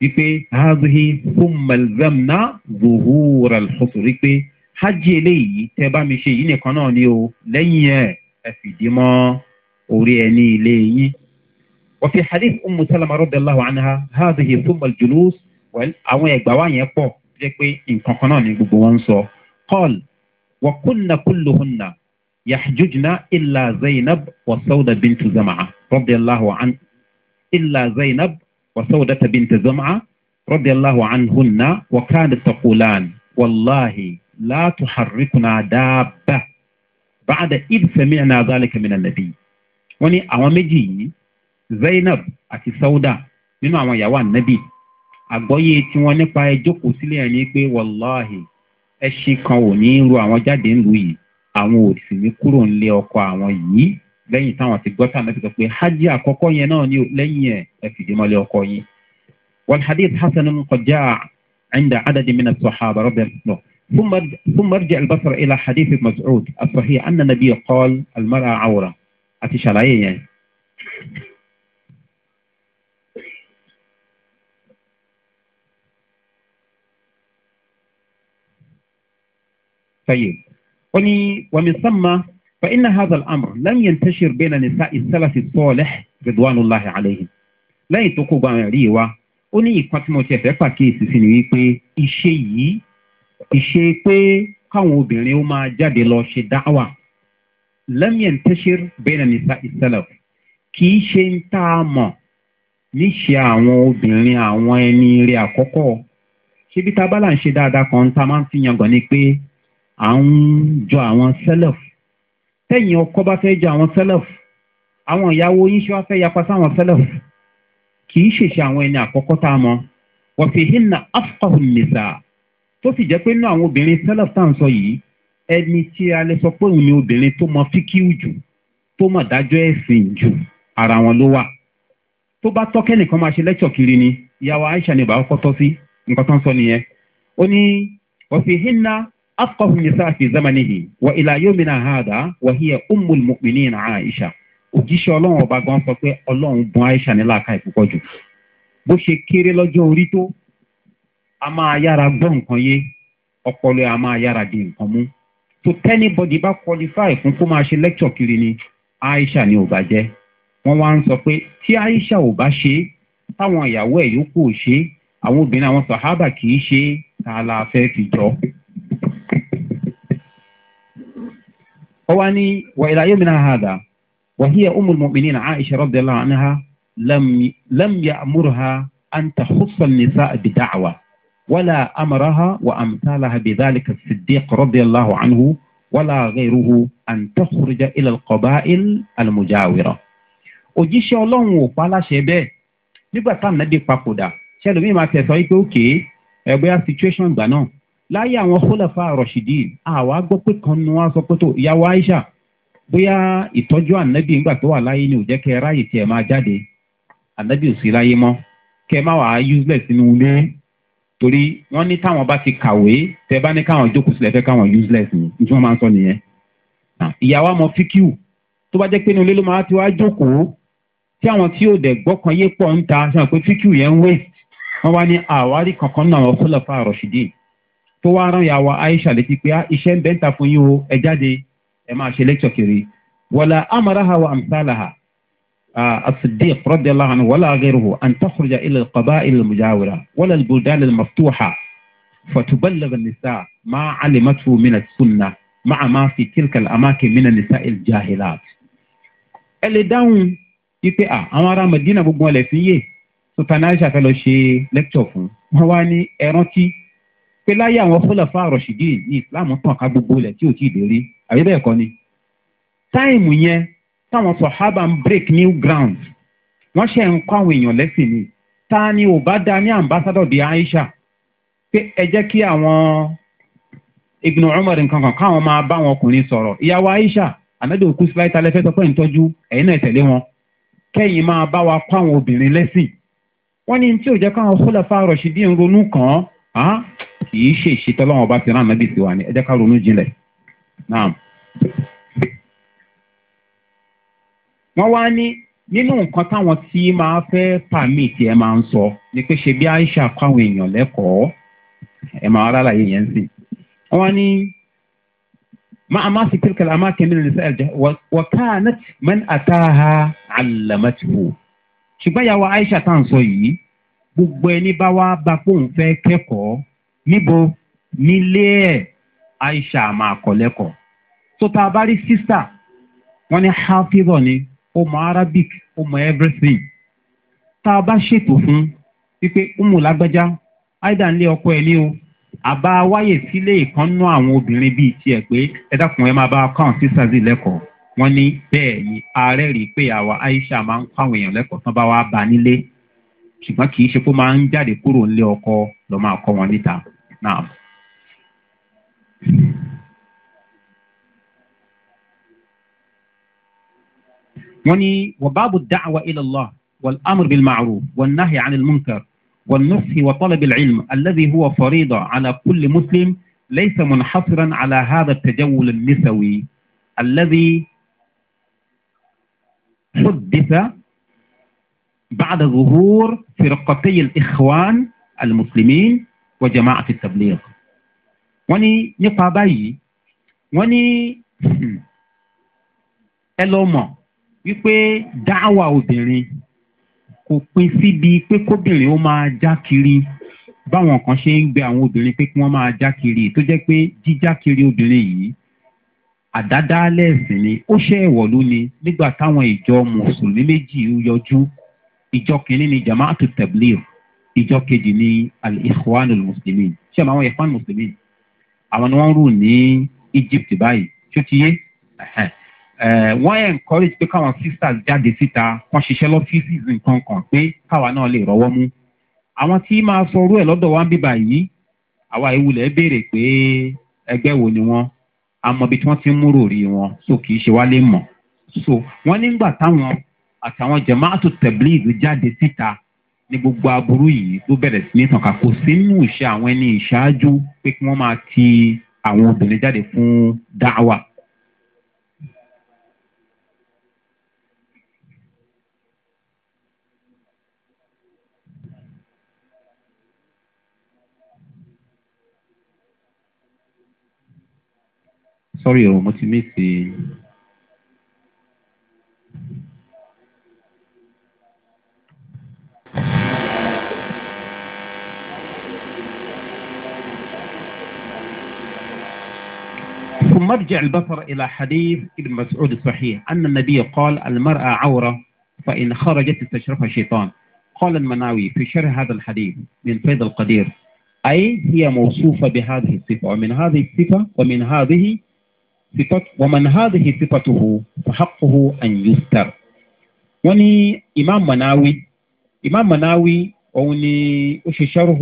wípé haadhihi fúnma zamna zuhura alhusur wípé hajj eléyìí tẹ bá mi ṣe yìí nìkan náà ni o lẹ́yìn ẹ̀ ẹ fìdí mọ́ orí ẹ ní ilé yín. وفي حديث أم سلمة رضي الله عنها هذه ثم الجلوس àwọn ẹ̀gbà wa yẹn pọ̀ jẹ́ pé nǹkan kan قال وكن كلهن يحججن إلا زينب وسودة بنت زمعة رضي الله عن إلا زينب وسودة بنت زمعة رضي الله عنهن وكانت تقولان والله لا تحركنا دابة بعد إذ سمعنا ذلك من النبي وني أوامجي زينب àti سودة من àwọn ìyàwó ànábì àgbọ́yé tí wọ́n nípa ẹjọ́ kò ẹṣin kan ò ní ru àwọn jáde ńlú yìí àwọn ò sì ní kúrò nílé ọkọ àwọn yìí lẹ́yìn táwọn ti gbọ́ táwọn ti sọ pé hajj àkọ́kọ́ yẹn náà ni lẹ́yìn ẹ̀ ẹ fìdí mọ́lẹ̀ ọkọ yìí. wọ́n hadith hasan nkọjá ẹ̀ńdà adadi mina sọ̀hábà rọ́bẹ̀ lọ. ثم ارجع البصر إلى حديث مسعود الصحيح أن النبي قال المرأة عورة أتشالعية يعني طيب قولي ومن ثم فإن هذا الأمر لم ينتشر بين نساء السلف الصالح رضوان الله عليهم lẹ́yìn tó kó gbàmọ̀ rí wa ó ní ìkan tí mo ti ẹ̀fẹ́ pàkíyèsí sí ni wípé iṣẹ́ yìí ìṣe pé káwọn obìnrin ó máa jáde lọ ṣe dáwà lẹ́mìẹ̀n tẹ́ṣẹ́r bẹ́ẹ̀ ní ìsẹ́lẹ̀ kì í ṣe ń tá a mọ̀ níṣe àwọn obìnrin àwọn ẹni rẹ̀ àkọ́kọ́ ṣebí tá a bá là ń ṣe dáadáa kan tá a máa ń fi yangàn ni pé à ń jọ àwọn sẹ́lẹ̀f tẹ̀yìn ọkọ bá fẹ jọ àwọn sẹ́lẹ̀f àwọn ìyàwó yín ṣe wá fẹ́ yapa sáwọn sẹ́lẹ̀f kì í ṣèṣe àwọn ẹni àkọ́kọ́ tá a mọ wọ́n fi hinna afqahu nisa tó sì jẹ́ pé nínú àwọn obìnrin sẹ́lẹ̀f tá à ń sọ yìí ẹni tí a lè sọ pé òun ni obìnrin tó mọ fíkíù jù tó jù ara wọn ló wà tó bá tọ́kẹ́ nìkan máa ṣe kiri ni ìyàwó aisha ni bàbá kọ́tọ́ sí nǹkan tó ń sọ nìyẹn ó ní wọ́n fi أفقه النساء في زمنه وإلى يومنا هذا وهي أم المؤمنين عائشة òjíṣẹ́ ọlọ́run ọba gan sọ pé ọlọ́run bun aisha ní láàka ìpúpọ̀ jù bó ṣe kéré lọ́jọ́ orí tó a máa yára gbọ́ nǹkan yé ọpọlọ a máa yára di nǹkan mú tó tẹ́nibọ́dì bá qualify fún kó máa ṣe lecture kiri ni aisha ni ò bá jẹ́ wọ́n wá ń sọ pé tí aisha ò bá ṣe táwọn ìyàwó ẹ̀ yòókù ò ṣe àwọn obìnrin àwọn sàhábà kì í ṣe tá a fi jọ ọwani wa ila yomina hada wa hiya umul mu'minin aisha radiyallahu anha lam lam ya'murha an tahussa an-nisaa bi da'wa wala amaraha wa amsalaha bi dhalika as-siddiq radiyallahu anhu wala ghayruhu an takhruja ila al-qaba'il al-mujawira òjíṣẹ́ ọlọ́run ò pa láṣẹ bẹ́ẹ̀ nígbà táwọn nàbí papòdà ṣẹlẹ̀ mi máa tẹ̀sọ́ yìí pé òkè ẹgbẹ́ situation gbà náà láyé àwọn kólàfà rọ̀ṣìdì àwa gbọ́ pé kan nu wá sọ pé tó ìyàwó aisha bóyá ìtọ́jú ànábì ńgbà tó wà láyé ni ò jẹ́ kẹ́ ẹ ráyè tiẹ̀ máa jáde ànábì ò sí láyé mọ́ kẹ́ ẹ má wàá useless nínú ilé torí wọ́n ní táwọn bá ti kàwé tẹ bá ní káwọn jókòó sílẹ̀ fẹ́ káwọn useless ni ní tí wọ́n máa ń sọ nìyẹn ìyàwó àmọ́ fíkìú tó bá jẹ́ pé ní ilé ló máa ti wá jókòó tí àwọn tí ò dẹ̀ gbọ́kàn yé pọ̀ ń ta sọ pé fíkìú yẹn ń wé wọ́n wá ní àwárí kankan náà wọ́n fúnlẹ̀ fún àròṣìdíì tó wá rán ìyàwó aisha létí pé ah, iṣẹ́ ń bẹ́ńtà fún yín o ẹ jáde ẹ máa ṣe lẹ́kṣọ̀ kiri wàlà amaraha wa amsalaha asidik ah, rọ́dẹ̀láha ni wàlà agẹ́rùhù antakurja ilẹ̀ kọba ilẹ̀ mujawira wàlà buldan ilẹ̀ maftuha fatubalaga nisa ma alimatu mina sunna ma'a ma fi tilka amaki mina nisa il jahilat. ẹ lè dáhùn ipe ah, àwọn ará madina gbogbo ọlẹ fi yé sultana aisha fẹ ṣe lẹ́kṣọ̀ fún wọn wá ní ẹrántí pé láyé àwọn fúlọ̀fà rọ̀ṣìdì ní ìsìláàmù tàn ká gbogbo ilẹ̀ tí ò tíì dórí àbí bẹ́ẹ̀ kọ́ ni. táìmù yẹn táwọn sọ̀hábà ń break new ground wọ́n ṣe ń kọ́ àwọn èèyàn lẹ́sìn ni ta ni ò bá da ní ambassadọ̀ di aisha pé ẹ jẹ́ kí àwọn ibnu umar nǹkan kan káwọn máa bá wọn ọkùnrin sọ̀rọ̀ ìyàwó aisha ànádò òkú síláì ta lẹ́fẹ́ sọ pé ìtọ́jú ẹ̀yin náà tẹ̀lé wọn kẹ́yìn máa bá wa kọ́ àwọn obìnrin lẹ́sìn wọ́n ní tí ò jẹ́ káwọn fúlàfà rọ̀ṣídìí ń ronú kàn án kì í ṣe ìṣe tọ́lọ́wọ́n bá fi rán ànábì sí wa ni ẹ jẹ́ ká ronú jinlẹ̀ náà. wọ́n wá ní nínú nǹkan táwọn tí máa fẹ́ pàmìtì ẹ máa ń sọ ni pé ṣe bí aisha kọ́ àwọn èèyàn lẹ́kọ̀ọ́ ẹ máa rárá yìí yẹn sí. wọ́n wá ní máa má sì kíríkìlá má kí nínú ìṣe ẹ̀jẹ̀ wọ̀kánà mẹ́ni àtàhà àlàmẹ́tìwò. ṣùgbọ́n ìyàwó aisha tá à ń sọ yìí gbogbo ẹni bá wá bá pòun fẹ́ kẹ́kọ̀ọ́ níbo nílé ẹ̀ aisha àmà àkọ́lẹ́kọ̀ọ́ tó tá a bá rí sísà wọ́n ní hafizọ ni ó mọ arabic ó mọ everything tá a bá ṣètò fún wípé umu lágbájá aida nílé ọkọ ẹ ní o àbá wáyè sílé ìkànnú àwọn obìnrin bíi tiẹ̀ pé ẹ dákun ẹ máa bá káwọn sísà sí lẹ́kọ̀ọ́ wọn ní bẹ́ẹ̀ ni ààrẹ rí i pé àwa aisha máa ń kọ́ àwọn èèyàn lẹ́kọ̀ọ́ tán bá wá bá nílé ṣùgbọ́n kì í ṣe pé ó máa ń jáde kúrò nílé ọkọ lọ́ máa kọ́ wọn níta. نعم يعني وباب الدعوة إلى الله والأمر بالمعروف والنهي عن المنكر والنصح وطلب العلم الذي هو فريضة على كل مسلم ليس منحصرا على هذا التجول النسوي الذي حدث بعد ظهور فرقتي الإخوان المسلمين wa jama'at at-tabligh. wọ́n ní nípa báyìí wọ́n ní ẹ lọ mọ̀ wípé dáwà obìnrin kò pin síbi pé kóbìnrin ó máa já kiri báwọn kan ṣe ń gbé àwọn obìnrin pé kí wọ́n máa já kiri tó jẹ́ pé jíjá kiri obìnrin yìí àdádálẹ̀ ẹ̀sìn ni ó ṣe ẹ̀wọ̀ lóni nígbà táwọn ìjọ mùsùlùmí méjì yọjú ìjọ kìíní ni jamaatu tabligh ìjọ kejì ní al-ikhwan al-muslimin ṣé àwọn ikhwan muslimin àwọn ni wọ́n rù ní egypt báyìí ṣó ti yé wọ́n encourage pé káwọn sisters jáde síta kan ṣiṣẹ́ lọ́fíìsì nǹkan kan pé káwa náà lè rọwọ́ mú àwọn tí máa sọ orú ẹ̀ lọ́dọ̀ wa ń bíbà yìí àwa ìwúlẹ̀ béèrè pé ẹgbẹ́ wo ni wọ́n amọ̀bi tí wọ́n ti ń múrò rí wọn so kì í ṣe wá mọ̀ so wọ́n nígbà táwọn àtàwọn jamaatu tablig jáde síta ni gbogbo aburú yìí ló bẹ̀rẹ̀ sí ní tànká kò sínú ìṣe àwọn ẹni ìṣáájú pé kí wọ́n máa ti àwọn obìnrin jáde fún dáwà. sorry o mo ti mí ti. ثم ارجع البصر إلى حديث ابن مسعود الصحيح أن النبي قال المرأة عورة فإن خرجت استشرفها الشيطان قال المناوي في شرح هذا الحديث من فيض القدير أي هي موصوفة بهذه الصفة ومن هذه الصفة ومن هذه صفة ومن هذه صفته فحقه أن يستر وني إمام مناوي إمام مناوي وني وش شرح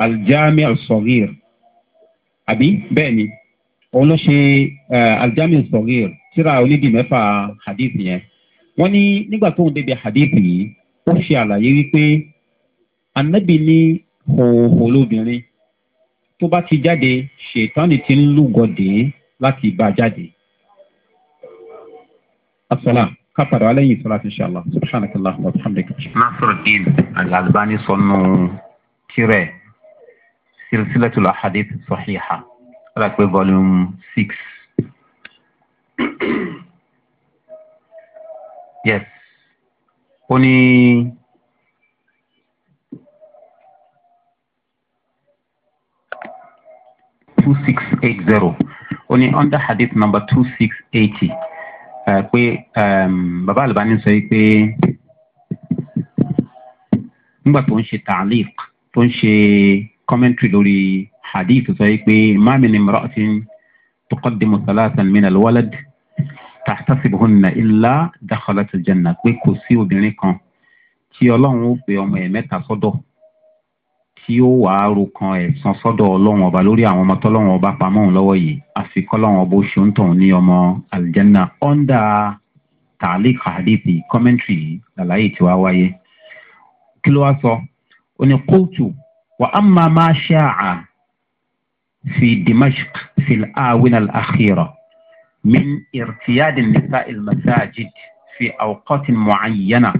الجامع الصغير أبي بأني òun ló ṣe aljami sọ̀rìr síra onídìí mẹ́fà hadith yẹn wọ́n ní nígbà tó ń débi hadith yìí ó ṣe àlàyé wípé anabi ní hòhò lóbìnrin tó bá ti jáde ṣètánì ti ń lúgọdè láti bá jáde. asọ́lá kápẹ́rẹ́ alẹ́yìn sọ́lá ti ṣàlá subhanakalá wa bihamdika. nasruddin alalbani sọnù tirẹ̀ silsilatul hadith sahiha rà pé volume six. yes ó ní two six eight zero ó ní under hadith number two six eighty eh, pé ehm, bàbá àlùbáni sọ pé nígbà tó ń ṣe tàlík tó ń ṣe commentary lórí hadith sọ pé mami ni mìíràn tó kọ́ di musalasa mi nàlẹ́ wọ́lẹ́d tàtàsíbùhùn nà ilá dàkọ́lá tó jẹ́ nà pé kò sí obìnrin kan tí ọlọ́run ó pe ọmọ ẹ̀ mẹ́ta sọ́dọ̀ tí ó wàá ro kan ẹ̀sán sọ́dọ̀ ọlọ́run ọba lórí àwọn ọmọ tọ́lọ́run ọba pamọ́ òun lọ́wọ́ yìí àfi ọba oṣù ń ní ọmọ alìjẹ́nà ọ́ndà tààlík hadithi kọ́mẹ́ntì làlàyé tí wàá wáyé kí ló wá sọ ó ní kóòtù وأما ما شاع في دمشق في الآونة الأخيرة من ارتياد النساء المساجد في أوقات معينة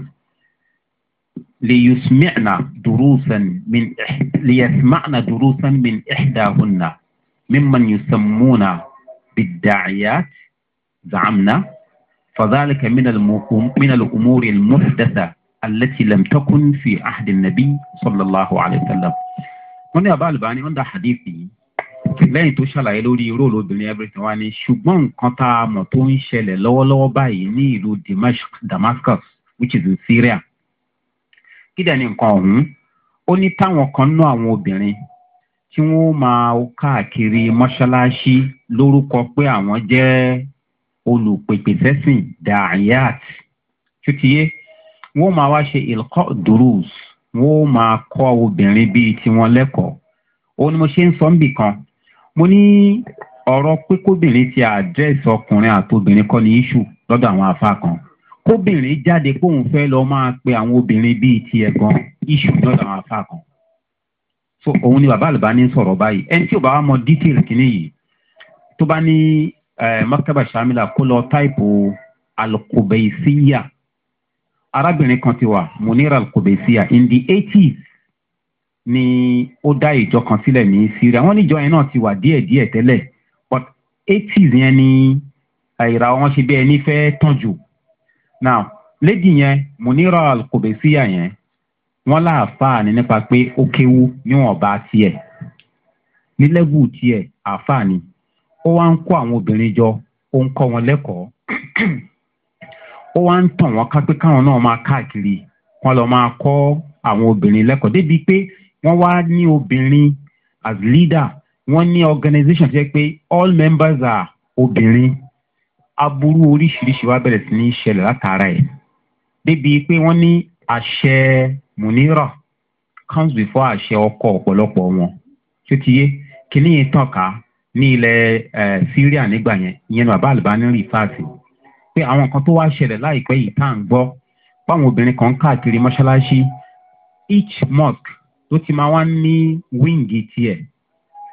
ليسمعن دروسا من ليسمعن دروسا من إحداهن ممن يسمون بالداعيات زعمنا فذلك من من الأمور المحدثة التي لم تكن في عهد النبي صلى الله عليه وسلم wọ́n ní àbá àlùbáni wọ́n dá hadith yìí lẹ́yìn tó ṣàlàyé lórí róòlù obìnrin everything wá ní ṣùgbọ́n nǹkan tá a mọ̀ tó ń ṣẹlẹ̀ lọ́wọ́lọ́wọ́ báyìí ní ìlú damascus which is in syria kí dẹ̀ ni nǹkan ọ̀hún ó ní táwọn kan ná àwọn obìnrin tí wọ́n máa káàkiri mọ́ṣáláṣí lórúkọ pé àwọn jẹ́ olùpèpè sẹ́sìn dayat tó wọ́n máa wá ṣe ìlkọ́ dùrúùs wọ́n máa kọ́ obìnrin bíi tiwọn lẹ́kọ̀ọ́ òun ni mo ṣe ń sọ ń bì kan mo ní ọ̀rọ̀ pé kóbìnrin ti àdírẹ́sì ọkùnrin àtobìnrin kọ́ ní iṣu lọ́dọ̀ àwọn afá kan kóbìnrin jáde kóun fẹ́ lọ máa pe àwọn obìnrin bíi ti ẹ̀gàn iṣu lọ́dọ̀ àwọn afá kan so òun ni bàbá àlùbá ní sọ̀rọ̀ báyìí ẹni tí ò bá wá mọ dítìlì kìíní yìí tó bá ní eh, mọ́kẹ́bà sàmìlà kó lọ táìpù alukóbẹ̀ẹ́síyà arábìnrin kan ti wà munira kobesia in the eighties ni ó dá ìjọ kan sílẹ̀ ní syria wọ́n níjọ yẹn náà ti wà díẹ̀díẹ̀ tẹ́lẹ̀ but eighties yẹn ni àìrà wọn ṣe bí ẹni fẹ́ tán jù now lady yẹn munira kubesia yẹn wọ́n láàfáà ní nípa pé ó kéwú níwọ̀nba tiẹ̀ nílẹ́gù tiẹ̀ àfáà ni ó wá ń kó àwọn obìnrin jọ ó ń kọ́ wọn lẹ́kọ̀ọ́ ó wá ń tàn wọ́n ká pé káwọn náà máa káàkiri wọ́n lọ máa kọ́ àwọn obìnrin lẹ́kọ̀ọ́ débi pé wọ́n wá ní obìnrin as leader wọ́n ní organization tó yẹ pé all members are obìnrin aburú oríṣiríṣi wá bẹ̀rẹ̀ sí ní ṣẹlẹ̀ látara ẹ̀ débi pé wọ́n ní àṣẹ munira comes before àṣẹ ọkọ̀ ọ̀pọ̀lọpọ̀ wọn tó ti yé kí ní ìtàn ká ní ilẹ̀ eh, syria nígbà yẹn ìyẹn bàbá àlùbáni rí fáàsì pé àwọn kan tó wá ṣẹlẹ̀ láìpẹ́ yìí tá à ń gbọ́ báwọn obìnrin kan káàkiri mọ́ṣáláṣí each mosque tó ti máa wá ní wíǹgì tiẹ̀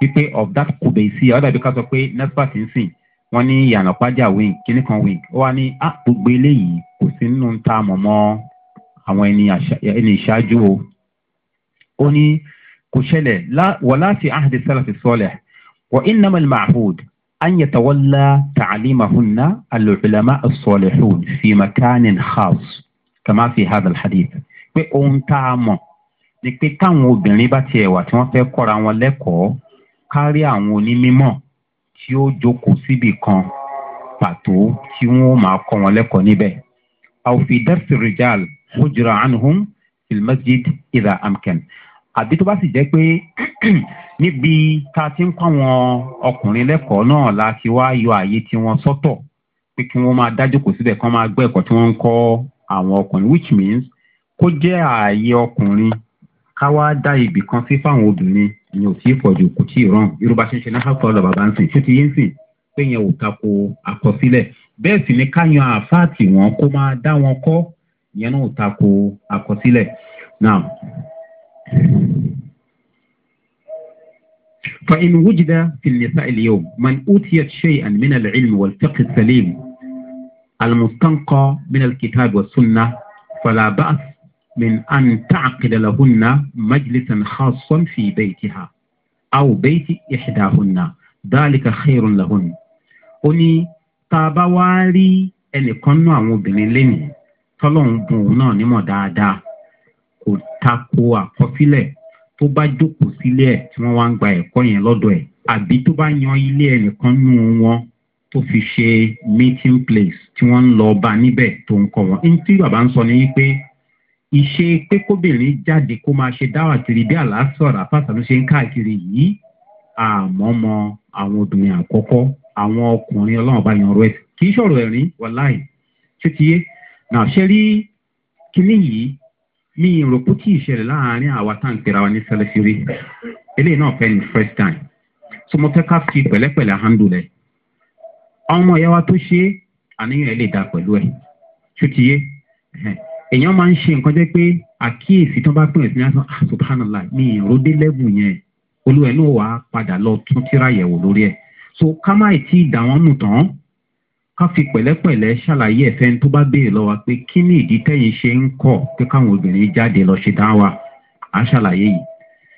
wípé of that kùbẹ̀sì ọ̀dàbí ká sọ pé nesbert ń sìn wọ́n ní ìyànà pàjá wing kíní kan wing ó wá ní á gbogbo eléyìí kò sí nínú ń ta àmọ̀ mọ́ àwọn ẹni ìṣáájú o ó ní kò ṣẹlẹ̀ wọ́n láti ahdi sálàfi sọ́lẹ̀ wọ́n iná mẹ́lẹ̀ mahmood أن يتولى تعليمهن العلماء الصالحون في مكان خاص كما في هذا الحديث pé ohun tá a mọ̀ ni pé táwọn obìnrin bá tiẹ̀ wà tí wọ́n fẹ́ kọ́ra wọn lẹ́kọ̀ọ́ kárí àwọn onímọ̀ tí ó jókòó síbì kan pàtó tí wọ́n máa kọ́ wọn lẹ́kọ̀ọ́ níbẹ̀. àwòfi dẹ́sí rìjàl hujra anhum fil masjid idha amkan. àbí tó bá sì jẹ́ pé níbi tá a ti ń kọ́ àwọn ọkùnrin lẹ́kọ̀ọ́ náà la ti wá yọ àyè tí wọ́n sọ́tọ̀ pé kí wọ́n máa dájú kò síbẹ̀ kán máa gbọ́ ẹ̀kọ́ tí wọ́n ń kọ́ àwọn ọkùnrin which means kó jẹ́ ààyè ọkùnrin ká wá dá ibì kan sí fáwọn obìnrin ìyẹn ò tí ì pọ̀jù kò tí ì rán irú bá ṣe ń ṣe náà kọ́ ọ̀dọ̀ bàbá ń sìn fún ti yé ń sìn pé yẹn ò tako àkọsílẹ̀ bẹ́ẹ̀ sì ni ká yan àáfàá tì kó máa dá wọn kọ́ ìyẹn náà ò tako àkọsílẹ̀ now. فإن وجد في النساء اليوم من أوتيت شيئا من العلم والفقه السليم المستنقى من الكتاب والسنة فلا بأس من أن تعقد لهن مجلسا خاصا في بيتها أو بيت إحداهن ذلك خير لهن أني تابوالي أن كنوا عمبين لني تلون بونا نمو دادا كتاكوا كفلت tó bá jókòó sílé ẹ̀ tí wọ́n wá ń gba ẹ̀kọ́ yẹn lọ́dọ̀ ẹ̀ àbí tó bá yan ilé ẹnìkan nù wọn tó fi ṣe meeting place tí wọ́n ń lọ bá níbẹ̀ tó ń kọ́ wọn. ní tí bàbá ń sọ ni pé ìṣe pé kóbìnrin jáde kó máa ṣe dáwà kiri bí àlàáfíà pàtàkì ṣe ń káàkiri yìí àmọ́ mọ àwọn obìnrin àkọ́kọ́ àwọn ọkùnrin ọlọ́run bá yan ọ̀rọ̀ ẹ̀ kì í ṣọ̀rọ̀ ẹ̀rín wàláì ṣé ti yé náà ṣe rí kinní yìí mi rò pé kí ìṣẹ̀lẹ̀ láàárín àwa tá à ń pera wa ní sẹ́lẹ̀sìrì eléyìí náà fẹ́ ní first time so mo fẹ́ ká fi pẹ̀lẹ́pẹ̀lẹ́ handle rẹ̀ ọmọ ìyá wa tó ṣe àníyàn ẹ̀ lè da pẹ̀lú ẹ̀ ṣùtìyé èèyàn máa ń ṣe nǹkan jẹ́ pé àkíyèsí tó bá pè é sí ní aṣọ àṣùbánàlá mi ìròdé lẹ́bù yẹn olúwẹ̀ẹ́ náà wàá padà lọ tún tíráyẹ̀wò lórí ẹ̀ so ká má ì tí ì dà wọ́n nù tán ká fi pẹ̀lẹ́pẹ̀lẹ́ ṣàlàyé ẹ̀fẹ́ tó bá béèrè lọ́wọ́ pé kí ni ìdí tẹ́yìn ṣe ń kọ̀ pé káwọn obìnrin jáde lọ ṣe dáwà á ṣàlàyé yìí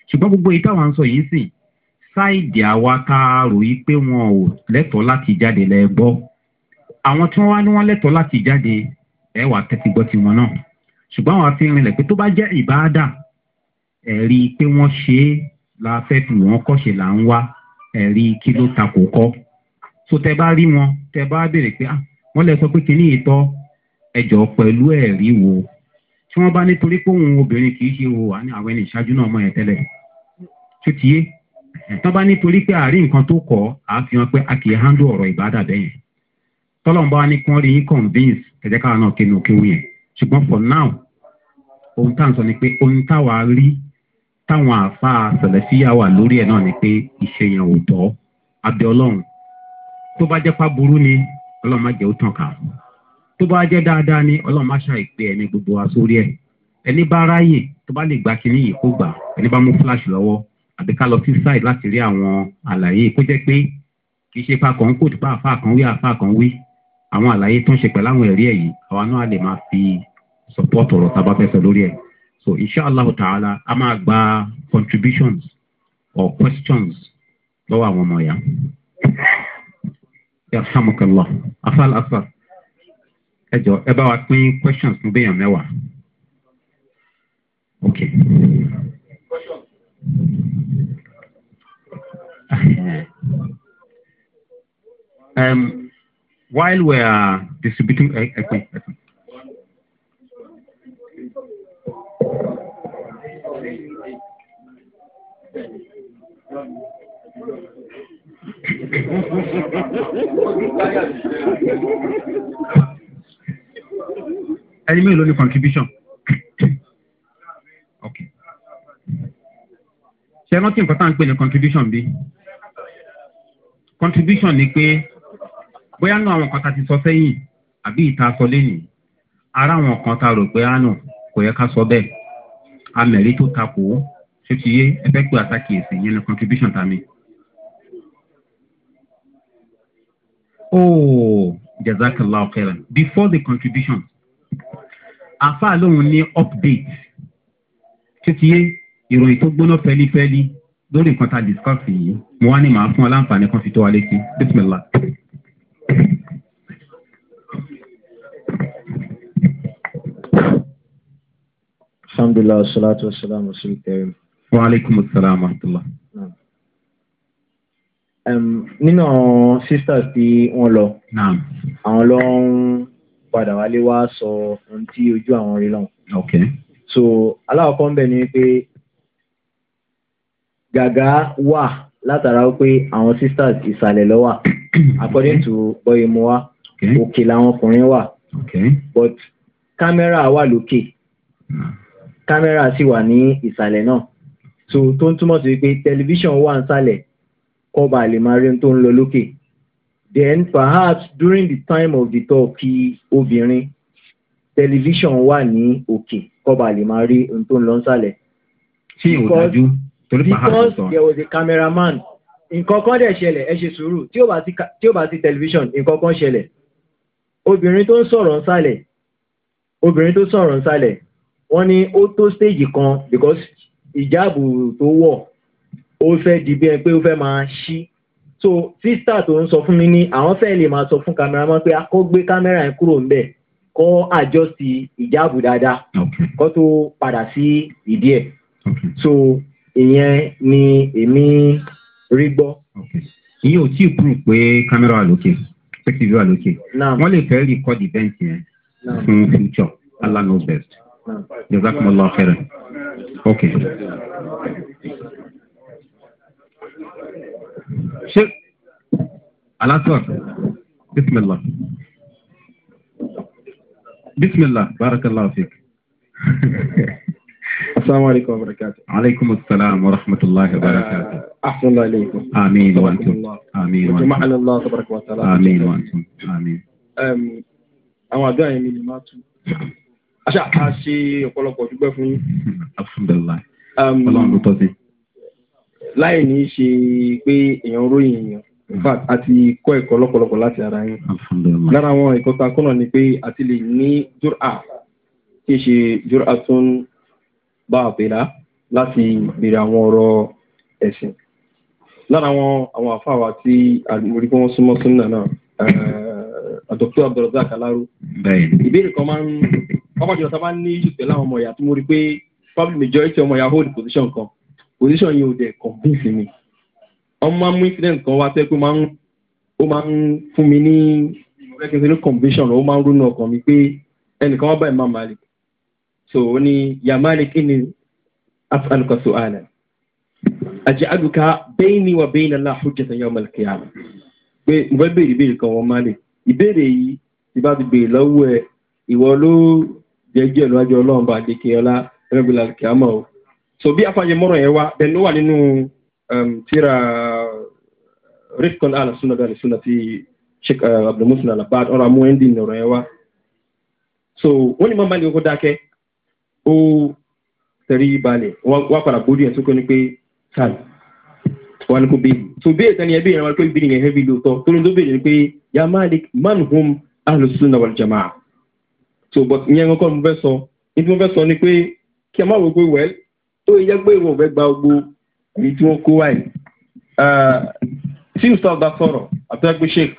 ṣùgbọ́n gbogbo èyí táwọn ń sọ yìí sìn ṣáìdì àwa tá rò yí pé wọn ò lẹ́tọ̀ọ́ láti jáde lẹ́ gbọ́ àwọn tí wọ́n wá ní wọ́n lẹ́tọ̀ọ́ láti jáde ẹ wà tẹ́tí gbọ́ tiwọn náà ṣùgbọ́n àwọn afi rinlẹ̀ pé tó bá jẹ́ ìbáàdà ẹ̀rí pé wọ́n ṣe é la fẹ́ fi wọ́n kọ́ṣe là ń wá ẹ̀rí kí ló ta kò kọ́ tó tẹ bá rí wọn tẹ bá béèrè pé ah, wọn lè sọ pé kínní ìtọ wo tí wọn bá nítorí pé òun obìnrin kì í wo àní àwọn ẹni ìṣáájú náà mọ tẹlẹ tó ti yé tó bá nítorí pé àárín nǹkan tó kọ a kì í handle ọrọ ìbádà bẹ́yẹn tọ́lọ́mbà ni kí rí yín convince kẹ̀jẹ́ káwọn náà kéwù kéwù yẹn for now ohun tá à ń sọ ni pé ohun táwa rí táwọn tó bá jẹ́ pa burú ni ọlọ́run má jẹ́ ó tàn ká tó bá jẹ́ dáadáa ni ọlọ́run má ṣàì pé ẹni gbogbo wa sórí ẹ̀ ẹni bá ráyè tó bá lè gbà kíní yìí kó gbà ẹni bá mú flash lọ́wọ́ àbí ká lọ sí side láti rí àwọn àlàyé kó jẹ́ pé kì í ṣe pa kàn ń kò dípa àfa kan wí àfa kan wí àwọn àlàyé tó ń ṣe pẹ̀lú àwọn ẹ̀rí ẹ̀ yìí àwa náà lè máa fi support ọ̀rọ̀ tá a bá fẹ́ sọ lórí ẹ̀ so inshallah ta'ala a máa gba contributions or questions lọ́wọ́ àwọn ọmọ ya alhamdulilah afal asar ẹ jọ ẹ bá wa questions fún bẹ́yàn mẹ́wàá ok. um, while we are distributing, I, Thank you ẹni mélòó ni contribution ok ṣe rántí nǹkan tá à ń pè ní contribution bí contribution ni pé bóyá nù àwọn kan tá a ti sọ sẹ́yìn àbí ìta sọ lẹ́yìn ara àwọn kan tá a rò pé àánú ah, kò yẹ ká sọ bẹ́ẹ̀ amẹ̀rí tó takò ó ṣé ti yé ẹ fẹ́ pé àtàkì èsì yẹn ni contribution ta mi. Oh, Jazakallah khairan. Before the contribution, àfa lóhun ní update. Títí yé ìròyìn tó gbóná fẹ́lífẹ́lí lórí nǹkan tá discuss yìí. Mo wá ní màá fún ọ láǹfààní kan fi tó wa létí. Bísmìlá. Alhamdulilah, salatu wa salam, wa alaykum as-salam wa rahmatulah nínú àwọn sisters tí wọ́n lọ àwọn lọ ń padà wálé wá sọ ohun tí ojú àwọn rí lọ́hùn. so alákọ̀ọ́kọ́ ń bẹ̀ ni pé gàgà wà látara pé àwọn sisters ìsàlẹ̀ ló according to bọ́yé mo wá òkè làwọn ọkùnrin wà but kámẹ́rà wà lókè kámẹ́rà sì wà ní ìsàlẹ̀ náà so tó ń túmọ̀ sí pé tẹlifíṣàn wà ń sàlẹ̀ kọ́ lè máa rí tó ń lọ lókè then perhaps during the time of the talk obìnrin television wà ní òkè kọ́ lè máa rí tó ń lọ sálẹ̀. ṣé ìwòdájú torí perhaps sọ. because there was a cameraman nǹkan kan dẹ̀ ṣẹlẹ̀ ẹ ṣe sùúrù tí ó bá ti television nǹkan kan ṣẹlẹ̀ obìnrin tó ń sọ̀rọ̀ nsàlẹ̀ obìnrin tó sọ̀rọ̀ nsàlẹ̀ wọ́n ní ó tó stage kan because ìjáàbù tó wọ̀ ó fẹ́ di bí ẹ pé ó fẹ́ máa ṣí so sísítà tó ń sọ fún mi ní àwọn fẹ́ lè máa sọ fún kámẹ́rámán pé kó gbé kámẹ́rà yẹn kúrò ń bẹ̀ kó àjọsí ìjáàbù dáadáa kó tó padà sí ìdí ẹ̀ so ìyẹn ni èmi rí gbọ́. ìyẹn ò tí ì prove pé kámẹ́rà wà lókè pẹ́kìtì wà lókè wọ́n lè fẹ́ record event yẹn fún future allah knows best. Jazakumullah khairan. Okay. شيء الأصغر بسم الله بسم الله بارك الله فيك السلام عليكم وبركاته عليكم السلام ورحمة الله وبركاته آه، أحسن الله إليكم آمين وأنتم آمين وأنتم على الله تبارك وتعالى آمين وأنتم آمين àwọn àdúrà yẹn ni lè máa tù aṣáà ká ṣe ọ̀pọ̀lọpọ̀ dúpẹ́ fún yín. láì ní í ṣe pé èèyàn ròyìn èèyàn in fact àti kọ́ ẹ̀kọ́ lọ́pọ̀lọpọ̀ láti ara yín lára àwọn ẹ̀kọ́ ta kọ́nà ni pé àti lè ní jura kí ṣe jura tó ń bá àpèrà láti béèrè àwọn ọ̀rọ̀ ẹ̀sìn lára àwọn àwọn àfáwà tí àgbègbè kí wọ́n súnmọ́ súnmọ́ náà àdókítà eh, abdulrazak aláró ìbéèrè kan máa ń pápájọ ta máa ń ní ìṣùpẹ̀ láwọn ọmọ ìyá tó mú rí pé public majority ọmọ ìyá hold position kan position yìí ò dẹ̀ convince mi ọmọ máa ń mú incident kan wá tẹ́ pé ó máa ń fún mi ní rẹ́kẹ̀tẹ̀ ní conviction ó máa ń rúnú ọkàn mi pé ẹnìkan wá báyìí máa Malik so ó ní ya Malik kí ni afaluka so àná àti àdùkà bẹ́ẹ̀ ni wà bẹ́ẹ̀ ni aláà hujjatan yawm al-qiyamah pé mo fẹ́ béèrè ìbéèrè kan wọ́n Malik ìbéèrè yìí ti bá ti béèrè lọ́wọ́ ẹ̀ ìwọ ló jẹ́jẹ́ lọ́jọ́ ọlọ́run bá dékè ọlá rẹ́gbẹ̀lá kìámọ̀ o so bí afa yẹ mọ́rọ̀ yẹn wá bẹ́ẹ̀ ló wà nínú um, tíra uh, rifkon ala sunna dọ́ni sunna ti sheikh uh, abdulmusin alabad ọ̀rọ̀ amú ẹ̀ ń dín ọ̀rọ̀ yẹn wá so wọ́n ní mọ́mọ́ ní kókó dákẹ́ ó tẹ̀rí balẹ̀ wọ́n padà bójú ẹ̀ tó kọ́ ni pé sàn wà ní kó béèrè so béèrè tani ẹ béèrè wọn pé béèrè yẹn hẹ́bi lóòótọ́ tó ní tó béèrè ni pé ya malik man hum ahlus sunna wal Jama. so but ìyẹn kọ́kọ́ mo fẹ́ sọ ní tí mo fẹ́ sọ ni pé kí a má wọ pé wẹ́ẹ́ tó yẹ pé wọn ò fẹ́ gba gbogbo èyí tí wọ́n kó wáyé. Eh, tí ustaz bá sọ̀rọ̀ àtẹ́gbẹ́ sheik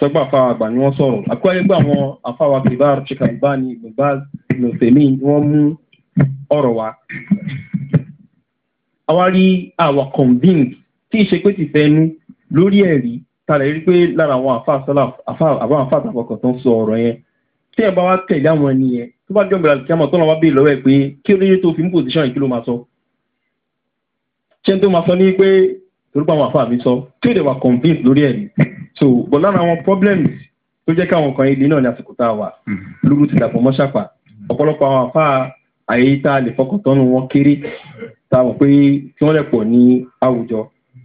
tọ́gbà àfa àgbà ni wọ́n sọ̀rọ̀ àkọ́yẹ́ pé àwọn afáwa kibar sheik albani ibùbaz nùsẹ̀mí wọ́n mú ọ̀rọ̀ wá. àwa rí àwa convinced tí ìṣe pé ti fẹnu lórí ẹ̀rí tààrà rí pé lára àwọn àfa àsọlá àbáwọn àfa àtàkọ̀kọ̀ tó ń sọ ọ̀rọ̀ yẹn tí ẹ bá wá tẹ̀lé àwọn ẹni yẹn tó bá jọ̀gbẹ̀rẹ̀ àti kíámọ̀ tó lọ́wọ́ bèè lọ́wọ́ ẹ̀ pé kí ló tó fi mú pòsíṣàn yìí kí ló máa sọ ṣé n tó máa sọ ní pé torúkọ àwọn àfáà mi sọ tí ó dẹ̀ wà convinced lórí ẹ̀ so but lára àwọn problems tó jẹ́ káwọn kan ilé náà ní àsìkò tá a wà mm-hmm. lóru ti dàpọ̀ mọ́ ṣàpà mm-hmm. ọ̀pọ̀lọpọ̀ àwọn àfáà àyè tá a lè fọkàntánù wọn kéré tá a mọ̀ pé tí wọ́n lè pọ̀ ní àwùjọ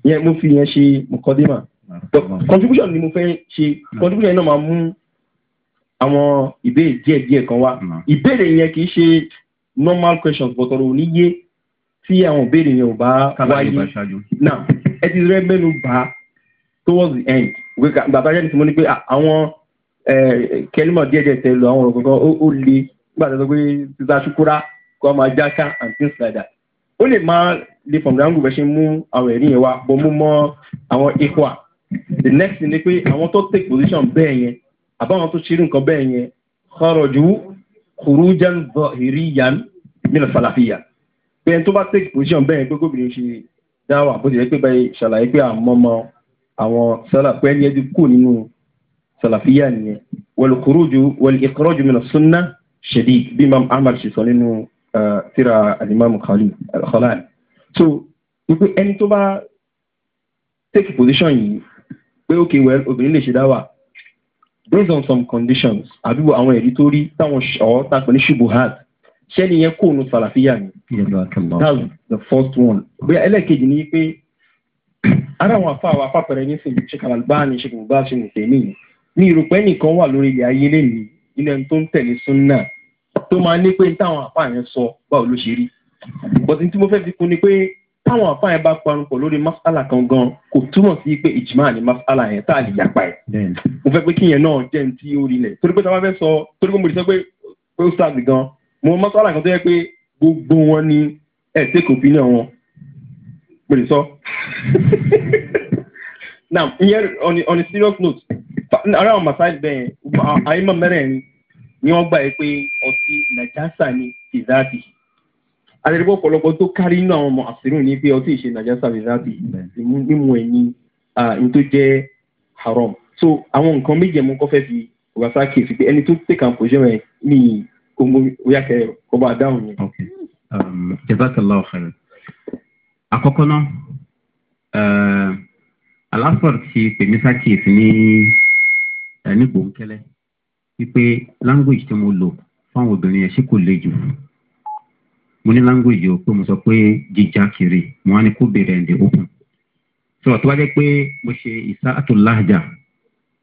yẹn mo fi yẹn ṣe mọ̀kọ́dímà mm-hmm. contribution ni mo fẹ́ ṣe contribution yẹn náà máa mú àwọn ìbéèrè díẹ̀ díẹ̀ kan wá ìbéèrè yẹn kì í ṣe normal questions but ọ̀rọ̀ tí àwọn òbéèrè yẹn ò bá wáyé now ẹ ti rẹ mẹ́nu bá towards the end bàbá jẹ́ nítorí mo ní pé ah, àwọn kẹlímọ̀ díẹ̀díẹ̀ tẹ lọ àwọn ọ̀rọ̀ kankan ó le nígbà tó sọ pé títa ṣukura kó máa jáká and things like that ó lè máa lè from dangu bẹ́ẹ̀ ṣe mú àwọn ẹ̀rí yẹn wá bọ́ mú mọ́ àwọn ikwa the next thing ni pé àwọn tó take position bẹ́ẹ̀ yẹn àbáwọn tó ṣerú nǹkan bẹ́ẹ̀ yẹn kọ́rọ̀jú kùrújan zọ̀hìríyan mílẹ̀ fàlàfíyà bẹ́ẹ̀ tó bá take position bẹ́ẹ̀ pé gómìnà ṣe dáwà bó ti yẹ pé báyìí ṣàlàyé pé àmọ́mọ́ àwọn sálàpẹ́ ẹni ẹni kù nínú sàlàfíà nìyẹn wal-khuruju wal-ikhraju min as-sunnah shadid bí imam ahmad ṣe sọ nínú tírà alimami khalil al so wípé ẹni tó bá take position yìí pé okay well obìnrin lè ṣe dáwà based on some conditions àbí àwọn ẹ̀rí tó rí táwọn ọ̀ tàpẹ́ ní ṣubuhat ṣẹ́ni yẹn kò nu sàlàfíà ni. that's the first one. bóyá ẹlẹ́kejì ni pé ara àwọn afá àwọn apápẹ̀rẹ̀ ní sèmi ṣe kàlàlùbá ni ṣe kùnbá ṣe nìṣẹ́ ní ní ìrùpẹ́ nìkan wà lórí ilẹ̀ ayé lẹ́yìn ilẹ̀ tó ń tẹ̀lé súnà tó máa ní pé táwọn àpá yẹn sọ báwo ló ṣe rí bọ́tí tí mo fẹ́ fi kún ni pé táwọn àpá yẹn bá parunpọ̀ lórí masala kan gan kò túmọ̀ sí pé ìjìmá ni masala yẹn tá a lè yapa ẹ̀ mo fẹ́ pé kíyẹn náà jẹ́ ní tí ó rí lẹ̀ torí pé táwọn fẹ́ sọ torí pé mo rí sọ pé ó sáà gan mo mọ́sálà kan tó yẹ pé gbogbo wọn ni ẹ̀ take opinion wọn pè sọ. now ìyẹn on, on a serious note ara àwọn masai bẹ́ẹ̀ àyèmọ̀ mẹ́rẹ̀ẹ̀rin ni wọ́n gbà yẹ pé ọtí nàìjásà ni ìdáàtì àdàdìbò ọ̀pọ̀lọpọ̀ tó kárí inú àwọn ọmọ àṣírùn ní pé ọtí ìṣe nàìjásà ìdáàtì mímu ẹ̀yìn ní tó jẹ́ haram so àwọn nǹkan méjì ẹ̀mú kọ́ fẹ́ fi ọ̀gá sáà kìí sí pé ẹni tó tẹ̀ka kò ṣe rẹ̀ ní kó mú bóyá kẹ kó bá dáhùn ni. Um, jazakallah khairan àkọ́kọ́ náà uh, alasọ̀rọ̀ ti pèmí sákìyèsí ní uh, ní gbòǹkẹ́lẹ́ wípé language tí mo lò fáwọn obìnrin yẹn ṣé kò le jù mo ní language o pé mo sọ pé jíjà kiri mo wá ní kó bèrè ẹ̀ ǹdẹ̀ open so ọ̀tọ́ wá jẹ́ pé mo ṣe ìsáàtò láàjà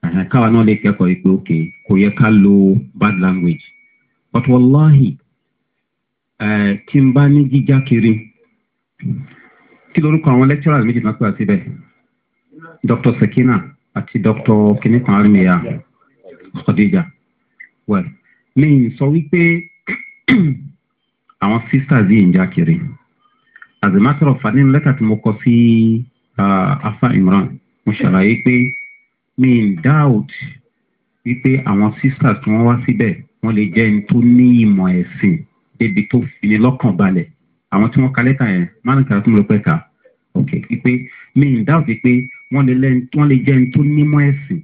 uh-huh, káwa náà lè kẹ́kọ̀ọ́ yìí pé ok kò yẹ ká lo bad language but wàláhì tí n bá ní jíjá kiri kí lorúkọ àwọn lecturers méjì náà pè àti bẹ́ẹ̀ dr sekina àti dr kinikan arimiya khadija well mi n sọ wípé àwọn sisters yìí ń já kiri as a matter of fact nínú lẹ́tà tí mo kọ sí afa imran mo ṣàlàyé pé mi n doubt wípé àwọn sisters tí wọ́n wá síbẹ̀. Si wọ́n lè jẹ́ ẹni tó ní ìmọ̀ ẹ̀sìn débi tó fini lọ́kàn balẹ̀ àwọn tí wọ́n ka lẹ́tà yẹn márùn kàrà tó ń lọ pẹ́ kà ok wípé mi ń dáhùn sí pé wọ́n lè jẹ́ ẹni tó nímọ̀ ẹ̀sìn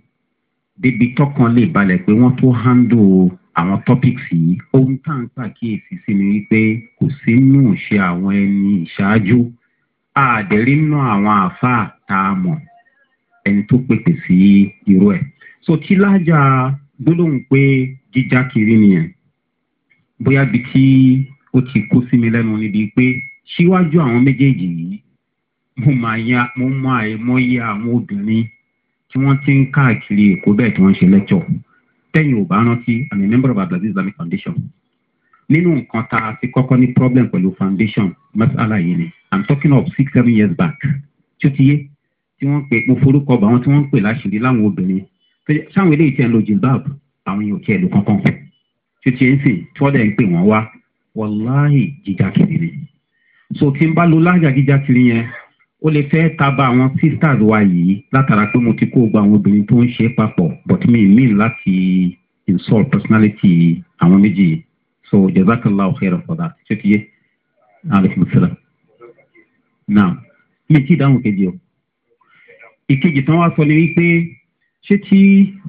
débi tọkàn lè balẹ̀ pé wọ́n tó handle àwọn topics yìí ohun tá à ń pàkíyèsí sí ni wípé kò sí nù ṣe àwọn ẹni ìṣáájú àdẹ̀rí nù àwọn àáfàá tá a mọ̀ ẹni tó pèpè sí irú ẹ̀ so tí lájà gbólóhùn pé jíjá kiri nìyẹn bóyá bí tí ó ti kó sí mi lẹ́nu níbi pé síwájú àwọn méjèèjì yìí mo máa ya mo mọ àìmọye àwọn obìnrin tí wọ́n ti ń káàkiri èkó bẹ́ẹ̀ tí wọ́n ń ṣe lẹ́tọ̀ tẹ́yìn ò bá rántí i'm a member of abdulaziz islamic foundation nínú nǹkan tá a ti kọ́kọ́ ní problem pẹ̀lú foundation masala yìí ni i'm talking of six seven years back tí ó ti yé tí wọ́n ń pè mo forúkọ bá wọn tí wọ́n ń pè láṣìírí láwọn obìnrin pé sáwọn eléyìí tí ẹ ń lo jilbab àwọn yóò tí ẹ lò kankan tí tí ẹ ń sìn tí wọ́n dẹ̀ ń pè wọ́n wá wàláhì jíjà kiri ni so tí n bá lo lájà jíjà kiri yẹn ó lè fẹ́ taba àwọn sisters wa yìí látara pé mo ti kó gba àwọn obìnrin tó ń ṣe é papọ̀ but mi mi láti insult personality àwọn méjì yìí so jazakallah khairan for that ṣé ti yé aleykum salaam now mi ti dáhùn kejì o ìkejì tán wá sọ ni wípé ṣé tí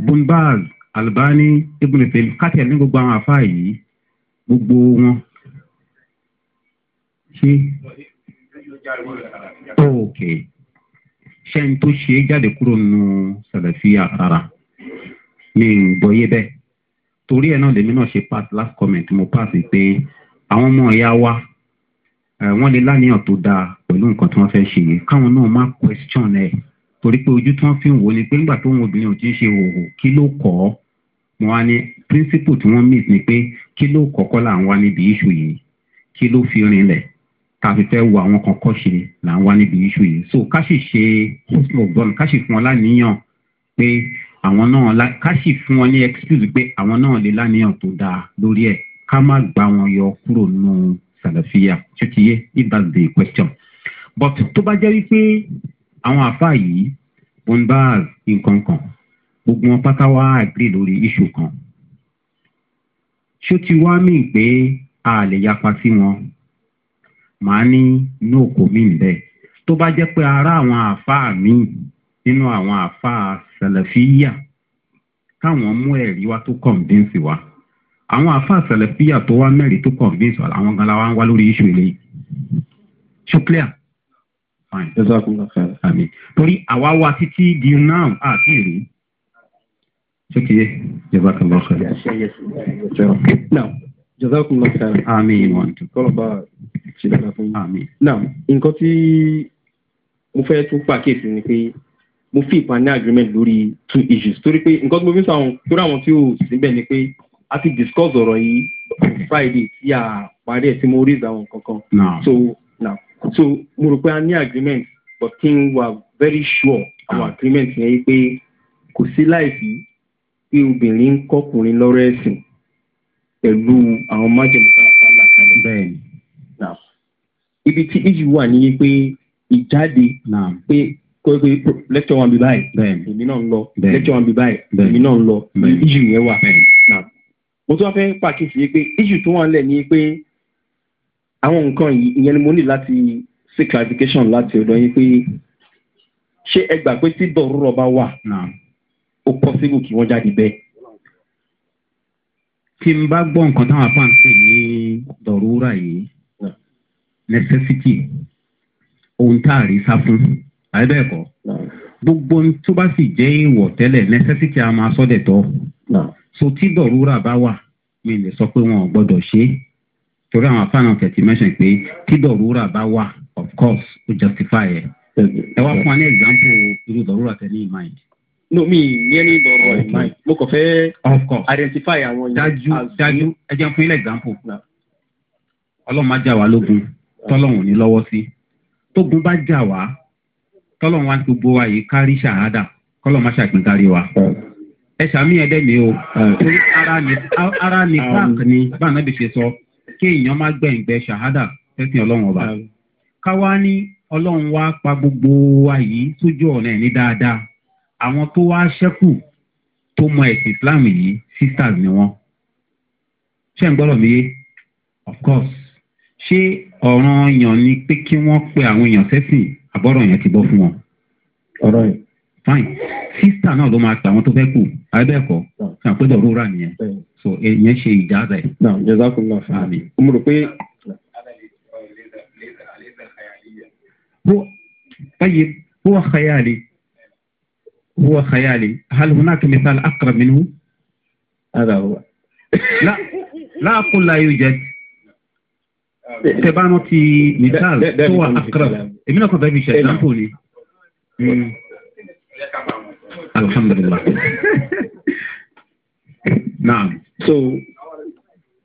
bumbaz albani ibùdó tèmi kátìyà ní gbogbo àwọn àfáà yìí gbogbo wọn ṣé ok ṣẹ́ni tó ṣe é jáde kúrò nínú sàlẹ̀fíà rárá mi ò gbọ́yé bẹ́ẹ̀ torí ẹ̀ náà lèmi náà ṣe pass last comment mo pass pé àwọn ọmọ ìyá wa wọ́n lè láníyàn tó dáa pẹ̀lú nǹkan tí wọ́n fẹ́ ṣe káwọn náà má question ẹ̀. Eh torí pé ojú tí wọ́n fi ń wò ni pé nígbà tó ń obìnrin ò ti ń ṣe òhò kí ló kọ́ ọ́ mo wá ní píríncípù tí wọ́n mìt ni pé kí ló kọ́kọ́ là ń wá níbi iṣu yìí kí ló fi rinlẹ̀ tá a fi fẹ́ wo àwọn kan kọ́ ṣe là ń wá níbi iṣu yìí so ká sì ṣe hostel of god ká sì fún wọn láníyàn pé àwọn náà ká sì fún wọn ní excuse pé àwọn náà lè láníyàn tó dáa lórí ẹ̀ ká má gbá wọn yọ kúrò nínú sàlàfíà ṣé ti yé if the question but tó bá jẹ́ wípé àwọn àfáà yìí bombaz nǹkan kan gbogbo wọn pátá wá àgbè lórí iṣu kan ṣó ti wá mí pé a lè yapa sí wọn màá ní no kò mí bẹ́ẹ̀ tó bá jẹ́ pé ara àwọn àfáà míì nínú àwọn àfáà sẹlẹ̀fíyà káwọn mú ẹ̀rí wá tó kọ̀ǹdínsì wa àwọn àfáà sẹlẹ̀fíyà tó wá mẹ́rin tó kọ̀ǹdínsì wa àwọn gan la wá ń wá lórí iṣu eléyìí ṣó clear fine. ẹ sáà kún lọ fẹ́. àmì torí àwa wa títí di now àti èrè ṣé kìí jọba kan lọ fẹ́. now jọba kún lọ fẹ́. àmì ìwọ̀n tó. kọ́lọ̀ bá ṣe dáadáa fún mi. àmì. now nǹkan tí mo fẹ́ tún pàkíyèsí ni pé mo fi ìpàdé agreement lórí two issues torí pé nǹkan tí mo fi ń sọ àwọn torí àwọn tí ò síbẹ̀ ni pé a ti discuss ọ̀rọ̀ yìí friday tí a parí ẹ̀ tí mo rí ìdáwọn kankan. so so mo rò pé a ní agreement but kí n wà very sure Our agreement yẹn pé kò sí láìsí pé obìnrin ń kọkùnrin lọ́rọ̀ ẹ̀sìn pẹ̀lú àwọn májèmọ́ tá a fà lákàlẹ̀. bẹ́ẹ̀ni ibi tí ìjì wà ní pé ìjáde pé kó pé lecture one bí báyìí èmi náà ń lọ lecture one bí báyìí èmi náà ń lọ ìjì yẹn wà. mo tún wá fẹ́ pàkíyèsí pé ìjì tó wà ń lẹ̀ ní pé àwọn nǹkan ìyẹn ni mo ní láti ṣe clarification láti ọ̀dọ̀ yín pé ṣé ẹ gbà pé tí dọ̀rọ̀ bá wà ó possible kí wọ́n jáde bẹ́ẹ̀. tí n bá gbọ́ nǹkan táwọn afáàn pè ní dọ̀rúra yìí necessity ohun tá a rí sá fún àbẹ́ẹ̀kọ́ gbogbo tó bá sì jẹ́ ìwọ̀ tẹ́lẹ̀ necessity a máa sọ́dẹ̀ tọ́ so tí dọ̀rúra bá wà mi lè sọ pé wọn ò gbọ́dọ̀ ṣe é torí àwọn afáànà kẹ̀tì mẹ́sàn pé tí dọ̀rúra bá wà of course ó justify ẹ̀. ẹ wá fún wa ní example irú dọ̀rúra tẹ ní mind. no mi ní ẹni dọ̀rọ̀ in mind mo kàn fẹ́ identify àwọn yẹn. dájú dájú ẹ jẹ́ fún ilé example. ọlọ́run má jà wá lógun tọ́lọ́run ò ní lọ́wọ́ sí tógun bá jà wá tọ́lọ́run wá gbogbo wa yìí kárí ṣàhádà kọ́lọ́ má ṣàpín kárí wa ẹ ṣàmì ẹdẹ mi o ara ni ara ni park ni báńkì bí ṣe sọ kí èèyàn má gbẹ̀ǹgbẹ́ ṣàhádà tẹ́sìn ọlọ́run ọba káwá ní ọlọ́run wá pa gbogbo wa yìí sójú ọ̀nà ẹ̀ ní dáadáa àwọn tó wá ṣẹ́kù tó mọ ẹ̀sìn islam yìí sisters ni wọ́n ṣé ń gbọ́dọ̀ mi yé of course ṣé ọ̀ràn yàn ni pé kí wọ́n pe àwọn èèyàn sẹ́sìn àbọ̀rọ̀ yẹn ti bọ́ fún wọn. ọ̀rọ̀ yẹn. fine sister náà ló máa pè àwọn tó fẹ́ kù abẹ́ẹ̀kọ́ àpéjọ rúra nìyẹn so ìyẹn ṣe ìjà rẹ̀. náà jẹ́sà kún náà fún mi. mo rò pé. طيب هو خيالي هو خيالي هل هناك مثال أقرب منه؟ هذا هو لا لا أقول لا يوجد تبانوتي مثال هو أقرب من أقرب شيء لا alhamdulillah Now, so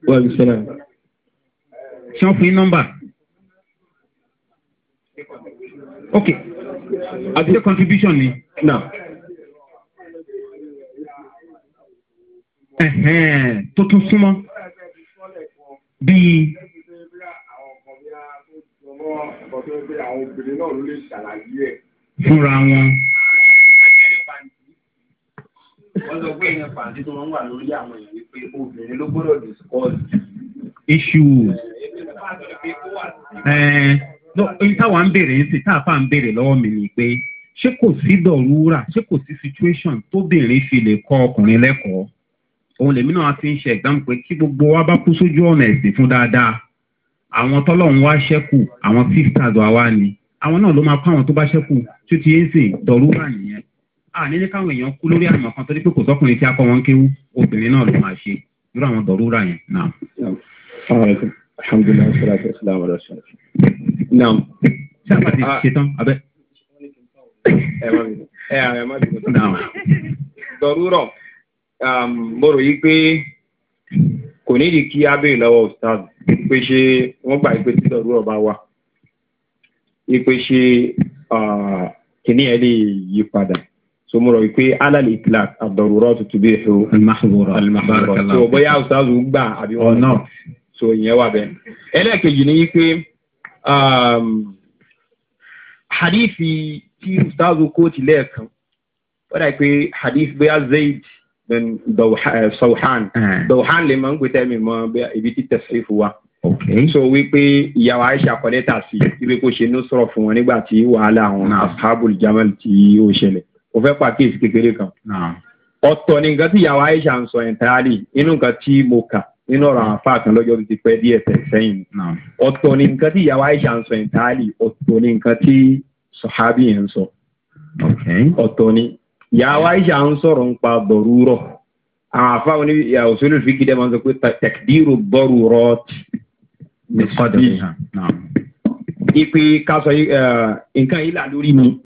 wàllu sọlá ṣé wọn fún yín nọ́mbà ok àti contribution ni naam. tó tún súnmọ́ bíi. fúnra wọn wọ́n sọ pé èèyàn pàǹtí tó wọ́n wà lórí àwọn èèyàn wípé obìnrin ló gbọ́dọ̀ discuss. issue. èyí táwa ń béèrè ń sè tá a fà ń béèrè lọ́wọ́ mi ni pé ṣé kò sí dọ̀rúra ṣé kò sí situation tóbìnrin fi lè kọ ọkùnrin lẹ́kọ̀ọ́ òun lèmi náà ti ń ṣe ẹ̀gbọ́n pé kí gbogbo wa bá kú sójú ọ̀nà ẹ̀sìn fún dáadáa àwọn tọ́lọ́run wá ṣẹ́kù àwọn sisters wa wá ni àwọn náà ló máa kọ́ àwọn tó bá ṣẹ́kù tó ti ń sìn dọ̀rúra nìyẹn àní ní káwọn èèyàn kú lórí àmọ̀ kan tó ní pé kò sọ́kùnrin tí a kọ́ wọn kéwú obìnrin náà ló máa ṣe lórí àwọn dọ̀rúra yẹn náà. alhamdulilayi salatu islam ala salatu. naam. sábà ti ah. ṣetán abẹ. ẹ ẹ má dìbò tó. naam. dọ̀rúrọ̀ mo rò yí pé kò nídìí kí abéèrè lọ́wọ́ ustaz pé ṣé wọ́n gbà pé tí dọ̀rúrọ̀ bá wà. ipe ṣe kìnìún lè yí padà so mo rọ wípé alal itlaq ad-darurat tubihu al-mahdhurat al-mahdhurat so bóyá ọ̀sáàzù gbà àbí wọn náà so ìyẹn wà bẹ́ẹ̀. ẹlẹ́ẹ̀kejì ni wípé um, hadithi tí ọ̀sáàzù kó ti lẹ́ẹ̀kan wọ́n dà pé hadith bóyá zayd bin eh, sawhan sawhan eh. lè máa ń gbé tẹ́mi mọ́ ibi tí tẹ̀sífù wa. Okay. so wípé ìyàwó aisha kọ́lẹ́tà sí i wípé kó ṣe nusrọ̀ fún wọn nígbà tí wàhálà àwọn ashabul jamal tí ó ṣẹlẹ̀ mo fẹ́ pàkíyèsí kékeré kan. ọ̀tọ̀ ni nǹkan tí ìyàwó aisha ń sọ ẹ̀ntàlì inú nǹkan tí mo kà nínú ọ̀rọ̀ àwọn afáà kan lọ́jọ́ ti pẹ́ díẹ̀ tẹ̀ sẹ́yìn. ọ̀tọ̀ ni nǹkan tí ìyàwó aisha ń sọ ẹ̀ntàlì ọ̀tọ̀ ni nǹkan tí sọ̀hábì yẹn ń sọ. ọ̀tọ̀ ni ìyàwó aisha ń sọ̀rọ̀ nípa bọ̀rúrọ̀ àwọn afáà ní ìpè ká sọ nǹkan yìí là lórí mi.